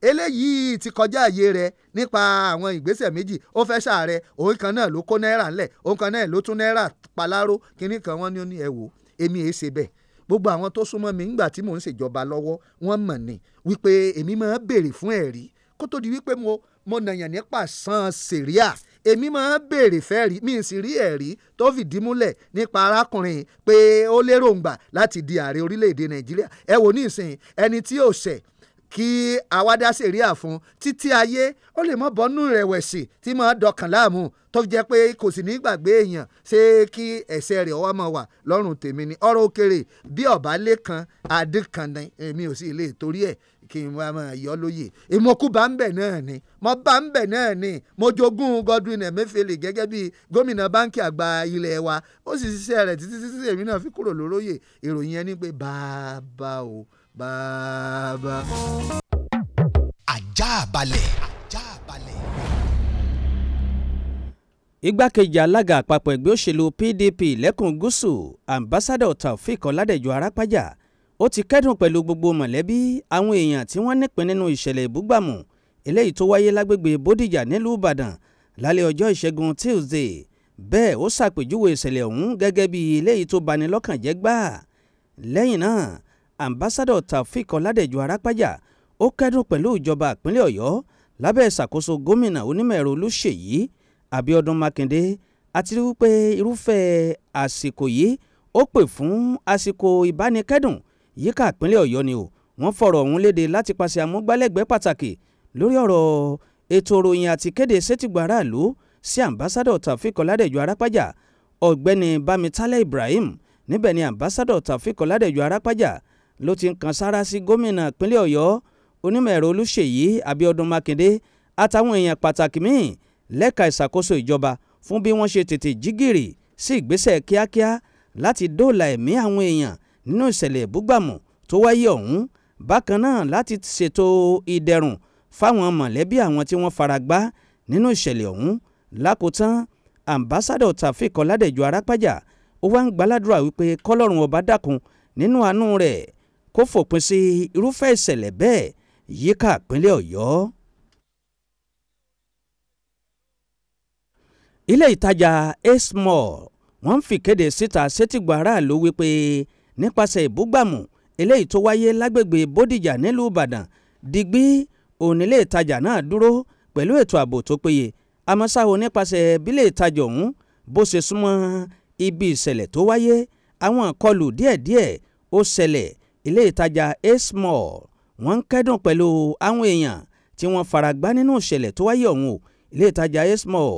Speaker 6: eléyìí ti kọjá àyè rẹ nípa àwọn ìgbésẹ̀ méjì ó fẹ́ ṣàárẹ̀ òun kan náà ló kó náírà ńlẹ̀ òun kan náà ló tún náírà paláró kinní kan wọ́n ní ó ní ẹ wò èmi èé ṣe bẹ́ẹ̀ gbogbo àwọn tó súnmọ́ mi ńgbà tí mò ń ṣèjọba lọ́wọ́ wọ́n mọ̀ ni wípé èmi máa béèrè fún ẹ̀rí kó tó di wípé mo mo nàyàn nípa san sèríà èmi máa ń béèrè fẹ́ rí mi sì rí ẹ̀rí tó fìdí múlẹ̀ nípa arákùnrin pé ó lérògbà láti di ààrẹ orílẹ̀-èdè nàìjíríà ẹ wò ní ìsìn ẹni tí ò ṣẹ̀ kí awádá sì rí àfún títí ayé ó lè mọ́ bọ́nú ìrẹ̀wẹ̀sì tí mọ́ dọkàn láàmú tó fi jẹ́ pé kò sì ní gbàgbé èèyàn ṣé kí ẹ̀ṣẹ̀ rẹ̀ ọwọ́ máa wà lọ́rùn tèmi ni ọ̀rọ̀ òkèrè bí ọ̀bá lẹ́kan adékanni èmi ò sì lè torí ẹ̀ kí n wá máa yọ lóye ìmọ̀kú bá ń bẹ̀ náà ni mo bá ń bẹ̀ náà ni mo jogún Godwin Emefiele gẹ́gẹ́ bí gómìnà báńkì àgbà ilé wa ó sì ṣiṣẹ́ rẹ̀ títí títí èmi náà fi kúrò lóróyè ìròyìn ẹni pé bàbá o. Baba, ajá balẹ̀. ajá balẹ̀.
Speaker 2: igbákejì alága àpapọ̀ ẹgbẹ́ òṣèlú PDP lẹ́kùn gúúsù ambassadọ̀ Taofik Ọládẹ̀jọ Arápájà ó ti kẹ́dùn pẹ̀lú gbogbo mọ̀lẹ́bí àwọn èèyàn tí wọ́n nípìn nínú ìṣẹ̀lẹ̀ ìbúgbàmù eléyìí tó wáyé lágbègbè Bódìjà nílùú Ìbàdàn lálẹ́ ọjọ́ ìṣẹ́gun Tuesday bẹ́ẹ̀ ó ṣàpèjúwe ìṣẹ̀lẹ̀ ọ̀hún gẹ́gẹ́ bí eléyìí tó bani lọ́kàn lẹ́yìn náà ambassadọ taofik ọládẹ̀jọ arápájà ó kẹ́dùn pẹ̀lú ìjọba ìpínlẹ̀ ọ̀yọ́ lábẹ́ ìṣàkóso gómìnà onímọ̀ ẹ̀rọ abiodun makinde àti wípé irúfẹ́ àsìkò yìí ó pè fún àsìkò ìbánikẹ́dùn yíká ìpínlẹ̀ ọ̀yọ́ ni o wọ́n fọ̀rọ̀ ọ̀hún léde láti pàṣẹ àmúgbálẹ́gbẹ̀ẹ́ pàtàkì lórí ọ̀rọ̀ ètò òròyìn àti kéde sétìgbà aráàlú sí ambassadọ taofik ọládẹ̀jọ arápájà ọ̀gbẹ́ni bamitale ibrahim níbẹ̀ ni ambassadọ taofik ọládẹ̀jọ arápájà ló ti ń kan sára sí gómìnà ìpínlẹ̀ ọ̀yọ́ onímọ̀ ẹ̀rọ olúṣèyí abíọ́dún mákindé àtàwọn èèyàn pàtàkì míì lẹ́ka ìṣàkóso ìjọba fún bí wọ́n ṣe tètè jígìrì sí ìgbésẹ̀ kíákíá láti dóòlà ẹ̀mí àwọn èèyàn nínú ìṣẹ̀lẹ̀ búgbàmù tó wáyé ọ̀hún bákan náà láti ṣètò ìdẹ̀rùn fáwọn mọ̀lẹ́bí àwọn tí wọ́n faragbá nínú ìṣẹ̀lẹ̀ ọ̀hún lákòótán ambassadọ Taofeek Ọládẹ̀jọ Arápájà ó wá ń gbàládùra wípé kọ́lọ́run ọba dákun nínú àánú rẹ̀ kó fòpin sí irúfẹ́ ìṣẹ̀lẹ̀ bẹ́ẹ̀ yíká ìpínlẹ̀ ọ̀yọ́. ilé ìtajà ace mall wọ́n ń fìkéde síta sétìgbọ́ aráàlú wípé nípasẹ̀ ìbúgbàmù eléyìí tó wáyé lágbègbè bódìjà nílùú ìbàdàn digbí onílé ìtajà náà dúró pẹ̀lú ètò ààbò tó péye àmọ́ ṣá o nípasẹ̀ bílé ìtajà ọ̀hún bó ṣe súnmọ́ ibi ìṣẹ̀lẹ̀ tó wáyé àwọn àkọlù díẹ̀díẹ̀ ó ṣẹlẹ̀ ilé ìtajà Ace Mall wọ́n ń kẹ́dùn pẹ̀lú àwọn èèyàn tí wọ́n fara gbá nínú ìṣẹ̀lẹ̀ tó wáyé ọ̀hún o ilé ìtajà Ace Mall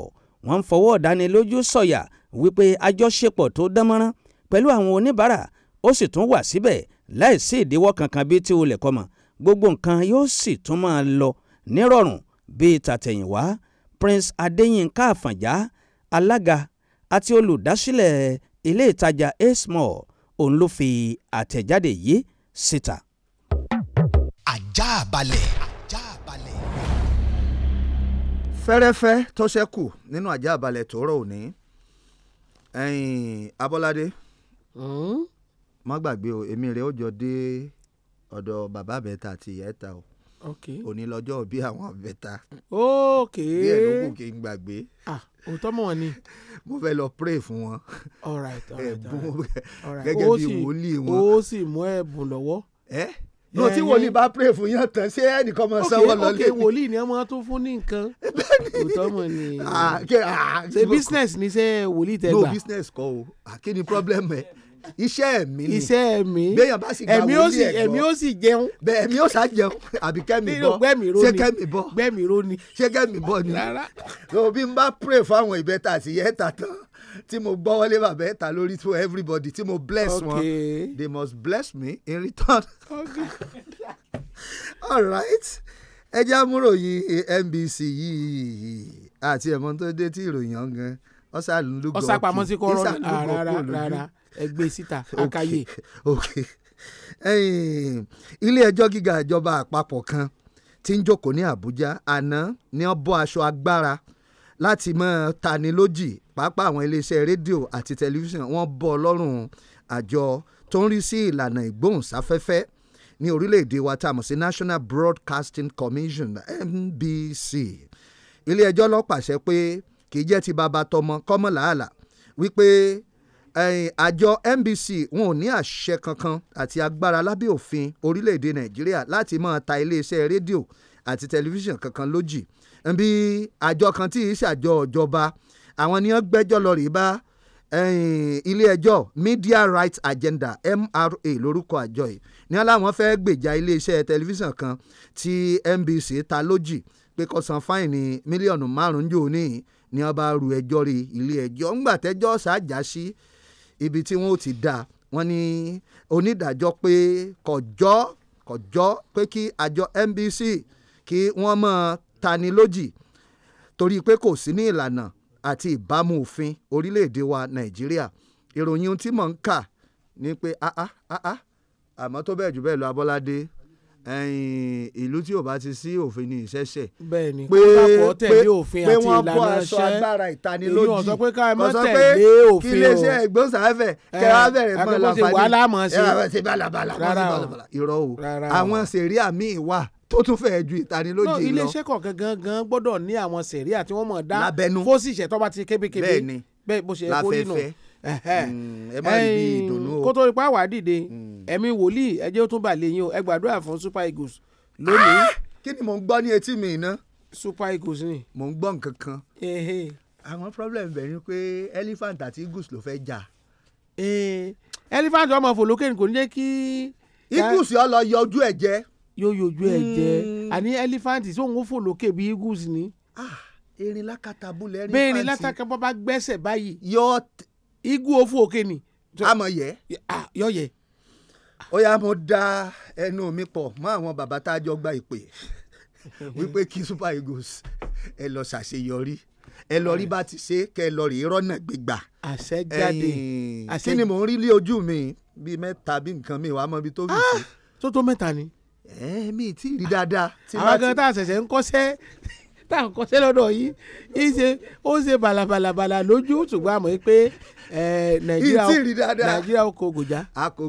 Speaker 2: wọ́n ń fọwọ́ ìdánilójú sọ̀yà wípé àjọṣepọ̀ tó dánmọ́rán pẹ̀lú àwọn oníbàárà ó sì tún wà síbẹ̀ láìsí ìdíwọ́ kankan bíi tí olè kọ́ mọ̀ gbogbo nǹkan yóò sì tún máa lọ nírọ̀rùn bíi tàtẹ̀yìnwá Prince Adéyínká Àfànjá alága àti olùdásílẹ̀ ilé ìtajà Ace Mall òun ló fi àtẹ̀jáde yìí síta. ajá balẹ̀. ajá balẹ̀.
Speaker 6: fẹ́rẹ́fẹ́ tó ṣẹ́kù nínú ajá balẹ̀ tòórọ òní ẹ̀yìn abọ́ládé hmm? má gbàgbé o èmi rẹ̀ ó jọ dé ọ̀dọ̀ bàbá bẹ́ẹ̀ ta àti ìyá ẹ̀ ta o òní lọ́jọ́ bí àwọn bẹ́ta
Speaker 5: díẹ̀ ló kù kí n gbàgbé òótọ́ mọ̀ ni. mo fẹ́ lọ pray fún wọn. alright alright alright gẹ́gẹ́ bí wòlíì wọn. ó sì mú ẹ̀bùn lọ́wọ́. ẹ́
Speaker 10: ló tí wòlíì bá
Speaker 5: pray fún yàn tán ṣé ẹnìkan máa sanwó lọlé ni. ok wòlíì ni ẹ máa tún fún ní nǹkan òótọ́ mọ̀ ni. ṣe business ni ṣe wòlíì tẹ gbà. no
Speaker 6: business kọ́ o kí ni problem ẹ iṣẹ́ mi ni iṣẹ́ mi béèyàn bá sì gba wòlíì ẹ̀gbọ́n ẹ̀mí ó sì jẹun bẹ́ẹ̀ ẹ̀mí ó sá jẹun àbí kẹ́mi bọ́ ṣé kẹ́mi bọ́ gbẹ́mi ró ni ṣé kẹ́mi bọ́ ni òbí ń bá pray fáwọn ìbẹ́ta àti yẹ́ta tán tí mo gbọ́wọ́lé bàbá ẹ̀ta lórí to everybody tí mo bless okay. wọn they must bless me in return okay. all right ẹ já múrò yìí NBC yìí àti ẹ̀mọ́ tó dé tí ìròyìn ọ̀gán ọ̀sà lùgbọ̀ọ́kì ọ̀sà pamọ́
Speaker 5: sí kọ́rọ́ ah, rárá rárá
Speaker 6: ẹgbẹ́ síta àkàyè. ilé ẹjọ́ gíga ìjọba àpapọ̀ kan tí ń jókòó ní Àbújá àná ni wọ́n bọ́ aṣọ agbára láti mọ́ tani lójì pàápàá àwọn iléeṣẹ́ rédíò àti tẹlifíṣàn wọ́n bọ́ ọlọ́run àjọ tó ń rí sí ìlànà ìgbóhùnsáfẹ́fẹ́ ní orílẹ̀-èdè wa tá a mọ̀ sí National Broadcasting Commission NBC ilé ẹjọ́ ló pàṣẹ pé kì í jẹ́ ti bàbá tọmọ kọ́mọ làálàá wípé àjọ NBC wọn ò ní àṣẹ kankan àti agbára lábẹ́ òfin orílẹ̀-èdè Nàìjíríà láti máa ta iléeṣẹ́ rédíò àti tẹlifíṣàn kankan lójì bí àjọ kan tí ìṣàjọ ìjọba àwọn ni wọ́n gbẹ́jọ́ lọ rèé bá ilé ẹjọ́ Media Rights Agenda MRA lórúkọ àjọ yìí ní aláwọn fẹ́ gbèjà iléeṣẹ́ tẹlifíṣàn kan tí NBC ta lójì pé kó san fáìní mílíọ̀nù márùn-ún jòní ní wọ́n bá ru ẹjọ́ rí ilé ẹjọ́ ńgbà tẹ́jọ́ ṣáàjà sí ibi tí wọ́n ó ti da. wọ́n ní onídàájọ́ pé kọjọ́ kọjọ́ pé kí àjọ MBC kí wọ́n mọ̀ tani lójì torí pé kò sí ní ìlànà àti ìbámu òfin orílẹ̀-èdè wa Nàìjíríà ìròyìn tí mò ń kà ni pé áá ah, áá ah, ah, àmọ́ tó bẹ́ẹ̀ jù bẹ́ẹ̀ lọ Abọ́ládé ìlú tí ò bá ti sí òfin ni ìṣẹ̀ṣẹ̀. bẹ́ẹ̀ni pé pé wọ́n kó aṣọ agbára ìtanilójì kò sọ pé kí iléeṣẹ́ ìgbóhùnsáfẹ́ kẹrẹ́wá bẹ̀rẹ̀ mọ́ láǹfààní ẹ̀rọ ti bálabàlà irọ́ o àwọn sẹ̀ríà míì wà tó tún fẹ́ ju ìtanilójì lọ. iléeṣẹ́
Speaker 5: kọ̀ọ̀kan gangan gbọ́dọ̀ ní àwọn sẹ̀ríà tí wọ́n mọ̀ dá fósìṣẹ́ tó bá ti kébékébé bẹ́ẹ̀ bó ṣe kórìí Mm, ẹ má rí bí ìdùnnú o. kó tó rí pa wà á dìde mm. ẹ̀mí wòlíì ẹ jẹ́ ó tún bà lẹ́yìn o ẹ gbàdúrà fún super eagles lónìí. Ah, kí ni mò ń gbọ́ ní etí mi iná. super eagles ni. mò ń gbọ́ nǹkan kan. àwọn problem bẹ̀ ni pé elephant àti eagles ló fẹ́ jà. Eh, elephant ọmọ fòlókè ni kò ní jẹ́ kí. eagles yọ lọ yọ ojú ẹ̀ jẹ́ yóò yọjú ẹ jẹ mm. àní ẹlífàǹtì tí òun fò lókè bí eagles ni. Ah,
Speaker 3: erin lákàtà búlẹ̀ ẹrin fàǹtì bẹ́ẹ̀ erin lákàtà
Speaker 5: bọ́ bá gbẹ́sẹ̀ báyìí. yọ
Speaker 6: igú ofu òkè ni. àmọ̀ yẹ. yọ yẹ. ó yá mo da ẹnu mi pọ̀ mọ́ àwọn bàbá tá a jọ gba ìpè wípé kí super eagles ẹ lọ ṣàṣeyọrí ẹ lọ rí bá ti ṣe kẹ lọ rí rọnà gbígbà. àṣẹ jáde kí ni mò ń rí lé ojú mi bíi mẹ́ta bíi nǹkan mi wàá mọ ibi tó fi ṣe. Ah, tó tó mẹ́ta ni. ẹ mi ti rí dáadáa. àwọn kan tá a ṣẹ̀ṣẹ̀ ń kọ́ṣẹ́
Speaker 5: tá à ń kọsẹ́ lọ́dọ̀ yìí yìí ṣe ó ṣe lójú ṣùgbọ́n àmọ́ pé nàìjíríà nàìjíríà kò